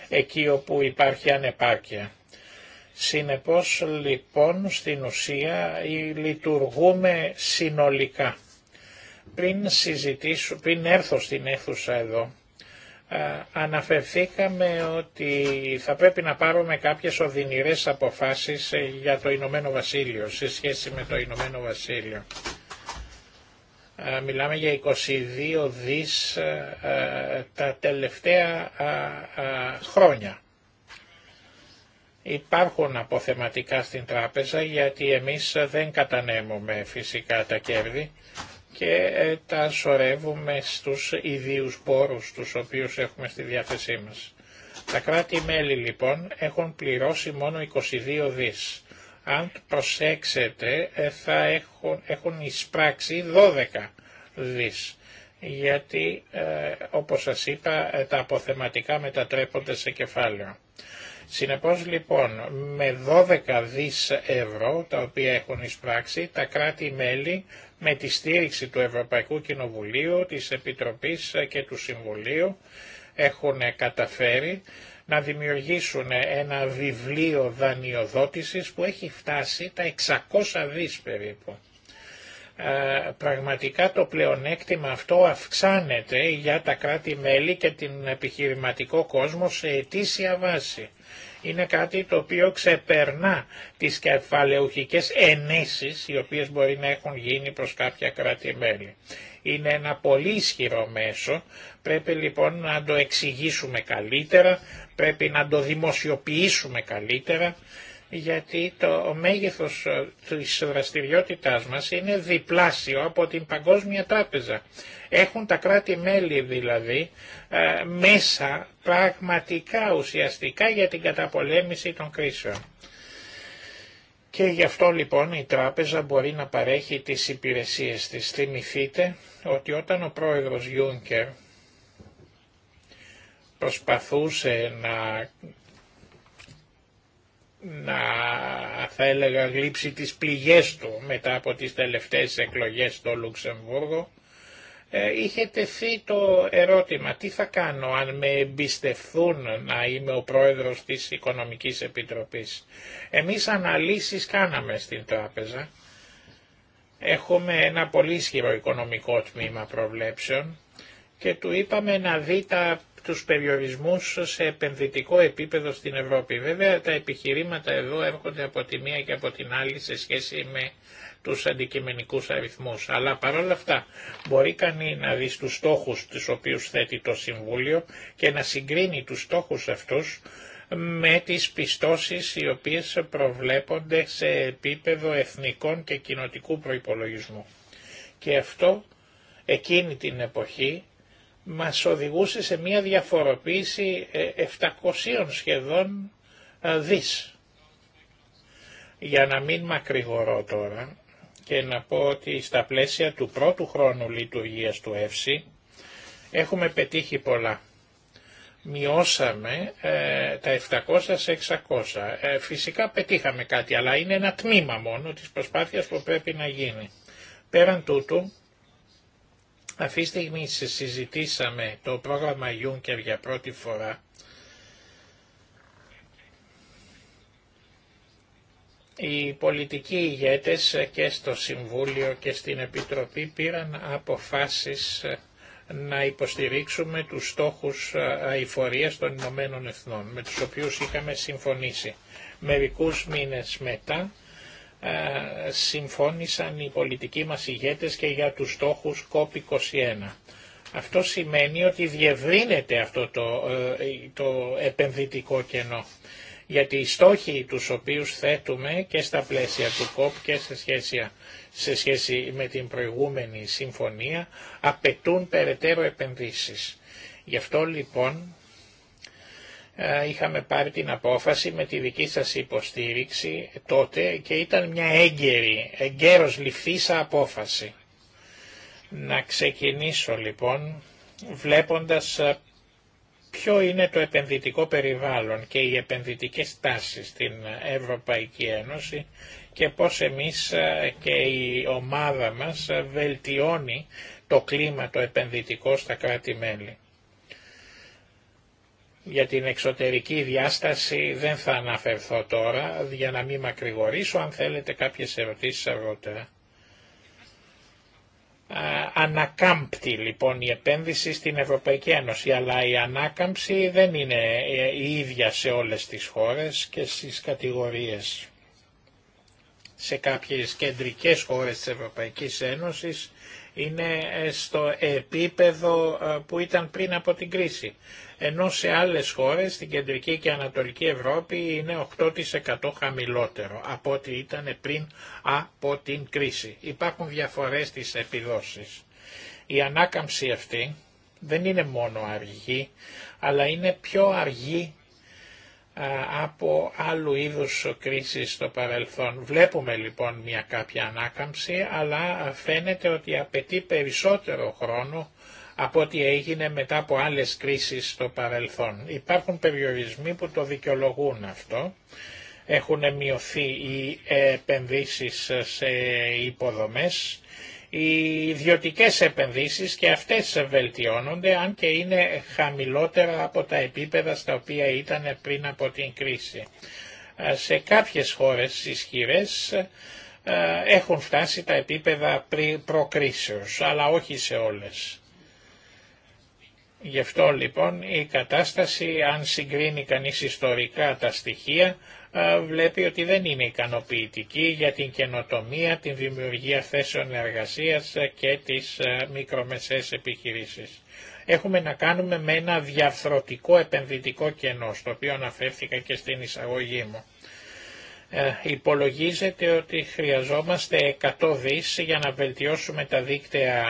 εκεί όπου υπάρχει ανεπάρκεια. Συνεπώς λοιπόν στην ουσία λειτουργούμε συνολικά. Πριν, συζητήσω, πριν έρθω στην αίθουσα εδώ, αναφερθήκαμε ότι θα πρέπει να πάρουμε κάποιες οδυνηρές αποφάσεις ε, για το Ηνωμένο Βασίλειο, σε σχέση με το Ηνωμένο Βασίλειο. Μιλάμε για 22 δις ε, ε, τα τελευταία χρόνια. Υπάρχουν αποθεματικά στην τράπεζα γιατί εμείς δεν κατανέμουμε φυσικά τα κέρδη και ε, τα σορεύουμε στους ιδίους πόρους τους οποίους έχουμε στη διάθεσή μας. Τα κράτη-μέλη λοιπόν έχουν πληρώσει μόνο 22 δις. Αν προσέξετε ε, θα έχουν, έχουν εισπράξει 12 δις. Γιατί ε, όπως σας είπα τα αποθεματικά μετατρέπονται σε κεφάλαιο. Συνεπώς λοιπόν με 12 δις ευρώ τα οποία έχουν εισπράξει τα κράτη-μέλη με τη στήριξη του Ευρωπαϊκού Κοινοβουλίου, της Επιτροπής και του Συμβουλίου έχουν καταφέρει να δημιουργήσουν ένα βιβλίο δανειοδότησης που έχει φτάσει τα 600 δις περίπου. Ε, πραγματικά το πλεονέκτημα αυτό αυξάνεται για τα κράτη-μέλη και την επιχειρηματικό κόσμο σε ετήσια βάση είναι κάτι το οποίο ξεπερνά τις κεφαλαιοχικές ενέσεις οι οποίες μπορεί να έχουν γίνει προς κάποια κράτη-μέλη. Είναι ένα πολύ ισχυρό μέσο, πρέπει λοιπόν να το εξηγήσουμε καλύτερα, πρέπει να το δημοσιοποιήσουμε καλύτερα γιατί το μέγεθος ε, της δραστηριότητάς μας είναι διπλάσιο από την Παγκόσμια Τράπεζα. Έχουν τα κράτη-μέλη δηλαδή ε, μέσα πραγματικά ουσιαστικά για την καταπολέμηση των κρίσεων. Και γι' αυτό λοιπόν η τράπεζα μπορεί να παρέχει τις υπηρεσίες της. Θυμηθείτε ότι όταν ο πρόεδρος Γιούνκερ προσπαθούσε να να θα έλεγα γλύψει τις πληγές του μετά από τις τελευταίες εκλογές στο Λουξεμβούργο ε, είχε τεθεί το ερώτημα τι θα κάνω αν με εμπιστευθούν να είμαι ο πρόεδρος της Οικονομικής Επιτροπής. Εμείς αναλύσεις κάναμε στην τράπεζα. Έχουμε ένα πολύ ισχυρό οικονομικό τμήμα προβλέψεων και του είπαμε να δει τα τους περιορισμούς σε επενδυτικό επίπεδο στην Ευρώπη. Βέβαια τα επιχειρήματα εδώ έρχονται από τη μία και από την άλλη σε σχέση με τους αντικειμενικούς αριθμούς. Αλλά παρόλα αυτά μπορεί κανεί να δει τους στόχους τους οποίους θέτει το Συμβούλιο και να συγκρίνει τους στόχους αυτούς με τις πιστώσεις οι οποίες προβλέπονται σε επίπεδο εθνικών και κοινοτικού προϋπολογισμού. Και αυτό εκείνη την εποχή μας οδηγούσε σε μια διαφοροποίηση 700 ε, σχεδόν ε, δις. Για να μην μακρηγορώ τώρα και να πω ότι στα πλαίσια του πρώτου χρόνου λειτουργίας του ΕΦΣΥ έχουμε πετύχει πολλά. Μειώσαμε ε, τα 700 σε 600. φυσικά πετύχαμε κάτι, αλλά είναι ένα τμήμα μόνο της προσπάθειας που πρέπει να γίνει. Πέραν τούτου, αυτή τη στιγμή συζητήσαμε το πρόγραμμα Juncker για πρώτη φορά οι πολιτικοί ηγέτες και στο Συμβούλιο και στην Επιτροπή πήραν αποφάσεις να υποστηρίξουμε τους στόχους αηφορίας των Ηνωμένων Εθνών, με τους οποίους είχαμε συμφωνήσει. Μερικούς μήνες μετά ε, συμφώνησαν οι πολιτικοί μας ηγέτες και για τους στόχους COP21. Αυτό σημαίνει ότι διευρύνεται αυτό το, ε, το επενδυτικό κενό. Γιατί οι στόχοι τους οποίους θέτουμε και στα πλαίσια του ΚΟΠ και σε σχέση, σε σχέση με την προηγούμενη συμφωνία απαιτούν περαιτέρω επενδύσεις. Γι' αυτό λοιπόν ε, είχαμε πάρει την απόφαση με τη δική σας υποστήριξη τότε και ήταν μια έγκαιρη, εγκαίρος ληφθήσα απόφαση. Να ξεκινήσω λοιπόν βλέποντας ε, ποιο είναι το επενδυτικό περιβάλλον και οι επενδυτικές τάσεις στην Ευρωπαϊκή Ένωση και πώς εμείς ε, και η ομάδα μας βελτιώνει το κλίμα το επενδυτικό στα κράτη-μέλη. Για την εξωτερική διάσταση δεν θα αναφερθώ τώρα, για να μην μακρηγορήσω, αν θέλετε κάποιες ερωτήσεις αργότερα. Ανακάμπτει λοιπόν η επένδυση στην Ευρωπαϊκή Ένωση, αλλά η ανάκαμψη δεν είναι ε, η ίδια σε όλες τις χώρες και στις κατηγορίες. Σε κάποιες κεντρικές χώρες της Ευρωπαϊκής Ένωσης είναι ε, στο επίπεδο ε, που ήταν πριν από την κρίση. Ενώ σε άλλες χώρες, στην Κεντρική και Ανατολική Ευρώπη, είναι 8% χαμηλότερο από ό,τι ήταν πριν από την κρίση. Υπάρχουν διαφορές στις επιδόσεις. Η ανάκαμψη αυτή δεν είναι μόνο αργή, αλλά είναι πιο αργή από άλλου είδους κρίσεις στο παρελθόν. Βλέπουμε λοιπόν μια κάποια ανάκαμψη, αλλά φαίνεται ότι απαιτεί περισσότερο χρόνο από ό,τι έγινε μετά από άλλες κρίσεις στο παρελθόν. Υπάρχουν περιορισμοί που το δικαιολογούν αυτό. Έχουν μειωθεί οι επενδύσεις σε υποδομές, οι ιδιωτικέ επενδύσεις και αυτές βελτιώνονται αν και είναι χαμηλότερα από τα επίπεδα στα οποία ήταν πριν από την κρίση. Ε, σε κάποιες χώρες ισχυρές ε, έχουν φτάσει τα επίπεδα προκρίσεως, αλλά όχι σε όλες. Γι' αυτό λοιπόν η κατάσταση, αν συγκρίνει κανείς ιστορικά τα στοιχεία, ε, βλέπει ότι δεν είναι ικανοποιητική για την καινοτομία, την δημιουργία θέσεων εργασίας και τις ε, μικρομεσαίες επιχειρήσεις. Έχουμε να κάνουμε με ένα διαφθρωτικό επενδυτικό κενό, στο οποίο αναφέρθηκα και στην εισαγωγή μου. Ε, υπολογίζεται ότι χρειαζόμαστε 100 δις για να βελτιώσουμε τα δίκτυα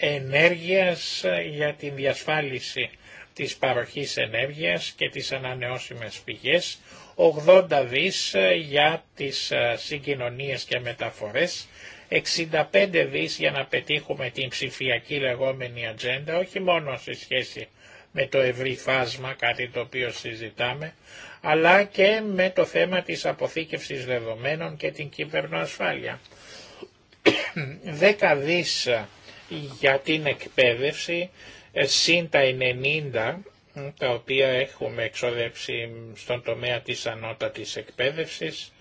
ενέργειας για την διασφάλιση της παροχής ενέργειας και τις ανανεώσιμες πηγές, 80 δις ε, για τις ε, συγκοινωνίες και μεταφορές, 65 δις για να πετύχουμε την ψηφιακή λεγόμενη ατζέντα, όχι μόνο σε σχέση με το ευρύ φάσμα, κάτι το οποίο συζητάμε, αλλά και με το θέμα της αποθήκευσης δεδομένων και την κυβερνοασφάλεια. 10 δις ε, για την εκπαίδευση, συν τα 90 τα οποία έχουμε εξοδέψει στον τομέα της ανώτατης εκπαίδευσης,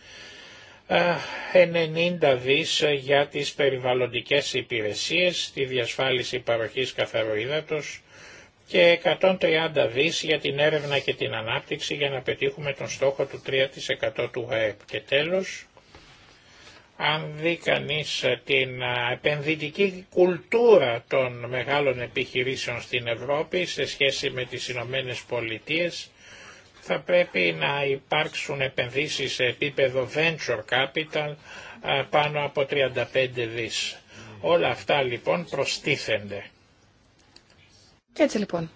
90 δις για τις περιβαλλοντικές υπηρεσίες, τη διασφάλιση παροχής καθαροίδατος και 130 δις για την έρευνα και την ανάπτυξη για να πετύχουμε τον στόχο του 3% του ΓΑΕΠ. Και τέλος, αν δει κανείς ε, την ε, επενδυτική κουλτούρα των μεγάλων επιχειρήσεων στην Ευρώπη σε σχέση με τις Ηνωμένε Πολιτείε, θα πρέπει να υπάρξουν επενδύσεις σε επίπεδο venture capital ε, πάνω από 35 δις. Όλα αυτά λοιπόν προστίθενται. Και έτσι λοιπόν,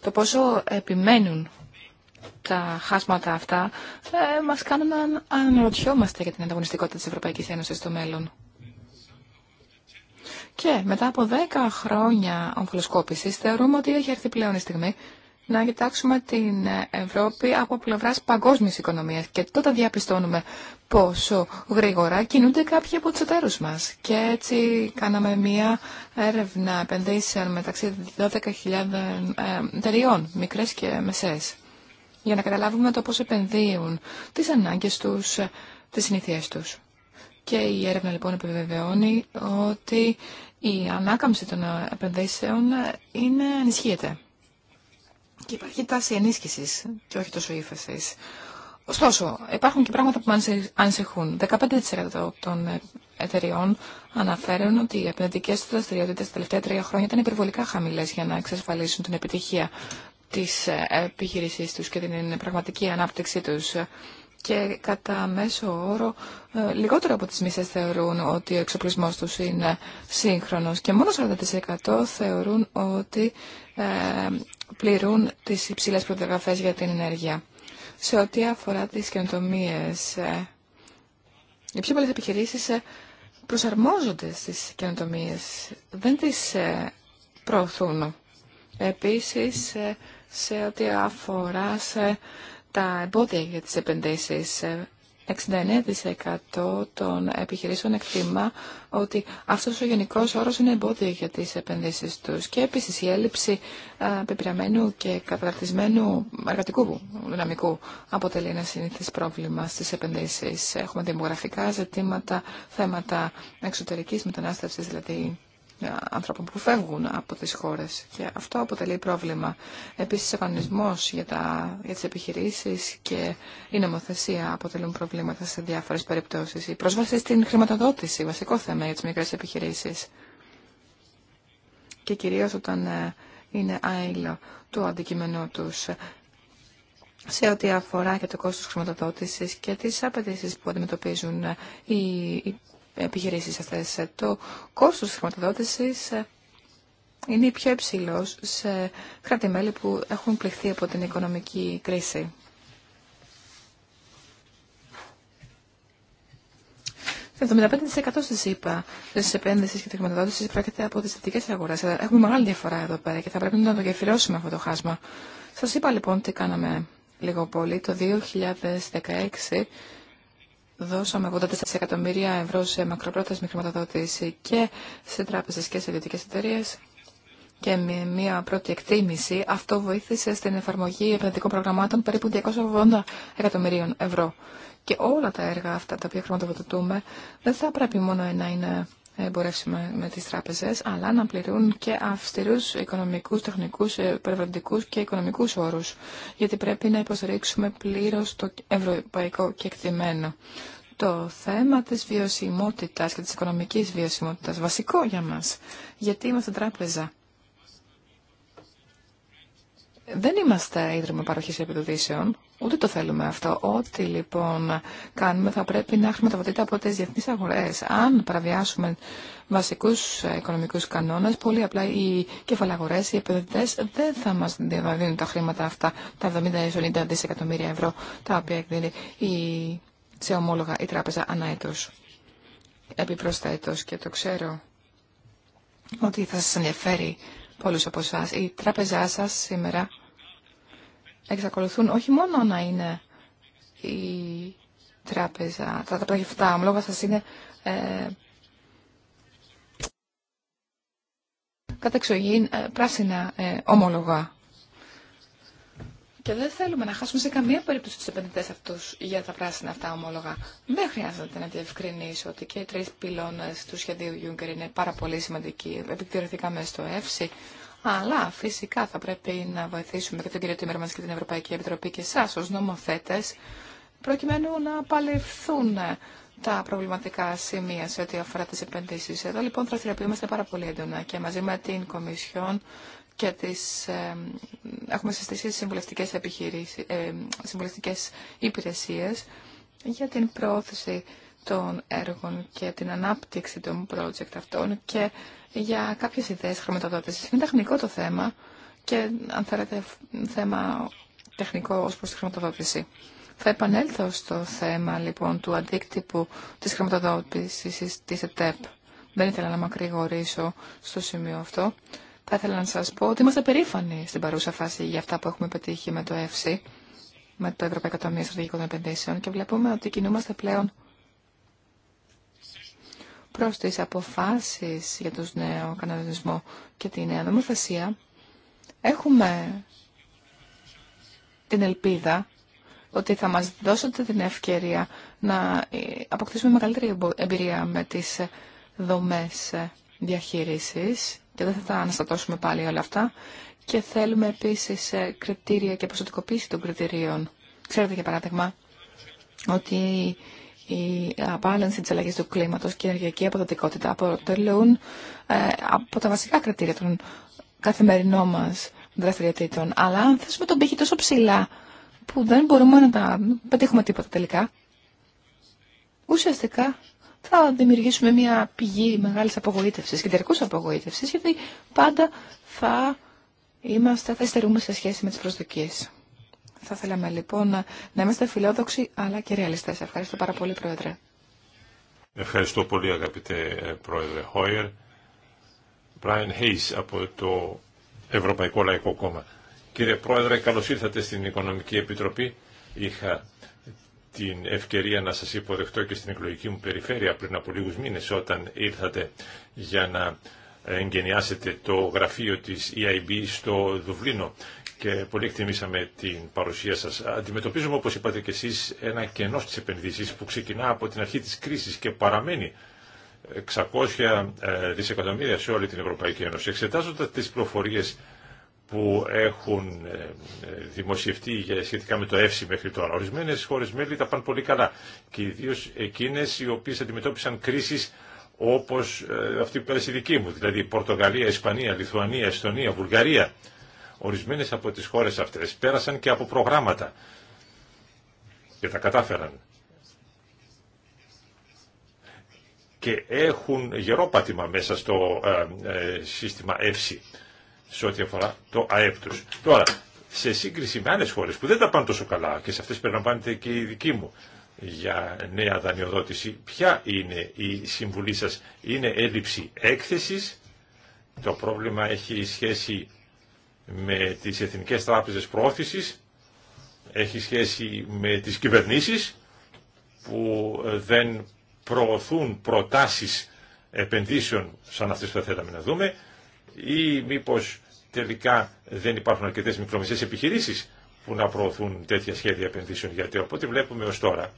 το πόσο επιμένουν τα χάσματα αυτά ε, μας κάνουν να αναρωτιόμαστε για την ανταγωνιστικότητα της Ευρωπαϊκής Ένωσης στο μέλλον. Και μετά από 10 χρόνια ομφυλοσκόπησης θεωρούμε ότι έχει έρθει πλέον η στιγμή να κοιτάξουμε την Ευρώπη από πλευρά παγκόσμιας οικονομίας και τότε διαπιστώνουμε πόσο γρήγορα κινούνται κάποιοι από τους εταίρους μας. Και έτσι κάναμε μία έρευνα επενδύσεων μεταξύ 12.000 ε, εταιριών, μικρές και μεσαίες για να καταλάβουμε το πώς επενδύουν, τις ανάγκες τους, τις συνήθειές τους. Και η έρευνα λοιπόν επιβεβαιώνει ότι η ανάκαμψη των επενδύσεων είναι, ενισχύεται. Και υπάρχει τάση ενίσχυσης και όχι τόσο ύφεση. Ωστόσο, υπάρχουν και πράγματα που με ανησυχούν. 15% των εταιριών αναφέρουν ότι οι επενδυτικέ του δραστηριότητε τα τελευταία τρία χρόνια ήταν υπερβολικά χαμηλέ για να εξασφαλίσουν την επιτυχία της ε, επιχείρησής τους και την πραγματική ανάπτυξή τους και κατά μέσο όρο ε, λιγότερο από τις μισές θεωρούν ότι ο εξοπλισμός τους είναι σύγχρονος και μόνο 40% θεωρούν ότι ε, πληρούν τις υψηλές προδιαγραφές για την ενέργεια. Σε ό,τι αφορά τις καινοτομίες, οι πιο πολλές επιχειρήσεις προσαρμόζονται στις καινοτομίες, δεν τις προωθούν. Επίσης, σε ό,τι αφορά σε τα εμπόδια για τις επενδύσεις. 69% ε, των επιχειρήσεων εκτιμά ότι αυτός ο γενικός όρος είναι εμπόδιο για τις επενδύσεις τους και επίσης η έλλειψη πεπειραμένου και καταρτισμένου εργατικού δυναμικού αποτελεί ένα συνήθις πρόβλημα στις επενδύσεις. Έχουμε δημογραφικά ζητήματα, θέματα εξωτερικής μετανάστευσης, δηλαδή ανθρώπων που φεύγουν από τις χώρες και αυτό αποτελεί πρόβλημα. Επίσης, ο κανονισμός για, τα, για τις επιχειρήσεις και η νομοθεσία αποτελούν προβλήματα σε διάφορες περιπτώσεις. Η πρόσβαση στην χρηματοδότηση, βασικό θέμα για τις μικρές επιχειρήσεις και κυρίως όταν ε, είναι άειλο το αντικείμενό τους σε ό,τι αφορά και το κόστος χρηματοδότησης και τις απαιτήσει που αντιμετωπίζουν ε, οι επιχειρήσεις αυτές. Ε, το κόστος της χρηματοδότησης ε, είναι πιο υψηλό σε κράτη-μέλη που έχουν πληχθεί από την οικονομική κρίση. Το 75% τη είπα στις επένδυσεις και τη χρηματοδότηση πρόκειται από τι θετικέ αγορέ. Ε, έχουμε μεγάλη διαφορά εδώ πέρα και θα πρέπει να το γεφυρώσουμε αυτό το χάσμα. Σα είπα λοιπόν τι κάναμε λίγο πολύ. Το 2016 δώσαμε 84 εκατομμύρια ευρώ σε μακροπρόθεσμη χρηματοδότηση και σε τράπεζες και σε ιδιωτικές εταιρείε. Και με μια πρώτη εκτίμηση αυτό βοήθησε στην εφαρμογή επενδυτικών προγραμμάτων περίπου 280 εκατομμυρίων ευρώ. Και όλα τα έργα αυτά τα οποία χρηματοδοτούμε δεν θα πρέπει μόνο να είναι ε, εμπορεύσουμε με τις τράπεζες, αλλά να πληρούν και αυστηρούς οικονομικούς, τεχνικούς, ε, περιβαλλοντικούς και οικονομικούς όρους, γιατί πρέπει να υποστηρίξουμε πλήρως το ευρωπαϊκό κεκτημένο. Το θέμα της βιωσιμότητας και της οικονομικής βιωσιμότητας, βασικό για μας, γιατί είμαστε τράπεζα. Δεν είμαστε ίδρυμα παροχής επιδοτήσεων, Ούτε το θέλουμε αυτό. Ό,τι λοιπόν κάνουμε θα πρέπει να χρηματοδοτείται από τι διεθνεί αγορέ. Αν παραβιάσουμε βασικού ε, οικονομικού κανόνε, πολύ απλά οι κεφαλαγορέ, οι επενδυτέ δεν θα μα δίνουν τα χρήματα αυτά, τα 70-90 δισεκατομμύρια ευρώ, τα οποία εκδίνει η... σε ομόλογα η τράπεζα ανά έτος. Επιπροσθέτως, και το ξέρω ότι θα σας ενδιαφέρει πολλούς από εσά. Η τράπεζά σας σήμερα εξακολουθούν όχι μόνο να είναι η τράπεζα, τα τραπεζικά ομολόγα σας είναι ε, κατεξογήν ε, πράσινα ε, ομολογά. Και δεν θέλουμε να χάσουμε σε καμία περίπτωση του επενδυτέ αυτού για τα πράσινα αυτά ομόλογα. Δεν χρειάζεται να διευκρινίσω ότι και οι τρει πυλώνε του σχεδίου Juncker είναι πάρα πολύ σημαντικοί. Επικτηρωθήκαμε στο ΕΦΣΥ αλλά φυσικά θα πρέπει να βοηθήσουμε και τον κύριο Τίμερμαν και την Ευρωπαϊκή Επιτροπή και εσά ω νομοθέτε, προκειμένου να παλευθούν τα προβληματικά σημεία σε ό,τι αφορά τι επενδύσει. Εδώ λοιπόν δραστηριοποιούμαστε πάρα πολύ έντονα και μαζί με την Κομισιόν και τις, έχουμε συστήσει συμβουλευτικές, ε, συμβουλευτικές υπηρεσίες για την πρόθεση των έργων και την ανάπτυξη των project αυτών και για κάποιες ιδέες χρηματοδότησης. Είναι τεχνικό το θέμα και αν θέλετε θέμα τεχνικό ως προς τη χρηματοδότηση. Θα επανέλθω στο θέμα λοιπόν του αντίκτυπου της χρηματοδότησης της ΕΤΕΠ. Δεν ήθελα να μακρηγορήσω στο σημείο αυτό. Θα ήθελα να σας πω ότι είμαστε περήφανοι στην παρούσα φάση για αυτά που έχουμε πετύχει με το ΕΦΣΥ, με το Ευρωπαϊκό Ταμείο Στρατηγικών Επενδύσεων και βλέπουμε ότι κινούμαστε πλέον προς τις αποφάσεις για τον νέο κανονισμό και τη νέα νομοθεσία, έχουμε την ελπίδα ότι θα μας δώσετε την ευκαιρία να ε, αποκτήσουμε μεγαλύτερη εμπειρία με τις δομές διαχείρισης και δεν θα τα αναστατώσουμε πάλι όλα αυτά. Και θέλουμε επίσης ε, κριτήρια και προσωπικοποίηση των κριτηρίων. Ξέρετε για παράδειγμα ότι η απάλυνση της αλλαγής του κλίματος και η ενεργειακή αποδοτικότητα αποτελούν ε, από τα βασικά κριτήρια των καθημερινών μας δραστηριοτήτων. Αλλά αν θέσουμε τον πύχη τόσο ψηλά που δεν μπορούμε να τα πετύχουμε τίποτα τελικά, ουσιαστικά θα δημιουργήσουμε μια πηγή μεγάλης απογοήτευσης, κεντρικούς απογοήτευσης, γιατί πάντα θα είμαστε, θα υστερούμε σε σχέση με τις προσδοκίες. Θα θέλαμε λοιπόν να είμαστε φιλόδοξοι αλλά και ρεαλιστές. Ευχαριστώ πάρα πολύ Πρόεδρε. Ευχαριστώ πολύ αγαπητέ ε, Πρόεδρε Χόιερ. Brian Hayes από το Ευρωπαϊκό Λαϊκό Κόμμα. Κύριε Πρόεδρε, καλώς ήρθατε στην Οικονομική Επιτροπή. Είχα την ευκαιρία να σας υποδεχτώ και στην εκλογική μου περιφέρεια πριν από λίγους μήνες όταν ήρθατε για να εγκαινιάσετε το γραφείο της EIB στο Δουβλίνο και πολύ εκτιμήσαμε την παρουσία σας. Αντιμετωπίζουμε, όπως είπατε και εσείς, ένα κενό στις επενδύσεις που ξεκινά από την αρχή της κρίσης και παραμένει 600 ε, δισεκατομμύρια σε όλη την Ευρωπαϊκή Ένωση. Εξετάζοντας τις προφορίες που έχουν ε, δημοσιευτεί σχετικά με το ΕΦΣΥ μέχρι τώρα. Ορισμένε χώρες μέλη τα πάνε πολύ καλά και ιδίω εκείνε οι οποίε αντιμετώπισαν κρίσει όπω ε, αυτή που πέρασε η δική μου, δηλαδή Πορτογαλία, Ισπανία, Λιθουανία, Εστονία, Βουλγαρία. Ορισμένες από τις χώρες αυτές πέρασαν και από προγράμματα και τα κατάφεραν. Και έχουν γερό πάτημα μέσα στο ε, ε, σύστημα ΕΦΣΥ σε ό,τι αφορά το ΑΕΠ τους. Τώρα, σε σύγκριση με άλλες χώρες που δεν τα πάνε τόσο καλά και σε αυτές περιλαμβάνεται και η δική μου για νέα δανειοδότηση, ποια είναι η συμβουλή σας. Είναι έλλειψη έκθεσης, το πρόβλημα έχει σχέση με τις Εθνικές Τράπεζες Πρόθεσης, έχει σχέση με τις κυβερνήσεις που ε, δεν προωθούν προτάσεις επενδύσεων σαν αυτές που θα θέλαμε να δούμε ή μήπως τελικά δεν υπάρχουν αρκετές μικρομεσαίες επιχειρήσεις που να προωθούν τέτοια σχέδια επενδύσεων γιατί οπότε βλέπουμε ως τώρα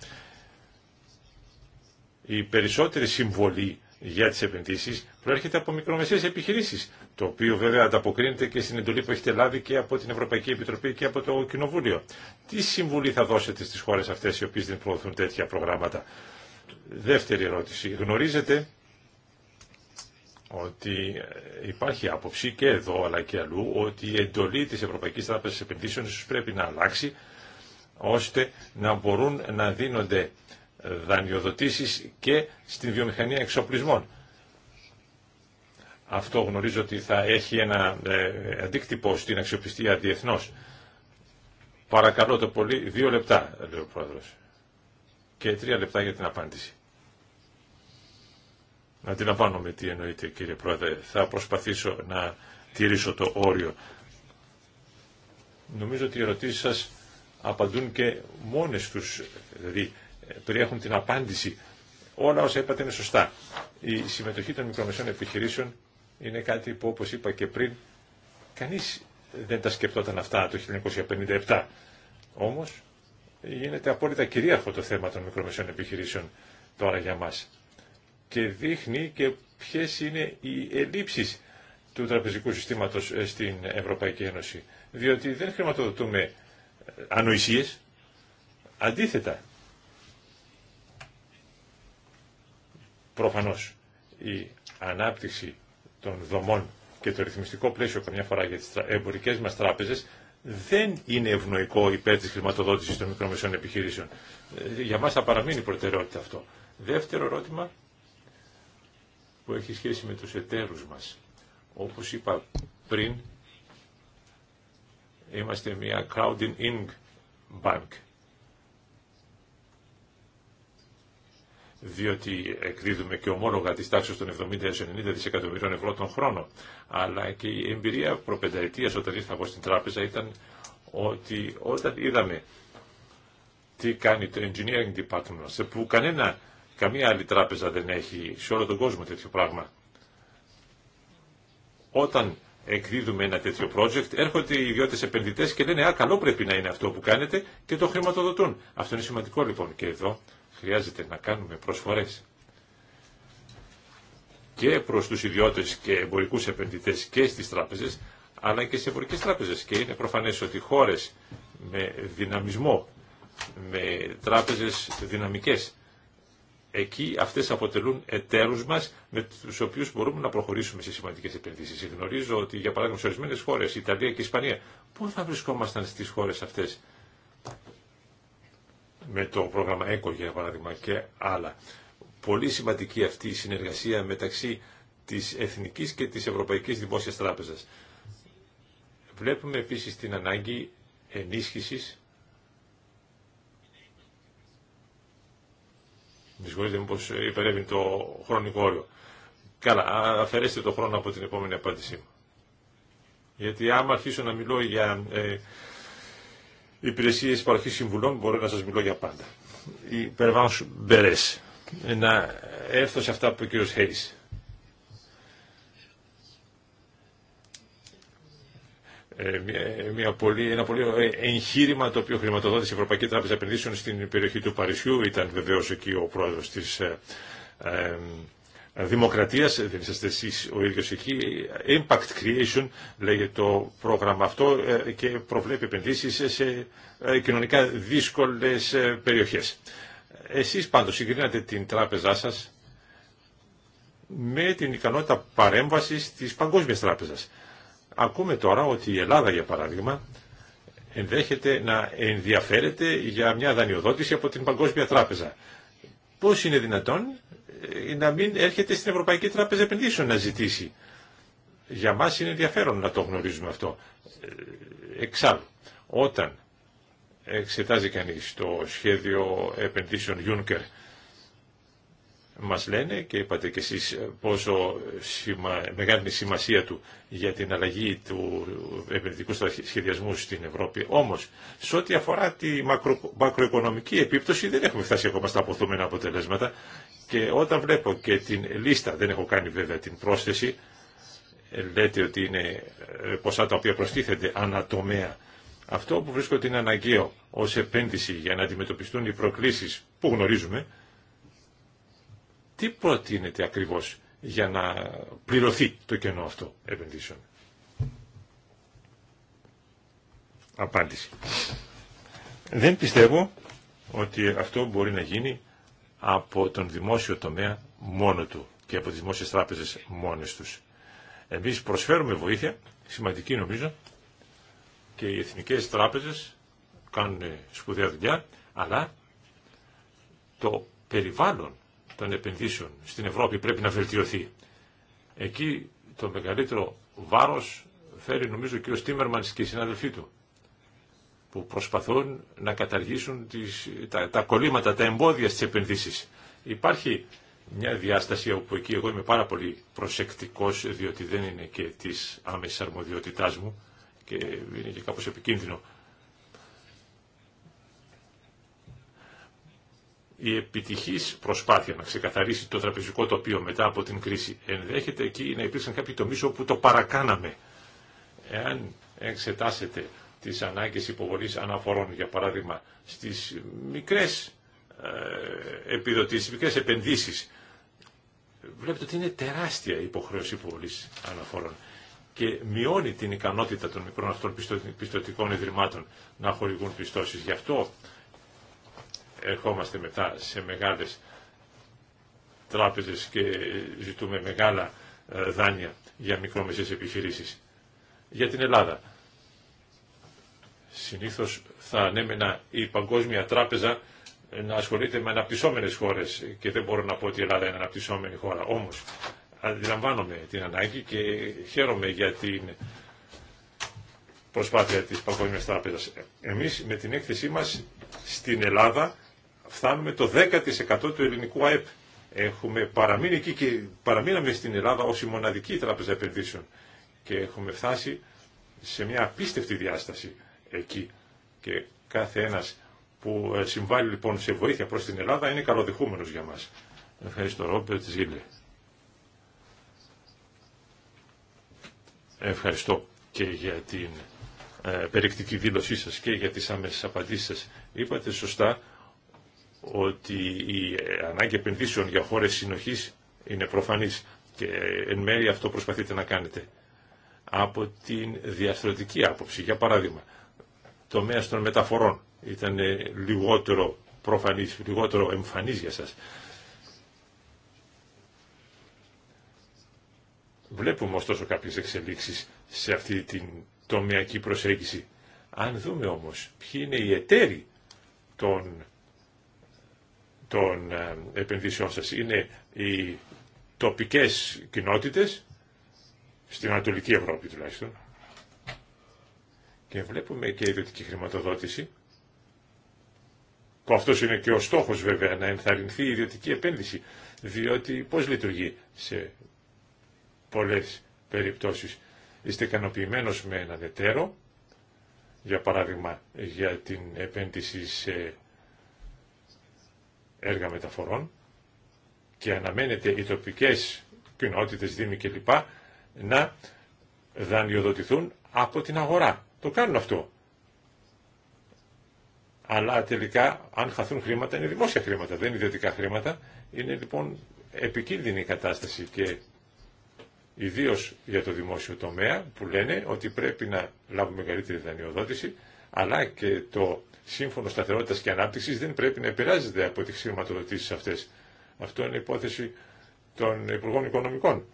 η περισσότερη συμβολή για τις επενδύσεις προέρχεται από μικρομεσαίες επιχειρήσεις, το οποίο βέβαια ανταποκρίνεται και στην εντολή που έχετε λάβει και από την Ευρωπαϊκή Επιτροπή και από το Κοινοβούλιο. Τι συμβουλή θα δώσετε στις χώρες αυτές οι οποίες δεν προωθούν τέτοια προγράμματα. Δεύτερη ερώτηση. Γνωρίζετε ότι υπάρχει άποψη και εδώ αλλά και αλλού ότι η εντολή της Ευρωπαϊκής Τράπεζας Επενδύσεων ίσως πρέπει να αλλάξει ώστε να μπορούν να δίνονται δανειοδοτήσεις και στην βιομηχανία εξοπλισμών. Αυτό γνωρίζω ότι θα έχει ένα ε, αντίκτυπο στην αξιοπιστία διεθνώς. Παρακαλώ το πολύ δύο λεπτά, λέει ο Πρόεδρος. Και τρία λεπτά για την απάντηση. Να με τι εννοείται κύριε Πρόεδρε. Θα προσπαθήσω να τηρήσω το όριο. Νομίζω ότι οι ερωτήσεις σας απαντούν και μόνες τους περιέχουν την απάντηση. Όλα όσα είπατε είναι σωστά. Η συμμετοχή των μικρομεσαίων επιχειρήσεων είναι κάτι που όπως είπα και πριν κανείς δεν τα σκεπτόταν αυτά το 1957. Όμως γίνεται απόλυτα κυρίαρχο το θέμα των μικρομεσαίων επιχειρήσεων τώρα για μας. Και δείχνει και ποιες είναι οι ελλείψεις του τραπεζικού συστήματος ε, στην Ευρωπαϊκή Ένωση. Διότι δεν χρηματοδοτούμε ε, ανοησίες, αντίθετα Προφανώς η ανάπτυξη των δομών και το ρυθμιστικό πλαίσιο καμιά φορά για τις εμπορικές μας τράπεζες δεν είναι ευνοϊκό υπέρ της χρηματοδότησης των μικρομεσαίων επιχειρήσεων. Ε, για μας θα παραμείνει προτεραιότητα αυτό. Δεύτερο ερώτημα που έχει σχέση με τους εταίρους μας. Όπως είπα πριν, είμαστε μια crowding in bank διότι εκδίδουμε και ομόλογα τη τάξη των 70-90 δισεκατομμυρίων ευρώ τον χρόνο. Αλλά και η εμπειρία προπενταετίας όταν ήρθα εγώ στην τράπεζα ήταν ότι όταν είδαμε τι κάνει το engineering department, σε που κανένα, καμία άλλη τράπεζα δεν έχει σε όλο τον κόσμο τέτοιο πράγμα. Όταν εκδίδουμε ένα τέτοιο project, έρχονται οι ιδιώτες επενδυτές και λένε «Α, καλό πρέπει να είναι αυτό που κάνετε» και το χρηματοδοτούν. Αυτό είναι σημαντικό λοιπόν και εδώ χρειάζεται να κάνουμε προσφορές και προς τους ιδιώτες και εμπορικούς επενδυτές και στις τράπεζες, αλλά και σε εμπορικές τράπεζες. Και είναι προφανές ότι χώρες με δυναμισμό, με τράπεζες δυναμικές, εκεί αυτές αποτελούν εταίρους μας με τους οποίους μπορούμε να προχωρήσουμε σε σημαντικές επενδύσεις. Γνωρίζω ότι για παράδειγμα σε ορισμένες χώρες, Ιταλία και Ισπανία, πού θα βρισκόμασταν στις χώρες αυτές με το πρόγραμμα ΕΚΟ για παράδειγμα και άλλα. Πολύ σημαντική αυτή η συνεργασία μεταξύ της Εθνικής και της Ευρωπαϊκής Δημόσιας Τράπεζας. Βλέπουμε επίσης την ανάγκη ενίσχυσης Με συγχωρείτε μήπως υπερεύει το χρονικό όριο. Καλά, αφαιρέστε το χρόνο από την επόμενη απάντησή μου. Γιατί άμα αρχίσω να μιλώ για ε, υπηρεσίε παροχή συμβουλών μπορώ να σα μιλώ για πάντα. Η Περβάνς Μπερέ. Να έρθω σε αυτά που ο κύριος Χέις. Ε, ε, μια πολύ, ένα πολύ εγχείρημα το οποίο χρηματοδότησε η Ευρωπαϊκή Τράπεζα Επενδύσεων στην περιοχή του Παρισιού. Ήταν βεβαίω εκεί ο πρόεδρος της ε, ε Δημοκρατία, δεν είσαστε εσεί ο ίδιο εκεί, Impact Creation λέγεται το πρόγραμμα αυτό ε, και προβλέπει επενδύσει σε ε, κοινωνικά δύσκολες ε, περιοχές. Εσεί πάντως συγκρίνατε την τράπεζά σα με την ικανότητα παρέμβαση της παγκόσμια τράπεζα. Ακούμε τώρα ότι η Ελλάδα, για παράδειγμα, ενδέχεται να ενδιαφέρεται για μια δανειοδότηση από την Παγκόσμια Τράπεζα. Πώς είναι δυνατόν ε, να μην έρχεται στην Ευρωπαϊκή Τράπεζα Επενδύσεων να ζητήσει. Για μας είναι ενδιαφέρον να το γνωρίζουμε αυτό. Ε, εξάλλου, όταν εξετάζει κανείς το σχέδιο επενδύσεων Juncker μας λένε και είπατε και εσείς πόσο σημα... μεγάλη είναι η σημασία του για την αλλαγή του επενδυτικού σχεδιασμού στην Ευρώπη. Όμως, σε ό,τι αφορά τη μακρο... μακροοικονομική επίπτωση δεν έχουμε φτάσει ακόμα στα αποθούμενα αποτελέσματα και όταν βλέπω και την λίστα, δεν έχω κάνει βέβαια την πρόσθεση, λέτε ότι είναι ε, ποσά τα οποία προστίθενται ανατομέα. Αυτό που βρίσκω ότι είναι αναγκαίο ως επένδυση για να αντιμετωπιστούν οι προκλήσεις που γνωρίζουμε, τι προτείνεται ακριβώς για να πληρωθεί το κενό αυτό επενδύσεων. Απάντηση. Δεν πιστεύω ότι αυτό μπορεί να γίνει από τον δημόσιο τομέα μόνο του και από τις δημόσιες τράπεζες μόνες τους. Εμείς προσφέρουμε βοήθεια, σημαντική νομίζω, και οι εθνικές τράπεζες κάνουν σπουδαία δουλειά, αλλά το περιβάλλον των επενδύσεων στην Ευρώπη πρέπει να βελτιωθεί. Εκεί το μεγαλύτερο βάρος φέρει νομίζω και ο Στίμερμανς και οι συναδελφοί του που προσπαθούν να καταργήσουν τις, τα, τα κολλήματα, τα εμπόδια στις επενδύσεις. Υπάρχει μια διάσταση όπου εκεί εγώ είμαι πάρα πολύ προσεκτικός διότι δεν είναι και της άμεσης αρμοδιότητάς μου και είναι και κάπως επικίνδυνο η επιτυχής προσπάθεια να ξεκαθαρίσει το τραπεζικό τοπίο μετά από την κρίση ενδέχεται εκεί να υπήρξαν κάποιοι τομείς όπου το παρακάναμε. Εάν εξετάσετε τις ανάγκες υποβολής αναφορών, για παράδειγμα, στις μικρές ε, επιδοτήσεις, μικρές επενδύσεις, βλέπετε ότι είναι τεράστια η υποχρέωση υποβολής αναφορών και μειώνει την ικανότητα των μικρών αυτών πιστοτικών ιδρυμάτων να χορηγούν πιστώσεις. Γι' αυτό ερχόμαστε μετά σε μεγάλες τράπεζες και ζητούμε μεγάλα ε, δάνεια για μικρόμεσες επιχειρήσεις. Για την Ελλάδα. Συνήθως θα ανέμενα η Παγκόσμια Τράπεζα ε, να ασχολείται με αναπτυσσόμενες χώρες και δεν μπορώ να πω ότι η Ελλάδα είναι αναπτυσσόμενη χώρα. Όμως αντιλαμβάνομαι την ανάγκη και χαίρομαι για την προσπάθεια της Παγκόσμιας Τράπεζας. Εμείς με την έκθεσή μας στην Ελλάδα φτάνουμε το 10% του ελληνικού ΑΕΠ. Έχουμε παραμείνει εκεί και παραμείναμε στην Ελλάδα ως η μοναδική τράπεζα επενδύσεων και έχουμε φτάσει σε μια απίστευτη διάσταση εκεί και κάθε ένας που ε, συμβάλλει λοιπόν σε βοήθεια προς την Ελλάδα είναι καλοδεχούμενος για μας. Ευχαριστώ Ρόμπερτ Ζήλε. Ευχαριστώ και για την ε, περιεκτική δήλωσή σας και για τις άμεσες απαντήσεις σας. Είπατε σωστά ότι η ανάγκη επενδύσεων για χώρες συνοχής είναι προφανής και εν μέρει αυτό προσπαθείτε να κάνετε. Από την διαστρωτική άποψη, για παράδειγμα, τομέα των μεταφορών ήταν λιγότερο προφανής, λιγότερο εμφανής για σας. Βλέπουμε ωστόσο κάποιες εξελίξεις σε αυτή την τομεακή προσέγγιση. Αν δούμε όμως ποιοι είναι οι εταίροι των των ε, επενδύσεών σας. Είναι οι τοπικές κοινότητες, στην Ανατολική Ευρώπη τουλάχιστον, και βλέπουμε και ιδιωτική χρηματοδότηση, που αυτός είναι και ο στόχος βέβαια, να ενθαρρυνθεί η ιδιωτική επένδυση, διότι πώς λειτουργεί σε πολλές περιπτώσεις. Είστε ικανοποιημένο με έναν εταίρο, για παράδειγμα για την επένδυση σε έργα μεταφορών και αναμένεται οι τοπικές κοινότητες, δήμοι κλπ. να δανειοδοτηθούν από την αγορά. Το κάνουν αυτό. Αλλά τελικά αν χαθούν χρήματα είναι δημόσια χρήματα, δεν είναι ιδιωτικά χρήματα. Είναι λοιπόν επικίνδυνη η κατάσταση και ιδίω για το δημόσιο τομέα που λένε ότι πρέπει να λάβουμε μεγαλύτερη δανειοδότηση αλλά και το σύμφωνο σταθερότητα και ανάπτυξης δεν πρέπει να επηρεάζεται από τι χρηματοδοτήσει αυτέ. Αυτό είναι υπόθεση των Υπουργών Οικονομικών.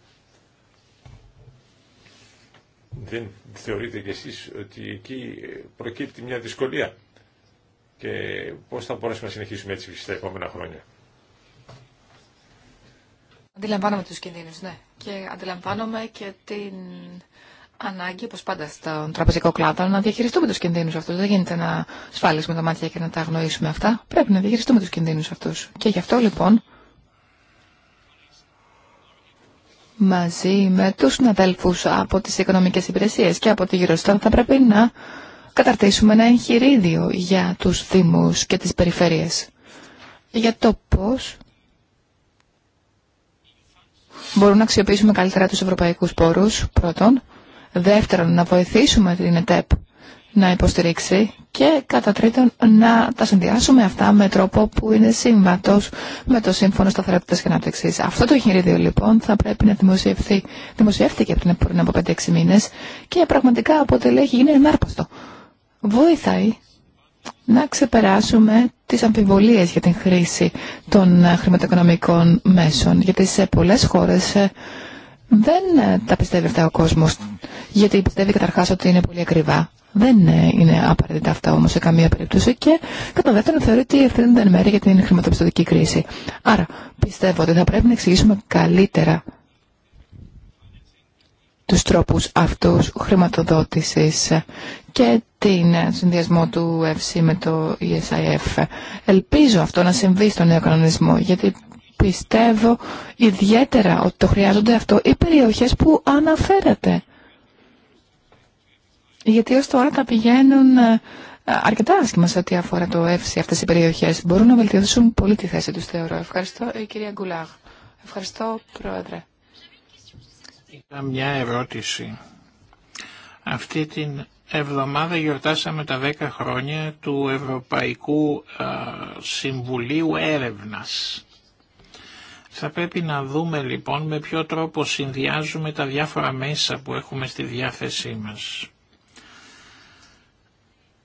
Δεν θεωρείτε κι εσείς ότι εκεί προκύπτει μια δυσκολία και πώς θα μπορέσουμε να συνεχίσουμε έτσι στα επόμενα χρόνια. Αντιλαμβάνομαι τους κινδύνους, ναι. Και αντιλαμβάνομαι και την ανάγκη, όπω πάντα στον τραπεζικό κλάδο, να διαχειριστούμε του κινδύνου αυτού. Δεν γίνεται να σφάλισουμε τα μάτια και να τα αγνοήσουμε αυτά. Πρέπει να διαχειριστούμε του κινδύνου αυτού. Και γι' αυτό λοιπόν, μαζί με του συναδέλφου από τις οικονομικές υπηρεσίε και από τη Γυροστόν θα πρέπει να καταρτήσουμε ένα εγχειρίδιο για τους Δήμου και τις περιφέρειες. Για το πώς... μπορούν να αξιοποιήσουμε καλύτερα τους ευρωπαϊκούς πόρους, πρώτον, Δεύτερον, να βοηθήσουμε την ΕΤΕΠ να υποστηρίξει και κατά τρίτον να τα συνδυάσουμε αυτά με τρόπο που είναι συμβατός με το Σύμφωνο Σταθερότητα και Ανάπτυξη. Αυτό το εγχειρίδιο λοιπόν θα πρέπει να δημοσιευθεί. Δημοσιεύτηκε πριν από 5-6 μήνε και πραγματικά αποτελεί, έχει γίνει ενάρπαστο. Βοηθάει να ξεπεράσουμε τις αμφιβολίες για την χρήση των χρηματοοικονομικών μέσων, γιατί σε πολλές χώρες ε, δεν ε, τα πιστεύει αυτά ο κόσμος, γιατί πιστεύει καταρχάς ότι είναι πολύ ακριβά. Δεν ε, είναι απαραίτητα αυτά όμως σε καμία περίπτωση και κατά δεύτερον θεωρεί ότι ευθύνονται εν μέρει για την χρηματοπιστωτική κρίση. Άρα πιστεύω ότι θα πρέπει να εξηγήσουμε καλύτερα τους τρόπους αυτούς χρηματοδότησης και την συνδυασμό του ΕΦΣΥ με το ESIF. Ελπίζω αυτό να συμβεί στο νέο κανονισμό, γιατί πιστεύω ιδιαίτερα ότι το χρειάζονται αυτό οι περιοχές που αναφέρατε. Γιατί ως τώρα τα πηγαίνουν ε, αρκετά άσχημα σε ό,τι αφορά το ΕΦΣΙ αυτές οι περιοχές. Μπορούν να βελτιώσουν πολύ τη θέση τους, θεωρώ. Ευχαριστώ, ε, κυρία Γκουλάγ. Ευχαριστώ, Πρόεδρε. Είχα μια ερώτηση. Αυτή την εβδομάδα γιορτάσαμε τα 10 χρόνια του Ευρωπαϊκού ε, Συμβουλίου Έρευνας. Θα πρέπει να δούμε λοιπόν με ποιο τρόπο συνδυάζουμε τα διάφορα μέσα που έχουμε στη διάθεσή μας.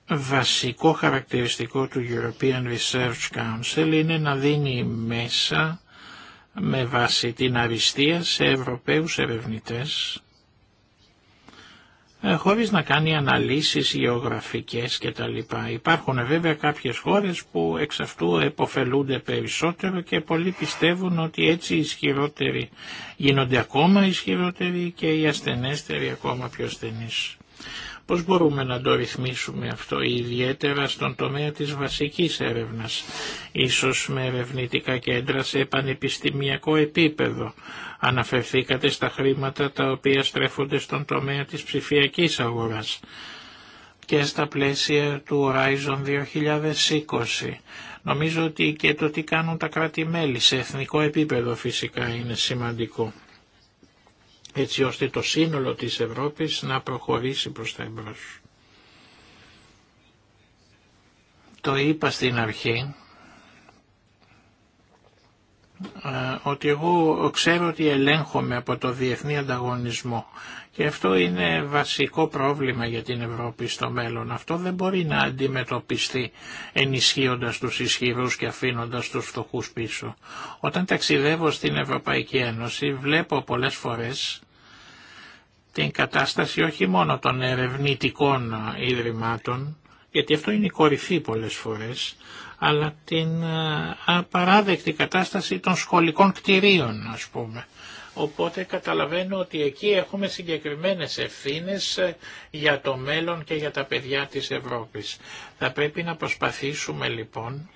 Βασικό χαρακτηριστικό του European Research Council είναι να δίνει μέσα με βάση την αριστεία σε Ευρωπαίους ερευνητές ε, χωρίς να κάνει αναλύσεις γεωγραφικές κτλ. Υπάρχουν βέβαια κάποιες χώρες που εξ αυτού εποφελούνται περισσότερο και πολλοί πιστεύουν ότι έτσι οι ισχυρότεροι γίνονται ακόμα ισχυρότεροι και οι ασθενέστεροι ακόμα πιο ασθενεί. Πώς μπορούμε να το ρυθμίσουμε αυτό, ιδιαίτερα στον τομέα της βασικής έρευνας, ίσως με ερευνητικά κέντρα σε πανεπιστημιακό επίπεδο, Αναφερθήκατε στα χρήματα τα οποία στρέφονται στον τομέα της ψηφιακής αγοράς και στα πλαίσια του Horizon 2020. Νομίζω ότι και το τι κάνουν τα κράτη-μέλη σε εθνικό επίπεδο φυσικά είναι σημαντικό έτσι ώστε το σύνολο της Ευρώπης να προχωρήσει προς τα εμπρός. Το είπα στην αρχή ε, ότι εγώ ξέρω ότι ελέγχομαι από το διεθνή ανταγωνισμό και αυτό είναι βασικό πρόβλημα για την Ευρώπη στο μέλλον. Αυτό δεν μπορεί να αντιμετωπιστεί ενισχύοντας τους ισχυρούς και αφήνοντας τους φτωχούς πίσω. Όταν ταξιδεύω στην Ευρωπαϊκή Ένωση βλέπω πολλές φορές την κατάσταση όχι μόνο των ερευνητικών ιδρυμάτων, γιατί αυτό είναι η κορυφή πολλές φορές, αλλά την ε, απαράδεκτη κατάσταση των σχολικών κτηρίων ας πούμε. Οπότε καταλαβαίνω ότι εκεί έχουμε συγκεκριμένες ευθύνες ε, για το μέλλον και για τα παιδιά της Ευρώπης. Θα πρέπει να προσπαθήσουμε λοιπόν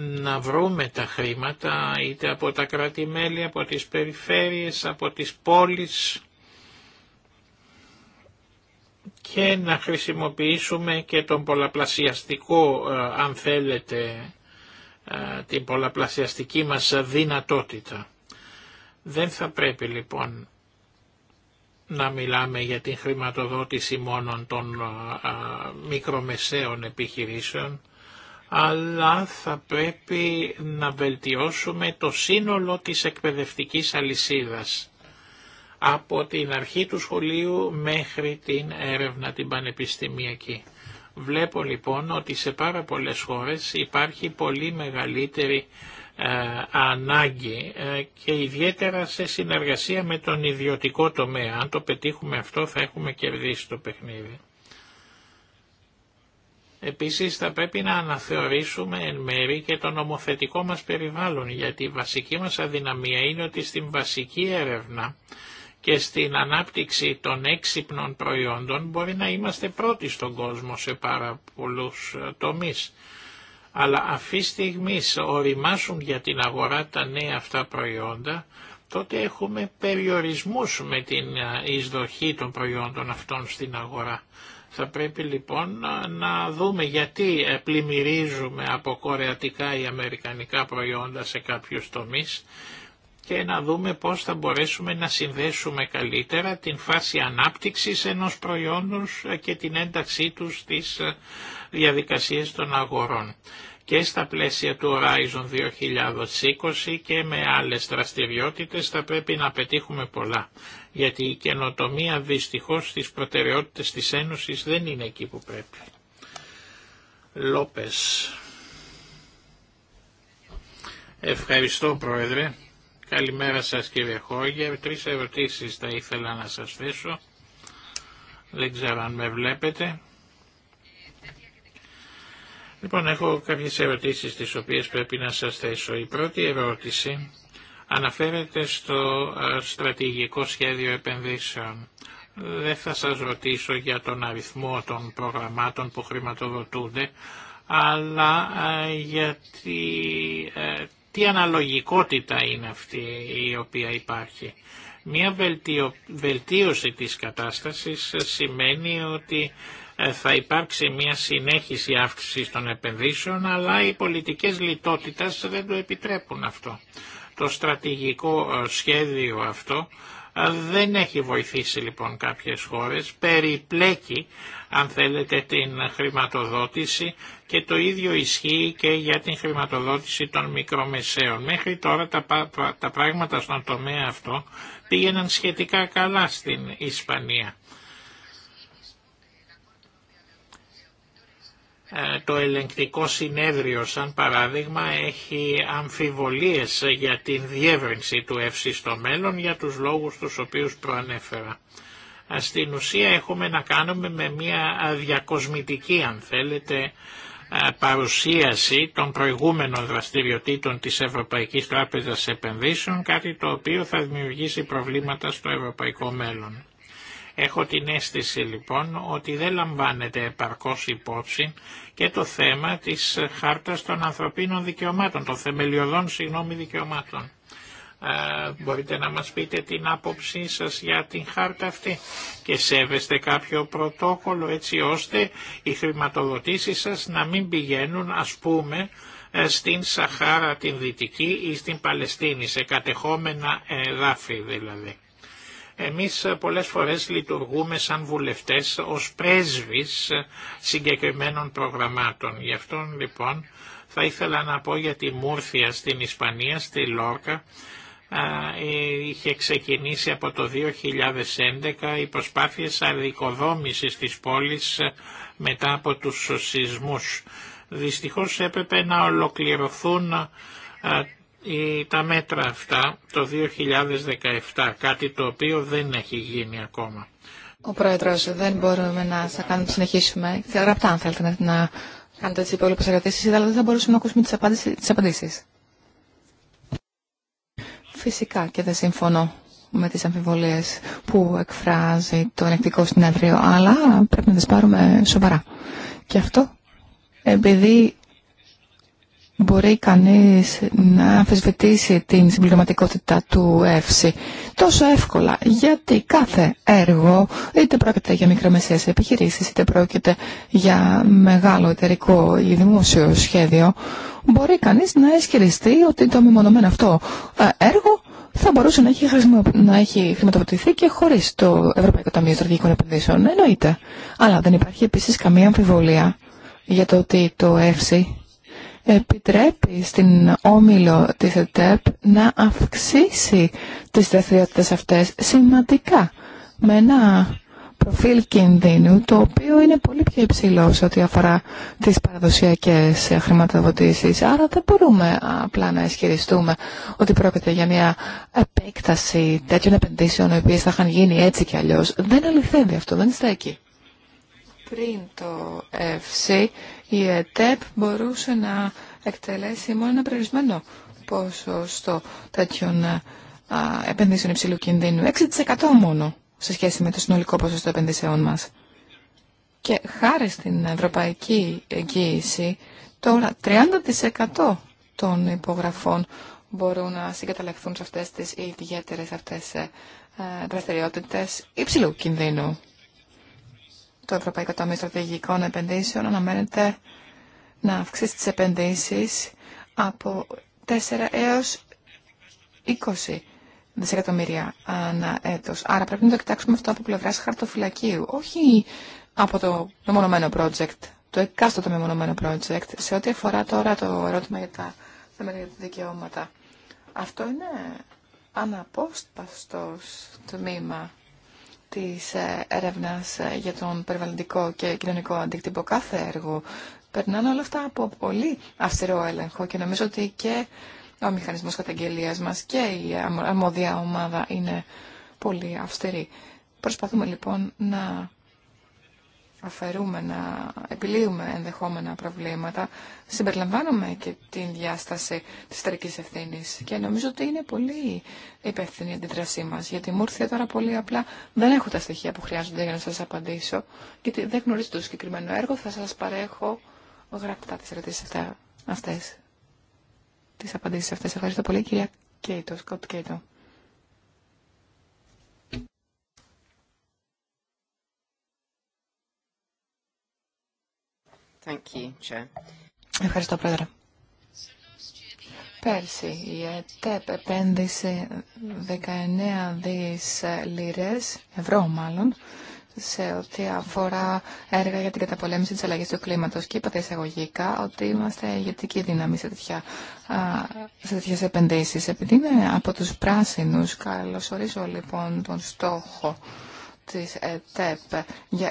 να βρούμε τα χρήματα είτε από τα κράτη-μέλη, από τις περιφέρειες, από τις πόλεις, και να χρησιμοποιήσουμε και τον πολλαπλασιαστικό, ε, αν θέλετε, ε, την πολλαπλασιαστική μας δυνατότητα. Δεν θα πρέπει λοιπόν να μιλάμε για την χρηματοδότηση μόνο των ε, μικρομεσαίων επιχειρήσεων, αλλά θα πρέπει να βελτιώσουμε το σύνολο της εκπαιδευτικής αλυσίδας από την αρχή του σχολείου μέχρι την έρευνα την πανεπιστημιακή. Βλέπω λοιπόν ότι σε πάρα πολλές χώρες υπάρχει πολύ μεγαλύτερη ε, ανάγκη ε, και ιδιαίτερα σε συνεργασία με τον ιδιωτικό τομέα. Αν το πετύχουμε αυτό θα έχουμε κερδίσει το παιχνίδι. Επίσης θα πρέπει να αναθεωρήσουμε εν μέρη και το νομοθετικό μας περιβάλλον, γιατί η βασική μας αδυναμία είναι ότι στην βασική έρευνα και στην ανάπτυξη των έξυπνων προϊόντων μπορεί να είμαστε πρώτοι στον κόσμο σε πάρα πολλούς ε, τομείς. Αλλά αφή στιγμή οριμάσουν για την αγορά τα νέα αυτά προϊόντα, τότε έχουμε περιορισμούς με την ε, εισδοχή των προϊόντων αυτών στην αγορά. Θα πρέπει λοιπόν ε, να δούμε γιατί πλημμυρίζουμε από κορεατικά ή αμερικανικά προϊόντα σε κάποιους τομείς και να δούμε πώς θα μπορέσουμε να συνδέσουμε καλύτερα την φάση ανάπτυξης ενός προϊόντος και την ένταξή του στις ε, διαδικασίες των αγορών και στα πλαίσια του Horizon 2020 και με άλλες δραστηριότητες θα πρέπει να πετύχουμε πολλά, γιατί η καινοτομία δυστυχώς στις προτεραιότητες της Ένωσης δεν είναι εκεί που πρέπει. Λόπες. Ευχαριστώ Πρόεδρε. Καλημέρα σας κύριε Χόγερ. Τρεις ερωτήσεις θα ήθελα να σας θέσω. Δεν ξέρω αν με βλέπετε. Λοιπόν, έχω κάποιες ερωτήσεις τις οποίες πρέπει να σας θέσω. Η πρώτη ερώτηση αναφέρεται στο ε, στρατηγικό σχέδιο επενδύσεων. Δεν θα σας ρωτήσω για τον αριθμό των προγραμμάτων που χρηματοδοτούνται, αλλά ε, γιατί ε, τι αναλογικότητα είναι αυτή η οποία υπάρχει. Μία βελτίωση της κατάστασης σημαίνει ότι ε, θα υπάρξει μια συνέχιση αύξηση των επενδύσεων, αλλά οι πολιτικές λιτότητας δεν το επιτρέπουν αυτό. Το στρατηγικό ε, σχέδιο αυτό δεν έχει βοηθήσει λοιπόν κάποιες χώρες, περιπλέκει αν θέλετε την χρηματοδότηση και το ίδιο ισχύει και για την χρηματοδότηση των μικρομεσαίων. Μέχρι τώρα τα, τα πράγματα στον τομέα αυτό πήγαιναν σχετικά καλά στην Ισπανία. Ε, το ελεγκτικό συνέδριο σαν παράδειγμα έχει αμφιβολίες για την διεύρυνση του ΕΦΣΙ στο μέλλον για τους λόγους τους οποίους προανέφερα. Ε, στην ουσία έχουμε να κάνουμε με μια διακοσμητική αν θέλετε ε, παρουσίαση των προηγούμενων δραστηριοτήτων της Ευρωπαϊκής Τράπεζας Επενδύσεων, κάτι το οποίο θα δημιουργήσει προβλήματα στο ευρωπαϊκό μέλλον. Έχω την αίσθηση λοιπόν ότι δεν λαμβάνεται επαρκώς υπόψη και το θέμα της χάρτας των ανθρωπίνων δικαιωμάτων, των θεμελιωδών συγγνώμη δικαιωμάτων. μπορείτε να μας πείτε την άποψή σας για την χάρτα αυτή και σέβεστε κάποιο πρωτόκολλο έτσι ώστε οι χρηματοδοτήσεις σας να μην πηγαίνουν ας πούμε ε, στην Σαχάρα την Δυτική ή στην Παλαιστίνη, σε κατεχόμενα ε, εδάφη δηλαδή. Εμείς ε, πολλές φορές λειτουργούμε σαν βουλευτές ως πρέσβεις ε, συγκεκριμένων προγραμμάτων. Γι' αυτό λοιπόν θα ήθελα να πω για τη Μούρθια στην Ισπανία, στη Λόρκα, ε, είχε ξεκινήσει από το 2011 οι προσπάθειες αδικοδόμησης της πόλης μετά από τους σεισμούς. Δυστυχώς έπρεπε να ολοκληρωθούν τα μέτρα αυτά το 2017, κάτι το οποίο δεν έχει γίνει ακόμα. Ο Πρόεδρος, δεν μπορούμε να συνεχίσουμε. κάνουμε να συνεχίσουμε. Γραπτά αν θέλετε να, κάνετε τις υπόλοιπες ερωτήσεις, αλλά δεν θα μπορούσαμε να ακούσουμε τις, απάντηση, τις απαντήσεις. Φυσικά και δεν συμφωνώ με τις αμφιβολίες που εκφράζει το ελεκτικό συνέδριο, αλλά πρέπει να τις πάρουμε σοβαρά. Και αυτό επειδή μπορεί κανείς να αμφισβητήσει την συμπληρωματικότητα του ΕΦΣΥ τόσο εύκολα, γιατί κάθε έργο, είτε πρόκειται για μικρομεσαίες επιχειρήσεις, είτε πρόκειται για μεγάλο εταιρικό ή δημόσιο σχέδιο, μπορεί κανείς να ισχυριστεί ότι το μεμονωμένο αυτό ε, έργο θα μπορούσε να έχει, να έχει χρηματοδοτηθεί και χωρίς το Ευρωπαϊκό Ταμείο Στρατηγικών Επενδύσεων, εννοείται. Αλλά δεν υπάρχει επίσης καμία αμφιβολία για το ότι το ΕΦΣΥ επιτρέπει στην όμιλο της ΕΤΕΠ να αυξήσει τις δραστηριότητες αυτές σημαντικά με ένα προφίλ κινδύνου το οποίο είναι πολύ πιο υψηλό σε ό,τι αφορά τις παραδοσιακές χρηματοδοτήσεις. Άρα δεν μπορούμε απλά να ισχυριστούμε ότι πρόκειται για μια επέκταση τέτοιων επενδύσεων οι οποίες θα είχαν γίνει έτσι κι αλλιώς. Δεν αληθεύει αυτό, δεν στέκει. Πριν το ΕΦΣΥ η ΕΤΕΠ μπορούσε να εκτελέσει μόνο ένα περιορισμένο ποσοστό τέτοιων επενδύσεων υψηλού κινδύνου. 6% μόνο σε σχέση με το συνολικό ποσοστό επενδύσεών μας. Και χάρη στην ευρωπαϊκή εγγύηση, τώρα 30% των υπογραφών μπορούν να συγκαταλεχθούν σε αυτές τις ιδιαίτερες αυτές ε, δραστηριότητε υψηλού κινδύνου το Ευρωπαϊκό Ταμείο Στρατηγικών Επενδύσεων αναμένεται να αυξήσει τις επενδύσεις από 4 έως 20 δισεκατομμύρια ανά έτος. Άρα πρέπει να το κοιτάξουμε αυτό από πλευράς χαρτοφυλακίου, όχι από το μεμονωμένο project, το εκάστοτε μεμονωμένο project, σε ό,τι αφορά τώρα το ερώτημα για τα τα δικαιώματα. Αυτό είναι αναπόσπαστος τμήμα της ε, έρευνας ε, για τον περιβαλλοντικό και κοινωνικό αντίκτυπο κάθε έργο περνάνε όλα αυτά από πολύ αυστηρό έλεγχο και νομίζω ότι και ο μηχανισμός καταγγελίας μας και η αρμόδια ομάδα είναι πολύ αυστηρή. Προσπαθούμε λοιπόν να αφαιρούμε, να επιλύουμε ενδεχόμενα προβλήματα, συμπεριλαμβάνουμε και την διάσταση της τερικής ευθύνη. Και νομίζω ότι είναι πολύ υπεύθυνη η αντίδρασή μας, γιατί μου ήρθε τώρα πολύ απλά, δεν έχω τα στοιχεία που χρειάζονται για να σας απαντήσω, γιατί δεν γνωρίζω το συγκεκριμένο έργο, θα σας παρέχω γραπτά τις ερωτήσεις αυτές. Τις απαντήσεις αυτές. Ευχαριστώ πολύ κυρία Κέιτο, Σκοτ Κέιτο. Ευχαριστώ, Πρόεδρε. Πέρσι η ΕΤΕΠ επένδυσε 19 δις λίρες, ευρώ μάλλον, σε ό,τι αφορά έργα για την καταπολέμηση της αλλαγής του κλίματος και είπατε εισαγωγικά ότι είμαστε ηγετική δύναμη σε, τέτοια, σε τέτοιες επενδύσεις. Επειδή είναι από τους πράσινους, καλωσορίζω λοιπόν τον στόχο της ΕΤΕΠ για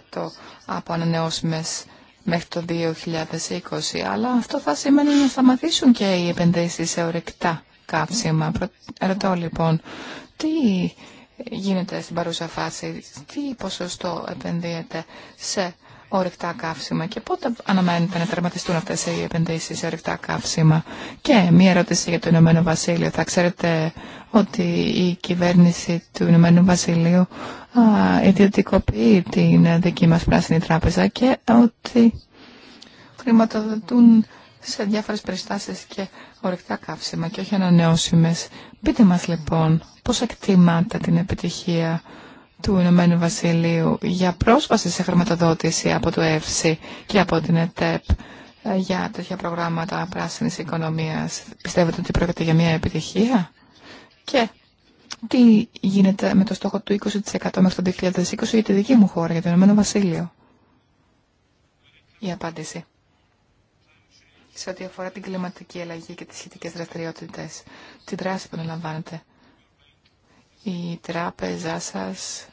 20% από ανανεώσιμες μέχρι το 2020, αλλά αυτό θα σημαίνει να σταματήσουν και οι επενδύσεις σε ορεκτά καύσιμα. Ρωτώ λοιπόν, τι γίνεται στην παρούσα φάση, τι ποσοστό επενδύεται σε ορυκτά καύσιμα και πότε αναμένεται να τερματιστούν αυτέ οι επενδύσει σε ορυκτά καύσιμα. Και μία ερώτηση για το Ηνωμένο Βασίλειο. Θα ξέρετε ότι η κυβέρνηση του Ηνωμένου Βασιλείου ιδιωτικοποιεί την δική μα πράσινη τράπεζα και ότι χρηματοδοτούν σε διάφορε περιστάσει και ορυκτά καύσιμα και όχι ανανεώσιμε. Πείτε μα λοιπόν πώ εκτιμάτε την επιτυχία του Ηνωμένου Βασιλείου για πρόσβαση σε χρηματοδότηση από το ΕΦΣΥ και από την ΕΤΕΠ ε, για τέτοια προγράμματα πράσινης οικονομίας. Πιστεύετε ότι πρόκειται για μια επιτυχία? Και τι γίνεται με το στόχο του 20% μέχρι το 2020 για τη δική μου χώρα, για το Ηνωμένο Βασίλειο. Η απάντηση σε ό,τι αφορά την κλιματική αλλαγή και τις σχετικές δραστηριότητες. Τι δράση που αναλαμβάνετε. Η τράπεζά σας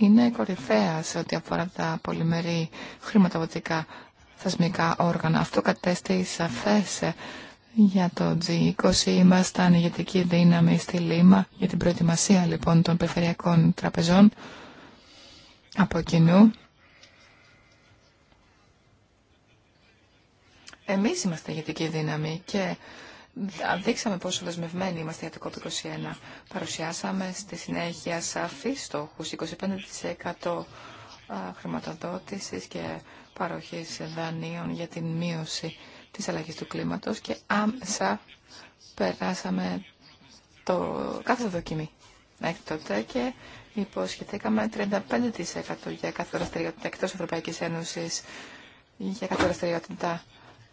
είναι κορυφαία σε ό,τι αφορά τα πολυμερή χρηματοδοτικά θασμικά όργανα. Αυτό κατέστη σαφές για το G20. Ήμασταν ηγετική δύναμη στη Λίμα για την προετοιμασία λοιπόν των περιφερειακών τραπεζών από κοινού. Εμείς είμαστε ηγετική δύναμη και δείξαμε πόσο δεσμευμένοι είμαστε για το COP21. Παρουσιάσαμε στη συνέχεια σαφή στόχου, 25% χρηματοδότησης και παροχής δανείων για την μείωση της αλλαγής του κλίματος και άμεσα περάσαμε το κάθε δοκιμή τότε και υποσχεθήκαμε 35% για κάθε δραστηριότητα εκτός Ευρωπαϊκής Ένωσης για κάθε δραστηριότητα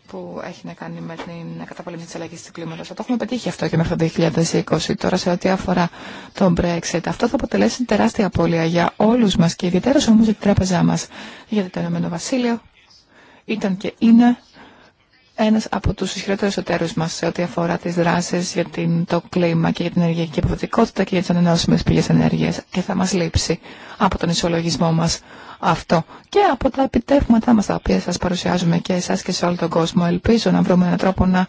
που έχει να κάνει με την καταπολέμηση τη αλλαγή του κλίματο. Θα το έχουμε πετύχει αυτό και μέχρι το 2020. Τώρα σε ό,τι αφορά τον Brexit. Αυτό θα αποτελέσει τεράστια απώλεια για όλου μα και ιδιαίτερα όμω για την τράπεζά μα Γιατί το Ηνωμένο Βασίλειο ήταν και είναι ένα από του ισχυρότερου εταίρου μα σε ό,τι αφορά τι δράσει για την, το κλίμα και για την ενεργειακή αποδοτικότητα και για τι ανανεώσιμε πηγέ ενέργεια και θα μα λείψει από τον ισολογισμό μα αυτό και από τα επιτεύγματα μας τα οποία σα παρουσιάζουμε και εσά και σε όλο τον κόσμο. Ελπίζω να βρούμε έναν τρόπο να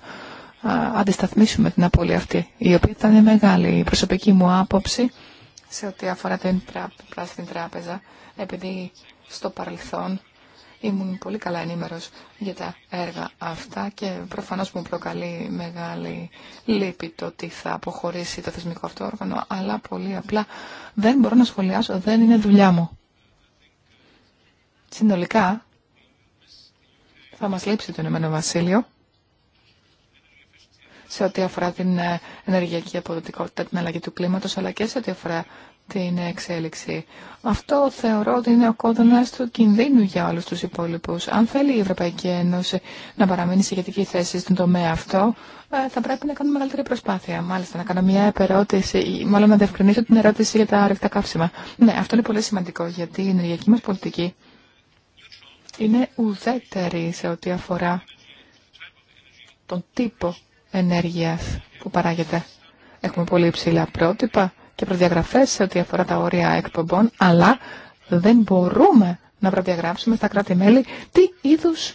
αντισταθμίσουμε την απώλεια αυτή η οποία ήταν μεγάλη η προσωπική μου άποψη σε ό,τι αφορά την πράσινη τράπεζα επειδή στο παρελθόν Ήμουν πολύ καλά ενήμερος για τα έργα αυτά και προφανώς μου προκαλεί μεγάλη λύπη το ότι θα αποχωρήσει το θεσμικό αυτό όργανο, αλλά πολύ απλά δεν μπορώ να σχολιάσω, δεν είναι δουλειά μου. Συνολικά θα μας λείψει το Ηνωμένο Βασίλειο σε ό,τι αφορά την ε, ενεργειακή αποδοτικότητα, την αλλαγή του κλίματος, αλλά και σε ό,τι αφορά την εξέλιξη. Αυτό θεωρώ ότι είναι ο κόδωνα του κινδύνου για όλου του υπόλοιπου. Αν θέλει η Ευρωπαϊκή Ένωση να παραμείνει σε ηγετική θέση στον τομέα αυτό, ε, θα πρέπει να κάνουμε μεγαλύτερη προσπάθεια. Μάλιστα, να κάνω μια επερώτηση, μάλλον να διευκρινίσω την ερώτηση για τα ρεύτα καύσιμα. Ναι, αυτό είναι πολύ σημαντικό, γιατί η ενεργειακή μα πολιτική είναι ουδέτερη σε ό,τι αφορά τον τύπο ενέργειας που παράγεται. Έχουμε πολύ υψηλά πρότυπα και προδιαγραφές σε ό,τι αφορά τα όρια εκπομπών, αλλά δεν μπορούμε να προδιαγράψουμε στα κράτη-μέλη τι είδους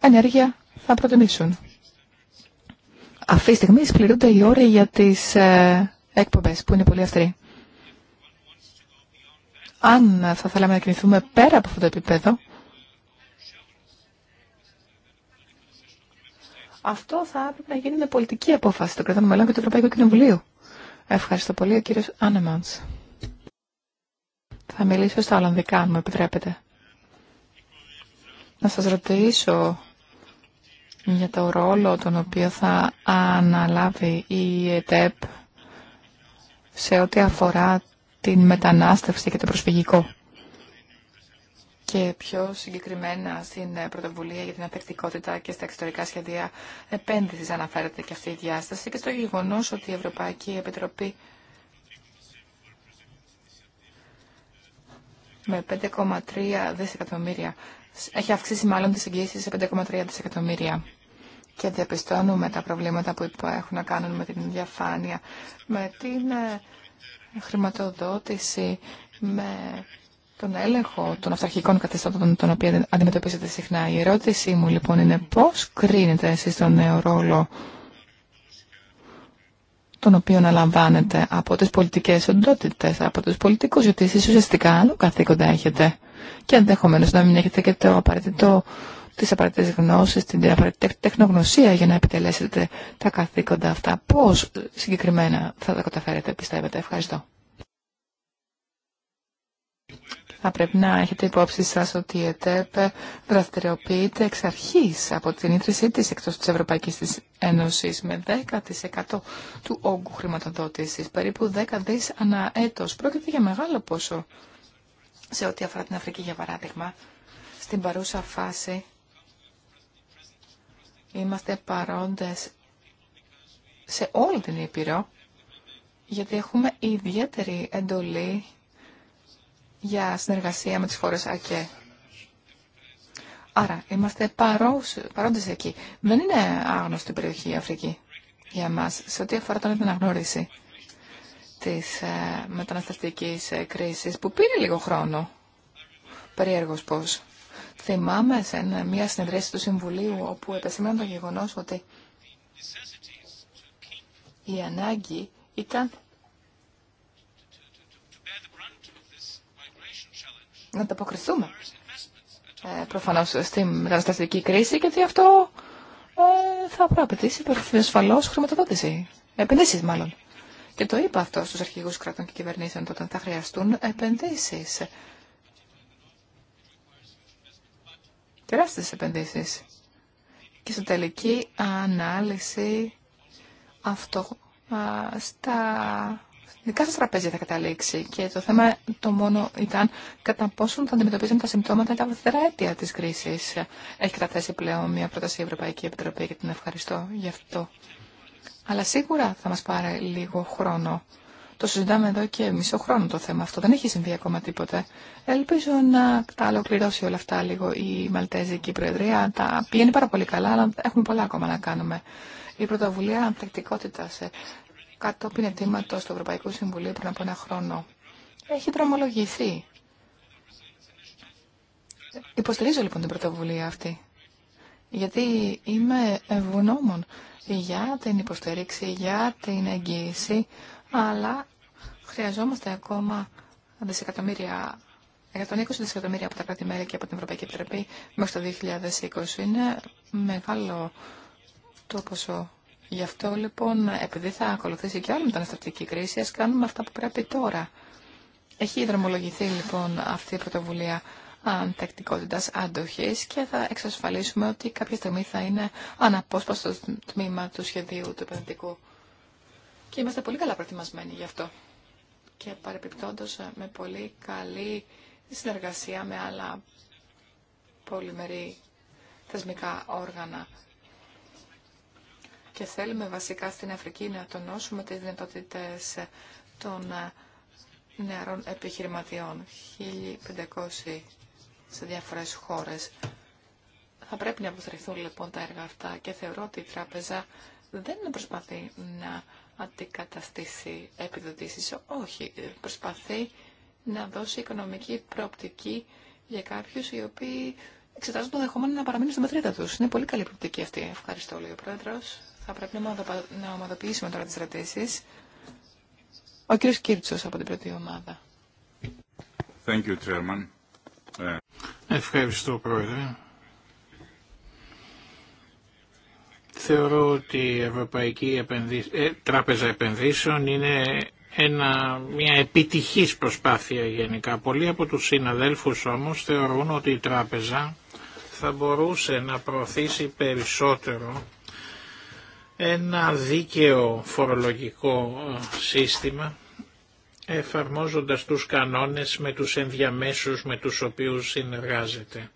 ενέργεια θα προτιμήσουν. Αυτή τη στιγμή σκληρούνται οι όροι για τις ε, εκπομπές που είναι πολύ αυστηροί. Αν θα θέλαμε να κινηθούμε πέρα από αυτό το επίπεδο, αυτό θα έπρεπε να γίνει με πολιτική απόφαση των κρατών μελών και του Ευρωπαϊκού Κοινοβουλίου. Ευχαριστώ πολύ, ο κύριος Άνεμαντς. Θα μιλήσω στα Ολλανδικά, αν μου επιτρέπετε. Να σας ρωτήσω για το ρόλο τον οποίο θα αναλάβει η ΕΤΕΠ σε ό,τι αφορά την μετανάστευση και το προσφυγικό και πιο συγκεκριμένα στην πρωτοβουλία για την απεκτικότητα και στα εξωτερικά σχέδια επένδυσης αναφέρεται και αυτή η διάσταση και στο γεγονός ότι η Ευρωπαϊκή Επιτροπή με 5,3 δισεκατομμύρια έχει αυξήσει μάλλον τις εγγύσεις σε 5,3 δισεκατομμύρια και διαπιστώνουμε τα προβλήματα που έχουν να κάνουν με την διαφάνεια, με την ε, χρηματοδότηση, με τον έλεγχο των αυταρχικών καθεστώτων τον οποίων αντιμετωπίζετε συχνά. Η ερώτησή μου λοιπόν είναι πώς κρίνετε εσείς τον νέο ρόλο τον οποίο αναλαμβάνετε από τις πολιτικές οντότητες, από τους πολιτικούς, γιατί εσείς ουσιαστικά άλλο καθήκοντα έχετε και ενδεχομένω να μην έχετε και το απαραίτητο τις απαραίτητες γνώσεις, την απαραίτητη τεχνογνωσία για να επιτελέσετε τα καθήκοντα αυτά. Πώς συγκεκριμένα θα τα καταφέρετε, πιστεύετε. Ευχαριστώ. Θα πρέπει να έχετε υπόψη σας ότι η ΕΤΕΠ δραστηριοποιείται εξ αρχής από την ίδρυσή της εκτός της Ευρωπαϊκής της Ένωσης με 10% του όγκου χρηματοδότησης, περίπου 10 δις ανά έτος. Πρόκειται για μεγάλο πόσο σε ό,τι αφορά την Αφρική για παράδειγμα. Στην παρούσα φάση είμαστε παρόντες σε όλη την Ήπειρο, γιατί έχουμε ιδιαίτερη εντολή για συνεργασία με τις χώρες ΑΚΕ. Άρα, είμαστε παρός, παρόντες εκεί. Δεν είναι άγνωστη περιοχή η Αφρική για μας, σε ό,τι αφορά την αναγνώριση της ε, μεταναστευτικής ε, κρίσης, που πήρε λίγο χρόνο. Περίεργος πώς. Θυμάμαι σε μια συνεδρίαση του Συμβουλίου, όπου επεσήμανε το γεγονός ότι η ανάγκη ήταν να ανταποκριθούμε ε, προφανώς στην μεταναστευτική κρίση γιατί αυτό ε, θα προαπαιτήσει ασφαλώς χρηματοδότηση, επενδύσεις μάλλον. Και το είπα αυτό στους αρχηγούς κρατών και κυβερνήσεων τότε θα χρειαστούν επενδύσεις. Τεράστιες επενδύσεις. Και στην τελική ανάλυση αυτό στα δικά ε, τραπέζι τραπέζια θα καταλήξει. Και το θέμα το μόνο ήταν κατά πόσον θα αντιμετωπίζουν τα συμπτώματα τα βαθύτερα αίτια τη κρίση. Έχει καταθέσει πλέον μια πρόταση η Ευρωπαϊκή Επιτροπή και την ευχαριστώ γι' αυτό. Αλλά σίγουρα θα μα πάρει λίγο χρόνο. Το συζητάμε εδώ και μισό χρόνο το θέμα αυτό. Δεν έχει συμβεί ακόμα τίποτε. Ελπίζω να τα ολοκληρώσει όλα αυτά λίγο η Μαλτέζικη Προεδρία. Τα πηγαίνει πάρα πολύ καλά, αλλά έχουμε πολλά ακόμα να κάνουμε. Η πρωτοβουλία ανθεκτικότητα ε, κατόπιν ετήματο του Ευρωπαϊκού Συμβουλίου πριν από ένα χρόνο έχει δρομολογηθεί. Υποστηρίζω λοιπόν την πρωτοβουλία αυτή. Γιατί είμαι ευγνώμων για την υποστήριξη, για την εγγύηση, αλλά χρειαζόμαστε ακόμα δισεκατομμύρια 120 δισεκατομμύρια από τα κράτη-μέλη και από την Ευρωπαϊκή Επιτροπή μέχρι το 2020 είναι μεγάλο το ποσό. Γι' αυτό λοιπόν, επειδή θα ακολουθήσει και την μεταναστευτική κρίση, ας κάνουμε αυτά που πρέπει τώρα. Έχει δρομολογηθεί λοιπόν αυτή η πρωτοβουλία αντακτικότητα αντοχή και θα εξασφαλίσουμε ότι κάποια στιγμή θα είναι αναπόσπαστο τμήμα του σχεδίου του επενδυτικού. Και είμαστε πολύ καλά προετοιμασμένοι γι' αυτό. Και παρεπιπτόντω με πολύ καλή συνεργασία με άλλα πολυμερή θεσμικά όργανα και θέλουμε βασικά στην Αφρική να τονώσουμε τις δυνατότητες των ε, νεαρών επιχειρηματιών. 1.500 σε διάφορες χώρες. Θα πρέπει να αποστρεφθούν λοιπόν τα έργα αυτά και θεωρώ ότι η τράπεζα δεν προσπαθεί να αντικαταστήσει επιδοτήσεις. Όχι, προσπαθεί να δώσει οικονομική προοπτική για κάποιους οι οποίοι εξετάζουν το δεχόμενο να παραμείνουν στην πατρίδα τους. Είναι πολύ καλή προοπτική αυτή. Ευχαριστώ, λέει ο Πρόεδρος. Θα πρέπει να ομαδοποιήσουμε τώρα τις ρωτήσεις. Ο κύριος Κίρτσος από την πρώτη ομάδα. Thank you, Chairman. Ε, Ευχαριστώ, Πρόεδρε. Θεωρώ ότι η Ευρωπαϊκή ε, Τράπεζα Επενδύσεων είναι ένα, μια επιτυχής προσπάθεια γενικά. Πολλοί από τους συναδέλφους όμως θεωρούν ότι η τράπεζα θα μπορούσε να προωθήσει περισσότερο ένα δίκαιο φορολογικό ε, σύστημα εφαρμόζοντας τους κανόνες με τους ενδιαμέσους με τους οποίους συνεργάζεται.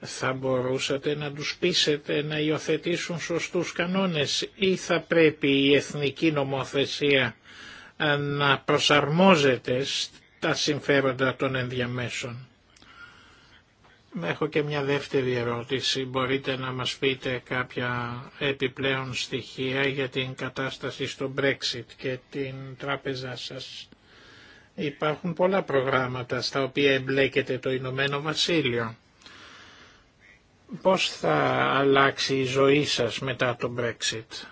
Θα μπορούσατε να τους πείσετε να υιοθετήσουν σωστούς κανόνες ή θα πρέπει η εθνική νομοθεσία ε, να προσαρμόζεται στα συμφέροντα των ενδιαμέσων. Έχω και μια δεύτερη ερώτηση. Μπορείτε να μας πείτε κάποια επιπλέον στοιχεία για την κατάσταση στο Brexit και την τράπεζά σας. Υπάρχουν πολλά προγράμματα στα οποία εμπλέκεται το Ηνωμένο Βασίλειο. Πώς θα αλλάξει η ζωή σας μετά το Brexit.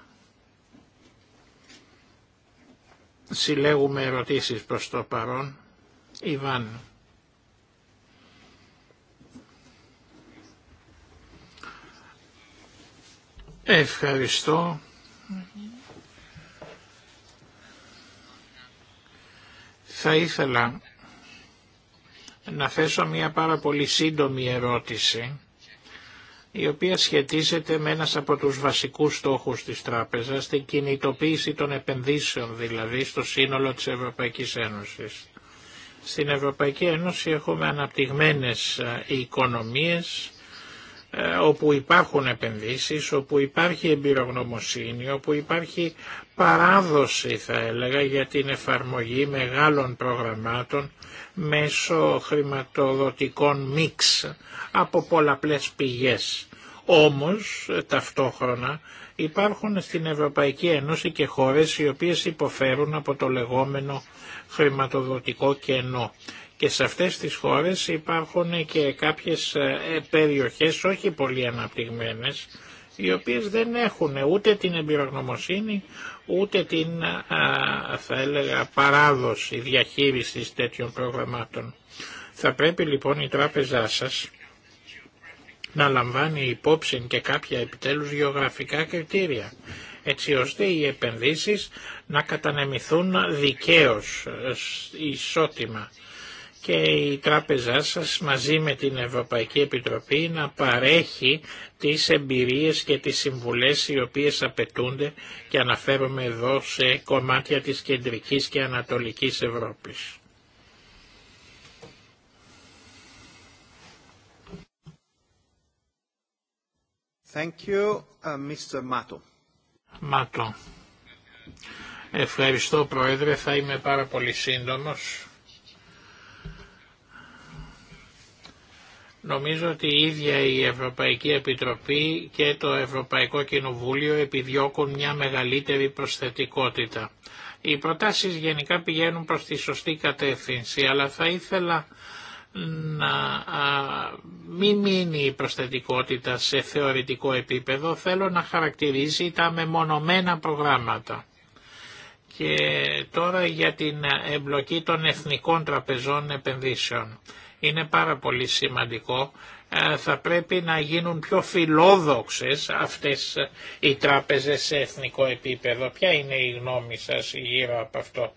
Συλλέγουμε ερωτήσεις προς το παρόν. Ιβάν. Ευχαριστώ. Θα ήθελα να θέσω μια πάρα πολύ σύντομη ερώτηση η οποία σχετίζεται με ένας από τους βασικούς στόχους της τράπεζας, την κινητοποίηση των επενδύσεων δηλαδή στο σύνολο της Ευρωπαϊκής Ένωσης. Στην Ευρωπαϊκή Ένωση έχουμε αναπτυγμένες ε, οικονομίες ε, όπου υπάρχουν επενδύσεις, όπου υπάρχει εμπειρογνωμοσύνη, όπου υπάρχει παράδοση θα έλεγα για την εφαρμογή μεγάλων προγραμμάτων μέσω χρηματοδοτικών μίξ από πολλαπλές πηγές. Όμως ταυτόχρονα υπάρχουν στην Ευρωπαϊκή Ένωση και χώρες οι οποίες υποφέρουν από το λεγόμενο χρηματοδοτικό κενό και σε αυτές τις χώρες υπάρχουν και κάποιες ε, περιοχές όχι πολύ αναπτυγμένες, οι οποίες δεν έχουν ούτε την εμπειρογνωμοσύνη, ούτε την, θα έλεγα, παράδοση διαχείρισης τέτοιων προγραμμάτων. Θα πρέπει λοιπόν η τράπεζά σας να λαμβάνει υπόψη και κάποια επιτέλους γεωγραφικά κριτήρια, έτσι ώστε οι επενδύσεις να κατανεμηθούν δικαίως, ε, ισότιμα και η τράπεζά σας μαζί με την Ευρωπαϊκή Επιτροπή να παρέχει τις εμπειρίες και τις συμβουλές οι οποίες απαιτούνται και αναφέρομαι εδώ σε κομμάτια της κεντρικής και ανατολικής Ευρώπης. Thank you, uh, Mr. Mato. Ευχαριστώ Πρόεδρε, θα είμαι πάρα πολύ σύντομος. Νομίζω ότι η ίδια η Ευρωπαϊκή Επιτροπή και το Ευρωπαϊκό Κοινοβούλιο επιδιώκουν μια μεγαλύτερη προσθετικότητα. Οι προτάσεις γενικά πηγαίνουν προς τη σωστή κατεύθυνση, αλλά θα ήθελα να μην μείνει η προσθετικότητα σε θεωρητικό επίπεδο, θέλω να χαρακτηρίζει τα μεμονωμένα προγράμματα. Και τώρα για την εμπλοκή των εθνικών τραπεζών επενδύσεων είναι πάρα πολύ σημαντικό. Ε, θα πρέπει να γίνουν πιο φιλόδοξες αυτές ε, οι τράπεζες σε εθνικό επίπεδο. Ποια είναι η γνώμη σας γύρω από αυτό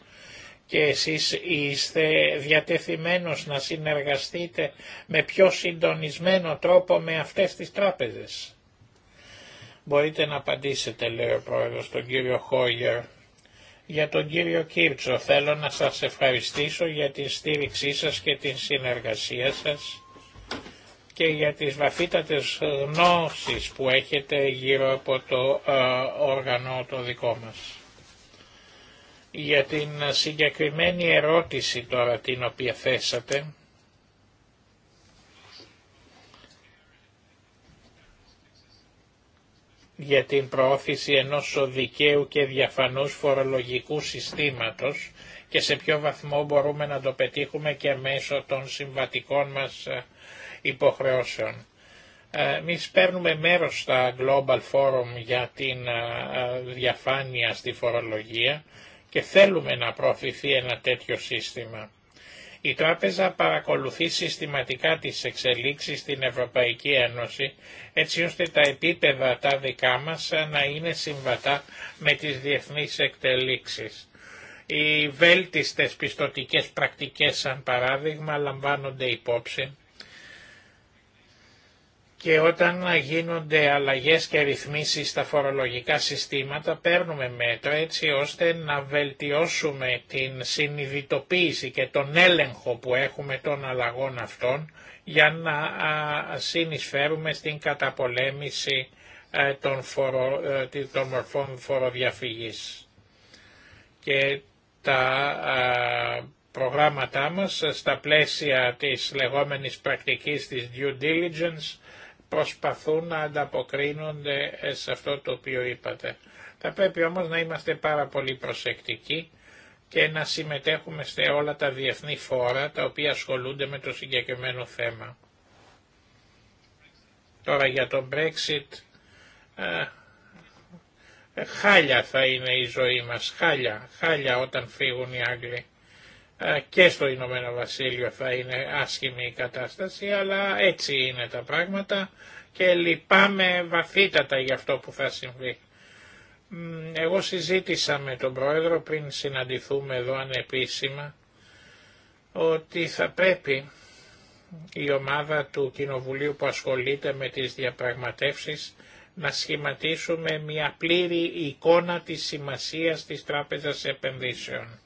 και εσείς είστε διατεθειμένος να συνεργαστείτε με πιο συντονισμένο τρόπο με αυτές τις τράπεζες. Μπορείτε να απαντήσετε λέει ο πρόεδρος τον κύριο Χόγερ. Για τον κύριο Κίρτσο θέλω να σας ευχαριστήσω για την στήριξή σας και την συνεργασία σας και για τις βαθύτατες γνώσεις που έχετε γύρω από το ε, όργανο το δικό μας. Για την συγκεκριμένη ερώτηση τώρα την οποία θέσατε, για την προώθηση ενός δικαίου και διαφανούς φορολογικού συστήματος και σε ποιο βαθμό μπορούμε να το πετύχουμε και μέσω των συμβατικών μας ε, υποχρεώσεων. Ε, Εμεί παίρνουμε μέρος στα Global Forum για την ε, διαφάνεια στη φορολογία και θέλουμε να προωθηθεί ένα τέτοιο σύστημα. Η τράπεζα παρακολουθεί συστηματικά τις εξελίξεις στην Ευρωπαϊκή Ένωση έτσι ώστε τα επίπεδα τα δικά μας να είναι συμβατά με τις διεθνείς εκτελήξεις. Οι βέλτιστες πιστοτικές πρακτικές σαν παράδειγμα λαμβάνονται υπόψη και όταν γίνονται αλλαγές και ρυθμίσεις στα φορολογικά συστήματα παίρνουμε μέτρα έτσι ώστε να βελτιώσουμε την συνειδητοποίηση και τον έλεγχο που έχουμε των αλλαγών αυτών για να συνεισφέρουμε στην καταπολέμηση των, φορο, των μορφών φοροδιαφυγής. Και τα προγράμματά μας στα πλαίσια της λεγόμενης πρακτικής της due diligence προσπαθούν να ανταποκρίνονται σε αυτό το οποίο είπατε. Θα πρέπει όμως να είμαστε πάρα πολύ προσεκτικοί και να συμμετέχουμε σε όλα τα διεθνή φόρα τα οποία ασχολούνται με το συγκεκριμένο θέμα. Τώρα για το Brexit, ε, ε, χάλια θα είναι η ζωή μας, χάλια, χάλια όταν φύγουν οι Άγγλοι. Ε, και στο Ηνωμένο Βασίλειο θα είναι άσχημη η κατάσταση, αλλά έτσι είναι τα πράγματα και λυπάμαι βαθύτατα για αυτό που θα συμβεί. Εγώ συζήτησα με τον Πρόεδρο πριν συναντηθούμε εδώ ανεπίσημα ότι θα πρέπει η ομάδα του Κοινοβουλίου που ασχολείται με τις διαπραγματεύσεις να σχηματίσουμε μια πλήρη εικόνα της σημασίας της Τράπεζας Επενδύσεων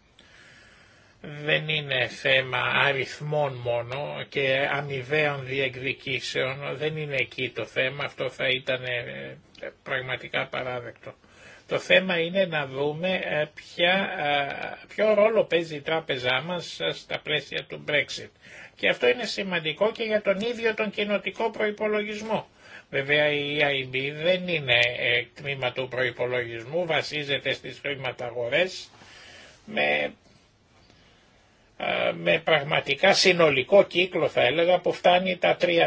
δεν είναι θέμα αριθμών μόνο και αμοιβαίων διεκδικήσεων, δεν είναι εκεί το θέμα, αυτό θα ήταν ε, πραγματικά παράδεκτο. Το θέμα είναι να δούμε ε, ε, ποιο ρόλο παίζει η τράπεζά μας στα πλαίσια του Brexit. Και αυτό είναι σημαντικό και για τον ίδιο τον κοινοτικό προϋπολογισμό. Βέβαια η EIB δεν είναι τμήμα του προϋπολογισμού, βασίζεται στις χρηματαγορές με ε, με πραγματικά συνολικό κύκλο θα έλεγα που φτάνει τα 3-3.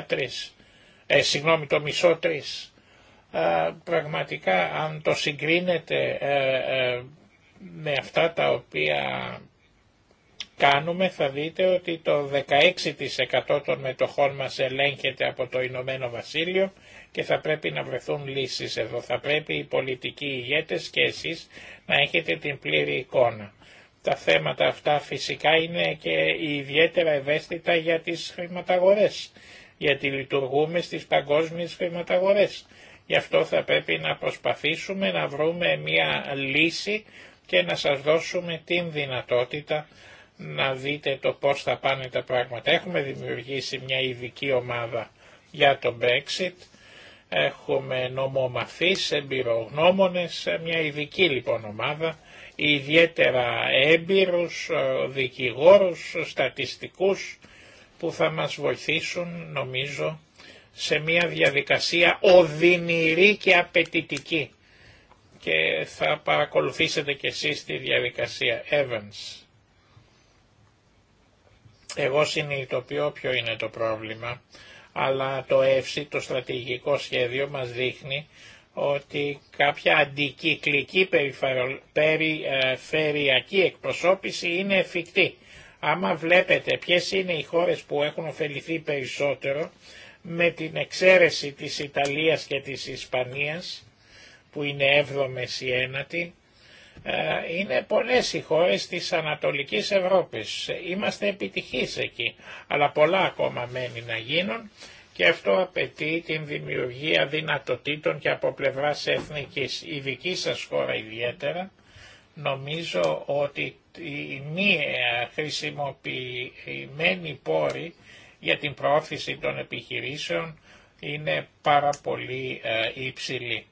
Ε, συγγνώμη το μισό συγγνωμη το ε, μισο 3 πραγματικα αν το συγκρίνετε ε, με αυτά τα οποία κάνουμε θα δείτε ότι το 16% των μετοχών μας ελέγχεται από το Ηνωμένο Βασίλειο και θα πρέπει να βρεθούν λύσεις εδώ. Θα πρέπει οι πολιτικοί ηγέτες και εσείς να έχετε την πλήρη εικόνα. Τα θέματα αυτά φυσικά είναι και ιδιαίτερα ευαίσθητα για τις χρηματαγορές, γιατί λειτουργούμε στις παγκόσμιες χρηματαγορές. Γι' αυτό θα πρέπει να προσπαθήσουμε να βρούμε μια λύση και να σας δώσουμε την δυνατότητα να δείτε το πώς θα πάνε τα πράγματα. Έχουμε δημιουργήσει μια ειδική ομάδα για το Brexit, έχουμε νομομαθείς, εμπειρογνώμονες, μια ειδική λοιπόν ομάδα ιδιαίτερα έμπειρους ε, δικηγόρους, στατιστικούς που θα μας βοηθήσουν νομίζω σε μια διαδικασία οδυνηρή και απαιτητική και θα παρακολουθήσετε και εσείς τη διαδικασία Evans. Εγώ συνειδητοποιώ ποιο είναι το πρόβλημα, αλλά το ΕΦΣΙ, το στρατηγικό σχέδιο, μας δείχνει ότι κάποια αντικυκλική περιφερειακή εκπροσώπηση είναι εφικτή. Άμα βλέπετε ποιες είναι οι χώρες που έχουν ωφεληθεί περισσότερο, με την εξαίρεση της Ιταλίας και της Ισπανίας, που είναι έβδομες η ένατη, ε, είναι πολλές οι χώρες της Ανατολικής Ευρώπης. Είμαστε επιτυχείς εκεί, αλλά πολλά ακόμα μένει να γίνουν και αυτό απαιτεί την δημιουργία δυνατοτήτων και από πλευράς εθνικής. Η δική σας χώρα ιδιαίτερα νομίζω ότι η μη χρησιμοποιημένη πόρη για την προώθηση των επιχειρήσεων είναι πάρα πολύ ε, υψηλή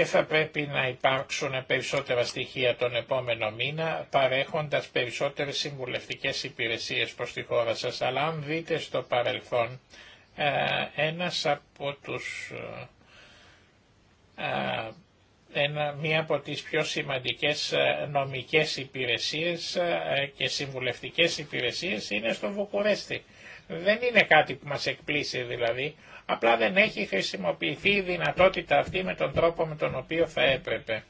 και θα πρέπει να υπάρξουν περισσότερα στοιχεία τον επόμενο μήνα παρέχοντας περισσότερες συμβουλευτικές υπηρεσίες προς τη χώρα σας. Αλλά αν δείτε στο παρελθόν, ε, ένας από τους, ε, ε, ένα, μία από τις πιο σημαντικές νομικές υπηρεσίες και συμβουλευτικές υπηρεσίες είναι στο Βουκουρέστι. Δεν είναι κάτι που μας εκπλήσει δηλαδή, Απλά δεν έχει χρησιμοποιηθεί η δυνατότητα αυτή με τον τρόπο με τον οποίο θα έπρεπε.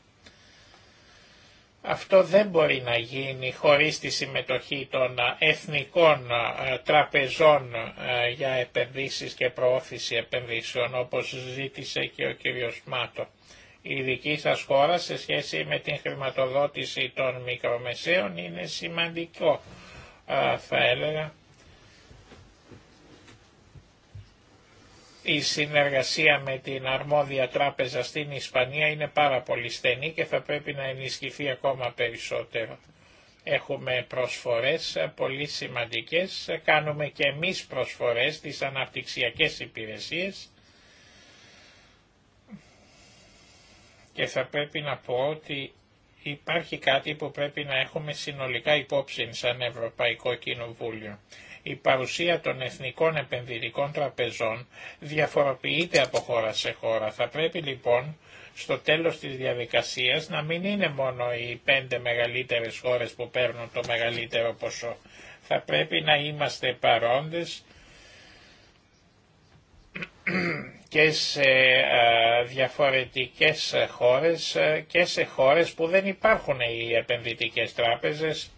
Αυτό δεν μπορεί να γίνει χωρίς τη συμμετοχή των εθνικών τραπεζών για επενδύσεις και προώθηση επενδύσεων, όπως ζήτησε και ο κύριος Μάτο. Η δική σας χώρα σε σχέση με την χρηματοδότηση των μικρομεσαίων είναι σημαντικό, θα έλεγα Η συνεργασία με την αρμόδια τράπεζα στην Ισπανία είναι πάρα πολύ στενή και θα πρέπει να ενισχυθεί ακόμα περισσότερο. Έχουμε προσφορές πολύ σημαντικές, κάνουμε και εμείς προσφορές στις αναπτυξιακές υπηρεσίες και θα πρέπει να πω ότι υπάρχει κάτι που πρέπει να έχουμε συνολικά υπόψη σαν Ευρωπαϊκό Κοινοβούλιο. Η παρουσία των εθνικών επενδυτικών τραπεζών διαφοροποιείται από χώρα σε χώρα. Θα πρέπει λοιπόν στο τέλος της διαδικασίας να μην είναι μόνο οι πέντε μεγαλύτερες χώρες που παίρνουν το μεγαλύτερο ποσό. Θα πρέπει να είμαστε παρόντες και σε διαφορετικές χώρες και σε χώρες που δεν υπάρχουν οι επενδυτικές τράπεζες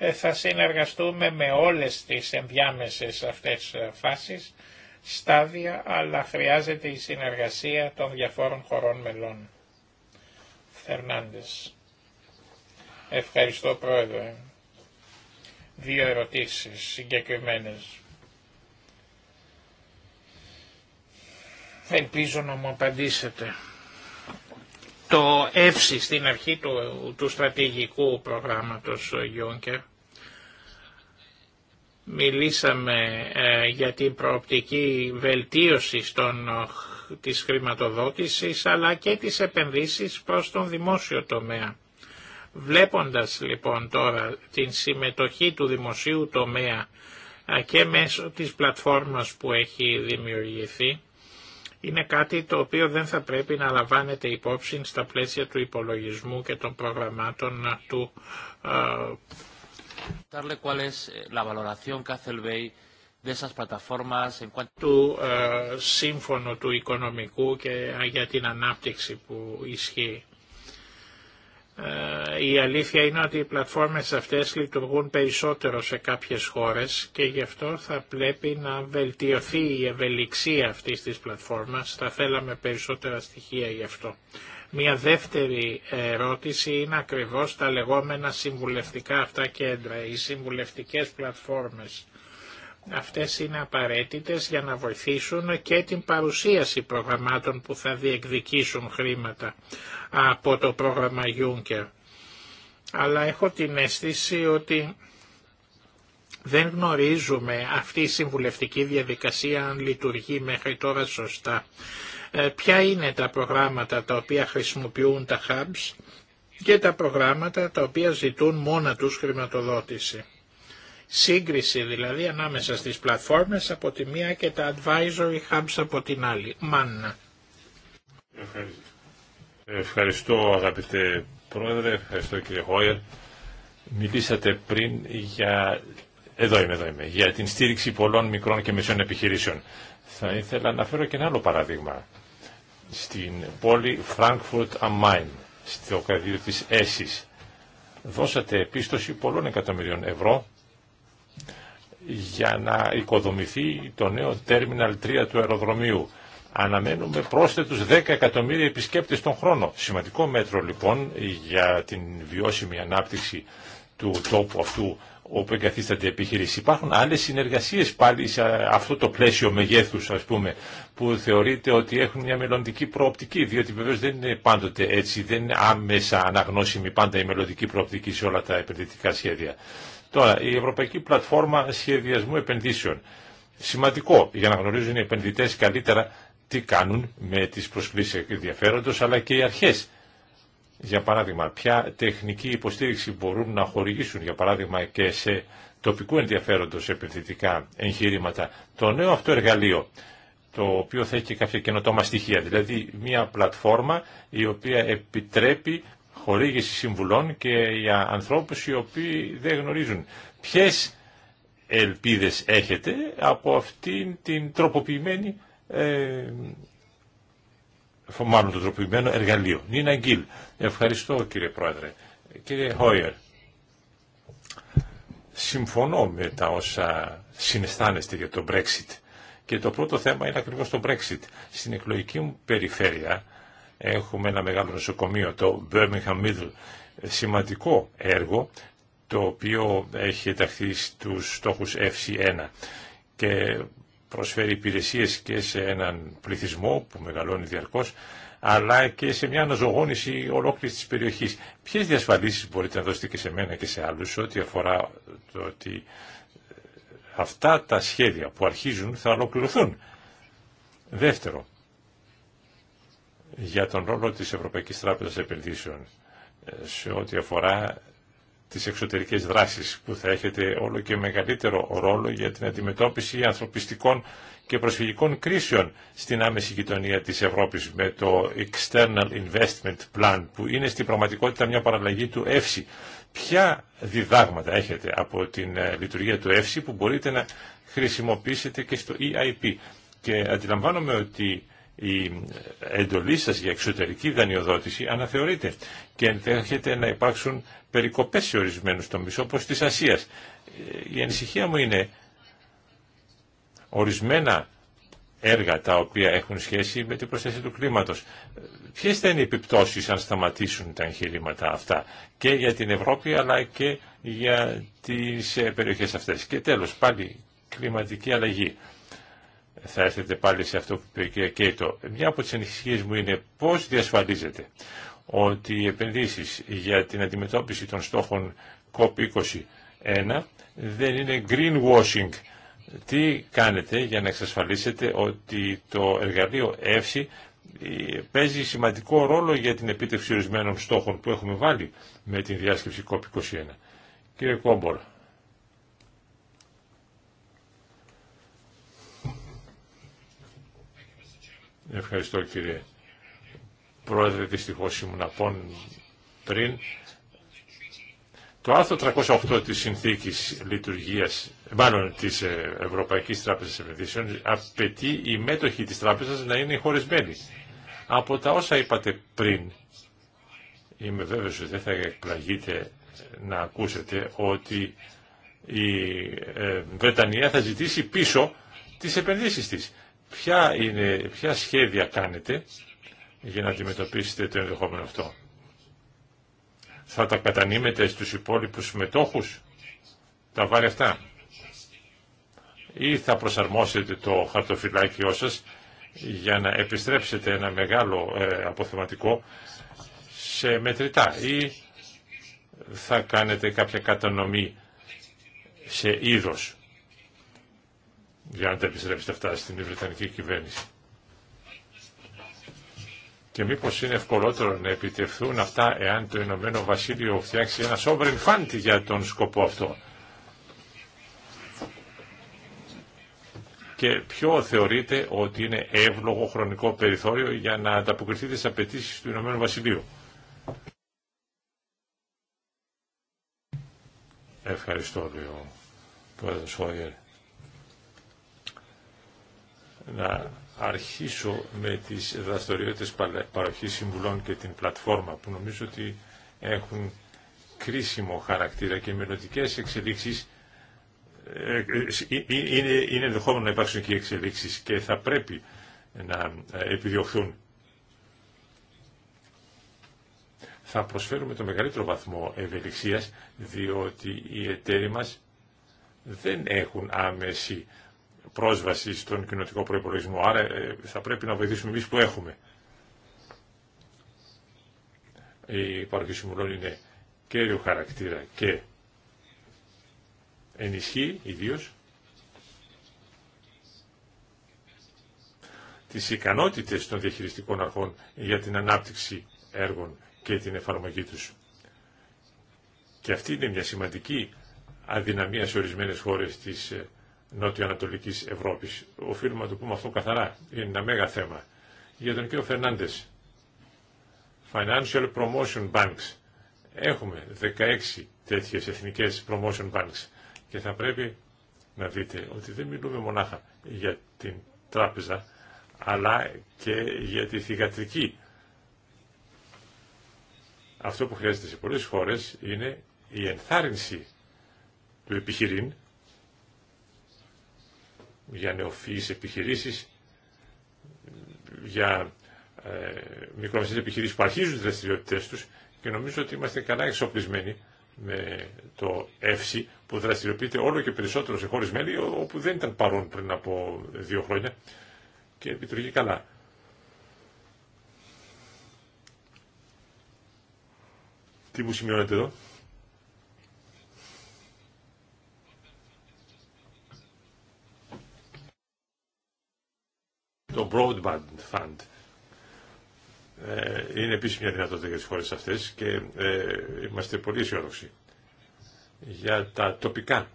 ε, θα συνεργαστούμε με όλες τις ενδιάμεσες αυτές ε, φάσεις, στάδια, αλλά χρειάζεται η συνεργασία των διαφόρων χωρών μελών. Φερνάντες. Ευχαριστώ Πρόεδρε. Δύο ερωτήσεις συγκεκριμένες. Ελπίζω να μου απαντήσετε. Το ΕΦΣΙ στην αρχή του, του στρατηγικού προγράμματος ε, Γιούνκερ Μιλήσαμε ε, για την προοπτική βελτίωση των, ε, της χρηματοδότησης αλλά και τις επενδύσεις προς τον δημόσιο τομέα. Βλέποντας λοιπόν τώρα την συμμετοχή του δημοσίου τομέα ε, και μέσω της πλατφόρμας που έχει δημιουργηθεί, είναι κάτι το οποίο δεν θα πρέπει να λαμβάνεται υπόψη στα πλαίσια του υπολογισμού και των προγραμμάτων του Darle cuál eh, la valoración que hace el BEI του eh, σύμφωνο του οικονομικού και ε, για την ανάπτυξη που ισχύει. Ε, η αλήθεια είναι ότι οι πλατφόρμες αυτές λειτουργούν περισσότερο σε κάποιες χώρες και γι' αυτό θα πρέπει να βελτιωθεί η ευελιξία αυτής της πλατφόρμας. Θα θέλαμε περισσότερα στοιχεία γι' αυτό. Μια δεύτερη ερώτηση είναι ακριβώς τα λεγόμενα συμβουλευτικά αυτά κέντρα, οι συμβουλευτικές πλατφόρμες. Αυτές είναι απαραίτητες για να βοηθήσουν και την παρουσίαση προγραμμάτων που θα διεκδικήσουν χρήματα από το πρόγραμμα Juncker. Αλλά έχω την αίσθηση ότι δεν γνωρίζουμε αυτή η συμβουλευτική διαδικασία αν λειτουργεί μέχρι τώρα σωστά. Ε, ποια είναι τα προγράμματα τα οποία χρησιμοποιούν τα hubs και τα προγράμματα τα οποία ζητούν μόνα τους χρηματοδότηση. Σύγκριση δηλαδή ανάμεσα στις πλατφόρμες από τη μία και τα advisory hubs από την άλλη. Μάννα. Ευχαριστώ. Ευχαριστώ αγαπητέ πρόεδρε, ευχαριστώ κύριε Χόιερ. Μιλήσατε πριν για... Εδώ είμαι, εδώ είμαι. Για την στήριξη πολλών μικρών και μεσών επιχειρήσεων. Θα ήθελα να φέρω και ένα άλλο παράδειγμα στην πόλη Frankfurt am Main, στο κρατήριο της Έσης. Δώσατε επίστοση πολλών εκατομμυρίων ευρώ για να οικοδομηθεί το νέο Terminal 3 του αεροδρομίου. Αναμένουμε πρόσθετους 10 εκατομμύρια επισκέπτες τον χρόνο. Σημαντικό μέτρο λοιπόν για την βιώσιμη ανάπτυξη του τόπου αυτού όπου εγκαθίσταται η επιχείρηση. Υπάρχουν άλλε συνεργασίε πάλι σε αυτό το πλαίσιο μεγέθου, ας πούμε που θεωρείται ότι έχουν μια μελλοντική προοπτική διότι βεβαίω δεν είναι πάντοτε έτσι, δεν είναι άμεσα αναγνώσιμη πάντα η μελλοντική προοπτική σε όλα τα επενδυτικά σχέδια. Τώρα, η Ευρωπαϊκή Πλατφόρμα Σχεδιασμού Επενδύσεων. Σημαντικό για να γνωρίζουν οι επενδυτέ καλύτερα τι κάνουν με τις προσκλήσεις ενδιαφέροντο, αλλά και οι αρχέ για παράδειγμα, ποια τεχνική υποστήριξη μπορούν να χορηγήσουν, για παράδειγμα, και σε τοπικού ενδιαφέροντος επενδυτικά εγχείρηματα, το νέο αυτό εργαλείο, το οποίο θα έχει και κάποια καινοτόμα στοιχεία, δηλαδή μια πλατφόρμα η οποία επιτρέπει χορήγηση συμβουλών και για ανθρώπους οι οποίοι δεν γνωρίζουν ποιες ελπίδες έχετε από αυτήν την τροποποιημένη ε, μάλλον το τροποποιημένο εργαλείο. Νίνα Γκίλ. Ευχαριστώ κύριε Πρόεδρε. Κύριε Χόιερ, συμφωνώ με τα όσα συναισθάνεστε για το Brexit. Και το πρώτο θέμα είναι ακριβώς το Brexit. Στην εκλογική μου περιφέρεια έχουμε ένα μεγάλο νοσοκομείο, το Birmingham Middle, σημαντικό έργο, το οποίο έχει ενταχθεί στους στόχους FC1. Και προσφέρει υπηρεσίες και σε έναν πληθυσμό που μεγαλώνει διαρκώς, αλλά και σε μια αναζωγόνηση ολόκληρης της περιοχής. Ποιες διασφαλίσεις μπορείτε να δώσετε και σε μένα και σε άλλους ό,τι αφορά το ότι αυτά τα σχέδια που αρχίζουν θα ολοκληρωθούν. Δεύτερο, για τον ρόλο της Ευρωπαϊκής Τράπεζας Επενδύσεων ε, σε ό,τι αφορά τις εξωτερικές δράσεις που θα έχετε όλο και μεγαλύτερο ρόλο για την αντιμετώπιση ανθρωπιστικών και προσφυγικών κρίσεων στην άμεση γειτονία της Ευρώπης με το External Investment Plan που είναι στην πραγματικότητα μια παραλλαγή του ΕΦΣΥ. Ποια διδάγματα έχετε από την ε, λειτουργία του ΕΦΣΥ που μπορείτε να χρησιμοποιήσετε και στο EIP. Και αντιλαμβάνομαι ότι η εντολή σας για εξωτερική δανειοδότηση αναθεωρείται και ενδέχεται να υπάρξουν περικοπές σε ορισμένους τομείς όπως της Ασίας. Η ανησυχία μου είναι ορισμένα έργα τα οποία έχουν σχέση με την προσθέση του κλίματος. Ποιες θα είναι οι επιπτώσεις αν σταματήσουν τα εγχειρήματα αυτά και για την Ευρώπη αλλά και για τις περιοχές αυτές. Και τέλος πάλι κλιματική αλλαγή θα έρθετε πάλι σε αυτό που είπε η κυρία Κέιτο. Μια από τις ανησυχίες μου είναι πώς διασφαλίζεται ότι οι επενδύσεις για την αντιμετώπιση των στόχων COP21 δεν είναι greenwashing. Τι κάνετε για να εξασφαλίσετε ότι το εργαλείο ΕΦΣΥ παίζει σημαντικό ρόλο για την επίτευξη ορισμένων στόχων που έχουμε βάλει με την διάσκεψη COP21. Κύριε Κόμπορα. Ευχαριστώ κύριε Πρόεδρε, δυστυχώς ήμουν απόν πριν. Το άρθρο 308 της Συνθήκης Λειτουργίας, μάλλον της ε, Ευρωπαϊκής Τράπεζας Επενδύσεων, απαιτεί η μέτοχοι της τράπεζας να είναι χωρισμένοι. Από τα όσα είπατε πριν, είμαι βέβαιος ότι δεν θα εκπλαγείτε να ακούσετε ότι η ε, Βρετανία θα ζητήσει πίσω τις επενδύσεις της. Ποια, είναι, ποια σχέδια κάνετε για να αντιμετωπίσετε το ενδεχόμενο αυτό. Θα τα κατανείμετε στους υπόλοιπους συμμετόχους, τα βάρια αυτά. Ή θα προσαρμόσετε το χαρτοφυλάκιό σας για να επιστρέψετε ένα μεγάλο ε, αποθεματικό σε μετρητά. Ή θα κάνετε κάποια κατανομή σε είδος για να τα επιστρέψετε αυτά στην Βρετανική κυβέρνηση. Και μήπως είναι ευκολότερο να επιτευχθούν αυτά εάν το Ηνωμένο Βασίλειο φτιάξει ένα sovereign fund για τον σκοπό αυτό. Και ποιο θεωρείτε ότι είναι εύλογο χρονικό περιθώριο για να ανταποκριθείτε στις απαιτήσει του Ηνωμένου Βασιλείου. Ευχαριστώ, λέει ο να αρχίσω με τις δραστηριότητες παροχής συμβουλών και την πλατφόρμα που νομίζω ότι έχουν κρίσιμο χαρακτήρα και μελλοντικέ εξελίξεις ε, ε, ε, είναι, είναι ενδεχόμενο να υπάρξουν και εξελίξεις και θα πρέπει να επιδιωχθούν. Θα προσφέρουμε το μεγαλύτερο βαθμό ευελιξίας διότι οι εταίροι μας δεν έχουν άμεση πρόσβαση στον κοινοτικό προϋπολογισμό. Άρα ε, θα πρέπει να βοηθήσουμε εμείς που έχουμε. Η παροχή συμβουλών είναι κέριο χαρακτήρα και ενισχύει ιδίω τις ικανότητες των διαχειριστικών αρχών για την ανάπτυξη έργων και την εφαρμογή τους. Και αυτή είναι μια σημαντική αδυναμία σε ορισμένες χώρες της ε, νοτιο Ανατολική Ευρώπης. Οφείλουμε να το πούμε αυτό καθαρά. Είναι ένα μέγα θέμα. Για τον κύριο Φερνάντες. Financial Promotion Banks. Έχουμε 16 τέτοιε εθνικές promotion banks και θα πρέπει να δείτε ότι δεν μιλούμε μονάχα για την τράπεζα αλλά και για τη θηγατρική. Αυτό που χρειάζεται σε πολλές χώρες είναι η ενθάρρυνση του επιχειρήν για νεοφυείς επιχειρήσεις, για ε, μικρομεσαίες επιχειρήσεις που αρχίζουν τις δραστηριότητες τους και νομίζω ότι είμαστε καλά εξοπλισμένοι με το ΕΦΣΥ που δραστηριοποιείται όλο και περισσότερο σε χώρες μέλη όπου δεν ήταν παρόν πριν από δύο χρόνια και λειτουργεί καλά. Τι μου σημειώνεται εδώ. το Broadband Fund. Ε, είναι επίσης μια δυνατότητα για τις χώρες αυτές και ε, είμαστε πολύ αισιόδοξοι για τα τοπικά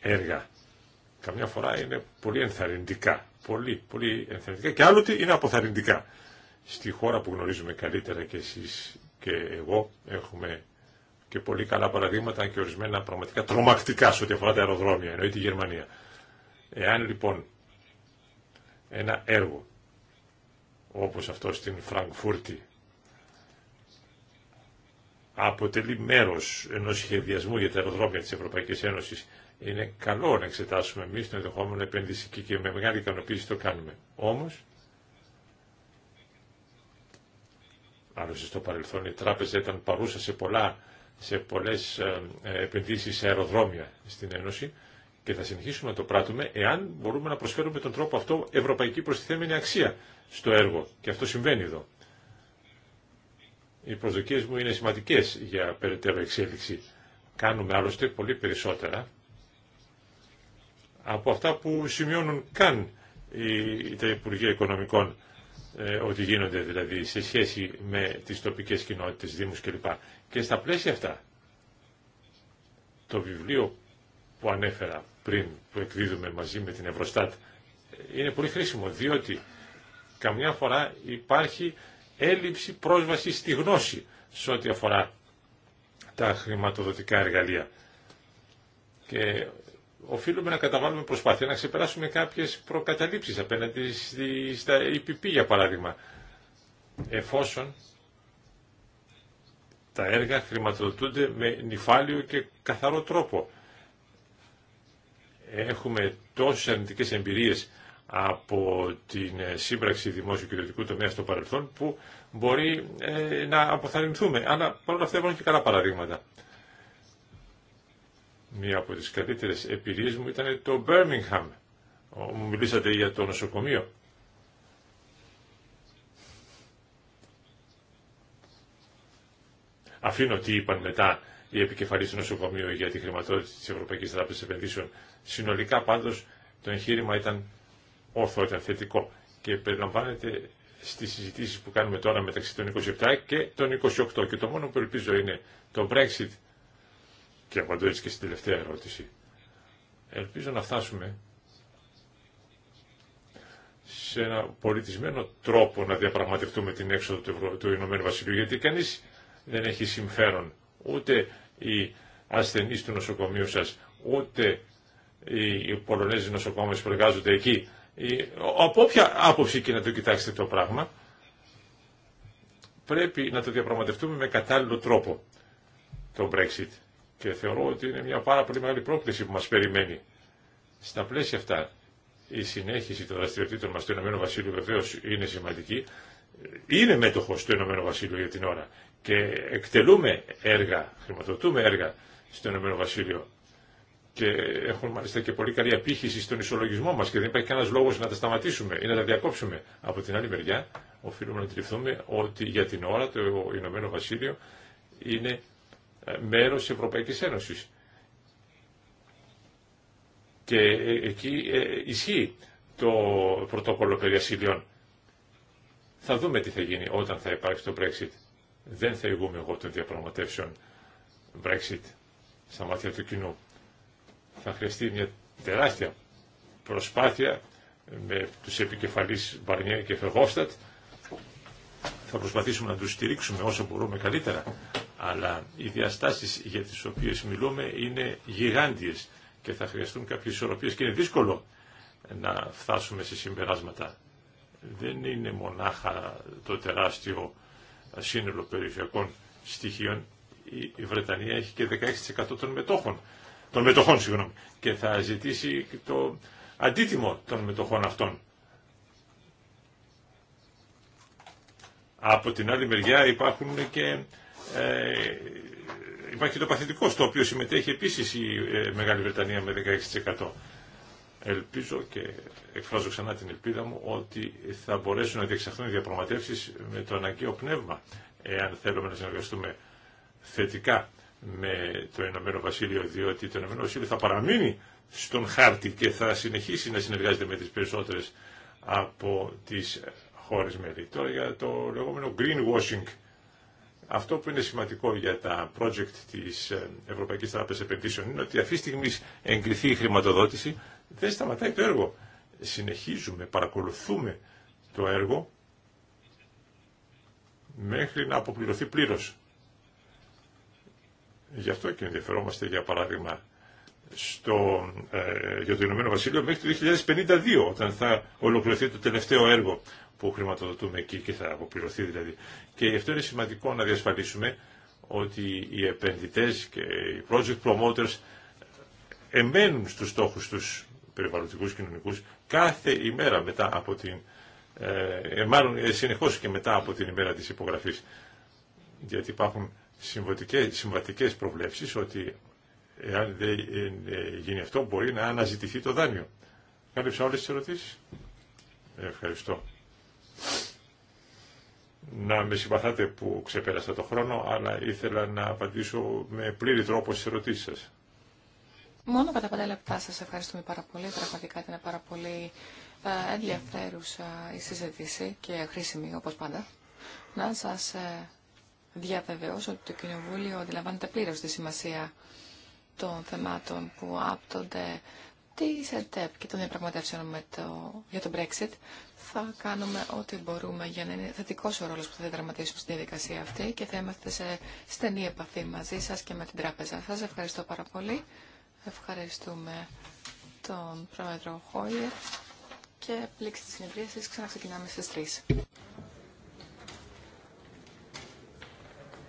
έργα. Καμιά φορά είναι πολύ ενθαρρυντικά, πολύ, πολύ ενθαρρυντικά και άλλοτε είναι αποθαρρυντικά. Στη χώρα που γνωρίζουμε καλύτερα και εσείς και εγώ έχουμε και πολύ καλά παραδείγματα και ορισμένα πραγματικά τρομακτικά σε ό,τι αφορά τα αεροδρόμια, εννοεί τη Γερμανία. Εάν λοιπόν ένα έργο όπως αυτό στην Φραγκφούρτη αποτελεί μέρος ενός σχεδιασμού για τα αεροδρόμια της Ευρωπαϊκής Ένωσης. Είναι καλό να εξετάσουμε εμεί το ενδεχόμενο επένδυση και, και με μεγάλη ικανοποίηση το κάνουμε. Όμως, άλλωστε στο παρελθόν η τράπεζα ήταν παρούσα σε, πολλά, σε πολλές ε, ε, επενδύσεις σε αεροδρόμια στην Ένωση, και θα συνεχίσουμε να το πράττουμε εάν μπορούμε να προσφέρουμε τον τρόπο αυτό ευρωπαϊκή προστιθέμενη αξία στο έργο. Και αυτό συμβαίνει εδώ. Οι προσδοκίες μου είναι σημαντικές για περαιτέρω εξέλιξη. Κάνουμε άλλωστε πολύ περισσότερα από αυτά που σημειώνουν καν τα Υπουργεία Οικονομικών ε, ότι γίνονται δηλαδή σε σχέση με τις τοπικές κοινότητες, δήμους κλπ. Και στα πλαίσια αυτά, το βιβλίο που ανέφερα πριν που εκδίδουμε μαζί με την Ευρωστάτ είναι πολύ χρήσιμο διότι καμιά φορά υπάρχει έλλειψη πρόσβαση στη γνώση σε ό,τι αφορά τα χρηματοδοτικά εργαλεία. Και οφείλουμε να καταβάλουμε προσπάθεια να ξεπεράσουμε κάποιες προκαταλήψεις απέναντι στα EPP για παράδειγμα. Εφόσον τα έργα χρηματοδοτούνται με νυφάλιο και καθαρό τρόπο έχουμε τόσες αρνητικές εμπειρίες από την ε, σύμπραξη δημόσιου και ιδιωτικού τομέα στο παρελθόν που μπορεί ε, να αποθαρρυνθούμε. Αλλά παρόλα αυτά υπάρχουν και καλά παραδείγματα. Μία από τις καλύτερες εμπειρίες μου ήταν το Birmingham. Μου μιλήσατε για το νοσοκομείο. Αφήνω τι είπαν μετά η επικεφαλής του νοσοκομείου για τη χρηματοδότηση της Ευρωπαϊκής Τράπεζας Επενδύσεων. Συνολικά πάντως το εγχείρημα ήταν όρθο, ήταν θετικό και περιλαμβάνεται στις συζητήσεις που κάνουμε τώρα μεταξύ των 27 και των 28 και το μόνο που ελπίζω είναι το Brexit και απαντώ έτσι και στην τελευταία ερώτηση. Ελπίζω να φτάσουμε σε ένα πολιτισμένο τρόπο να διαπραγματευτούμε την έξοδο του, Ηνωμένου Βασιλείου, γιατί κανείς δεν έχει συμφέρον ούτε οι ασθενείς του νοσοκομείου σας, ούτε οι Πολωνέζοι νοσοκόμες που εργάζονται εκεί. Από όποια άποψη και να το κοιτάξετε το πράγμα, πρέπει να το διαπραγματευτούμε με κατάλληλο τρόπο το Brexit. Και θεωρώ ότι είναι μια πάρα πολύ μεγάλη πρόκληση που μας περιμένει. Στα πλαίσια αυτά, η συνέχιση των δραστηριοτήτων μας στο Ηνωμένο Βασίλειο βεβαίω είναι σημαντική. Είναι μέτοχος του Ηνωμένο για την ώρα και εκτελούμε έργα, χρηματοδοτούμε έργα στο Ηνωμένο Βασίλειο και έχουν μάλιστα και πολύ καλή απήχηση στον ισολογισμό μας και δεν υπάρχει κανένας λόγος να τα σταματήσουμε ή να τα διακόψουμε. Από την άλλη μεριά οφείλουμε να αντιληφθούμε ότι για την ώρα το Ηνωμένο Βασίλειο είναι ε, μέρο τη Ευρωπαϊκής Ένωσης. Και ε, εκεί ε, ισχύει το πρωτόκολλο περί Θα δούμε τι θα γίνει όταν θα υπάρξει το Brexit δεν θα ηγούμε εγώ των διαπραγματεύσεων Brexit στα μάτια του κοινού. Θα χρειαστεί μια τεράστια προσπάθεια με τους επικεφαλείς Μπαρνιέ και Φεγόστατ. Θα προσπαθήσουμε να τους στηρίξουμε όσο μπορούμε καλύτερα. Αλλά οι διαστάσεις για τις οποίες μιλούμε είναι γιγάντιες και θα χρειαστούν κάποιες ισορροπίες και είναι δύσκολο να φτάσουμε σε συμπεράσματα. Δεν είναι μονάχα το τεράστιο σύνολο περιφερειακών στοιχείων η Βρετανία έχει και 16% των μετόχων, των μετοχών συγγνώμη, και θα ζητήσει το αντίτιμο των μετοχών αυτών. Από την άλλη μεριά υπάρχουν και, ε, υπάρχει και το παθητικό στο οποίο συμμετέχει επίσης η ε, Μεγάλη Βρετανία με 16% ελπίζω και εκφράζω ξανά την ελπίδα μου ότι θα μπορέσουν να διεξαχθούν οι διαπραγματεύσεις με το αναγκαίο πνεύμα εάν θέλουμε να συνεργαστούμε θετικά με το Ηνωμένο Βασίλειο διότι το Ηνωμένο Βασίλειο θα παραμείνει στον χάρτη και θα συνεχίσει να συνεργάζεται με τις περισσότερες από τις χώρες μέλη. Τώρα για το λεγόμενο greenwashing. Αυτό που είναι σημαντικό για τα project της Ευρωπαϊκής Τράπεζας Επενδύσεων είναι ότι αυτή τη στιγμή εγκριθεί η χρηματοδότηση δεν σταματάει το έργο. Συνεχίζουμε, παρακολουθούμε το έργο μέχρι να αποπληρωθεί πλήρως. Γι' αυτό και ενδιαφερόμαστε, για παράδειγμα, στο, ε, για το Ηνωμένο Βασίλειο μέχρι το 2052, όταν θα ολοκληρωθεί το τελευταίο έργο που χρηματοδοτούμε εκεί και θα αποπληρωθεί δηλαδή. Και αυτό είναι σημαντικό να διασφαλίσουμε ότι οι επενδυτές και οι project promoters εμένουν στους στόχους τους περιβαλλοντικούς, κοινωνικούς, κάθε ημέρα μετά από την, ε, ε μάλλον ε, συνεχώς και μετά από την ημέρα της υπογραφής. Γιατί υπάρχουν συμβατικές προβλέψεις ότι εάν δεν ε, γίνει αυτό μπορεί να αναζητηθεί το δάνειο. Κάλυψα όλες τις ερωτήσεις. Ευχαριστώ. Να με συμπαθάτε που ξεπέρασα το χρόνο, αλλά ήθελα να απαντήσω με πλήρη τρόπο στις ερωτήσεις σας. Μόνο κατά πέντε λεπτά σας ευχαριστούμε πάρα πολύ. Πραγματικά ήταν πάρα πολύ ε, ενδιαφέρουσα η συζήτηση και χρήσιμη όπως πάντα. Να σας ε, διαβεβαιώσω ότι το Κοινοβούλιο αντιλαμβάνεται πλήρω τη σημασία των θεμάτων που άπτονται τη ΕΤΕΠ και των διαπραγματεύσεων το, για το Brexit. Θα κάνουμε ό,τι μπορούμε για να είναι θετικό ο ρόλο που θα δραματίσουμε στη διαδικασία αυτή και θα είμαστε σε στενή επαφή μαζί σα και με την τράπεζα. Σα ευχαριστώ πάρα πολύ. Ευχαριστούμε τον πρόεδρο Χόιερ και πλήξη της συνεδρίασης ξαναξεκινάμε στις 3.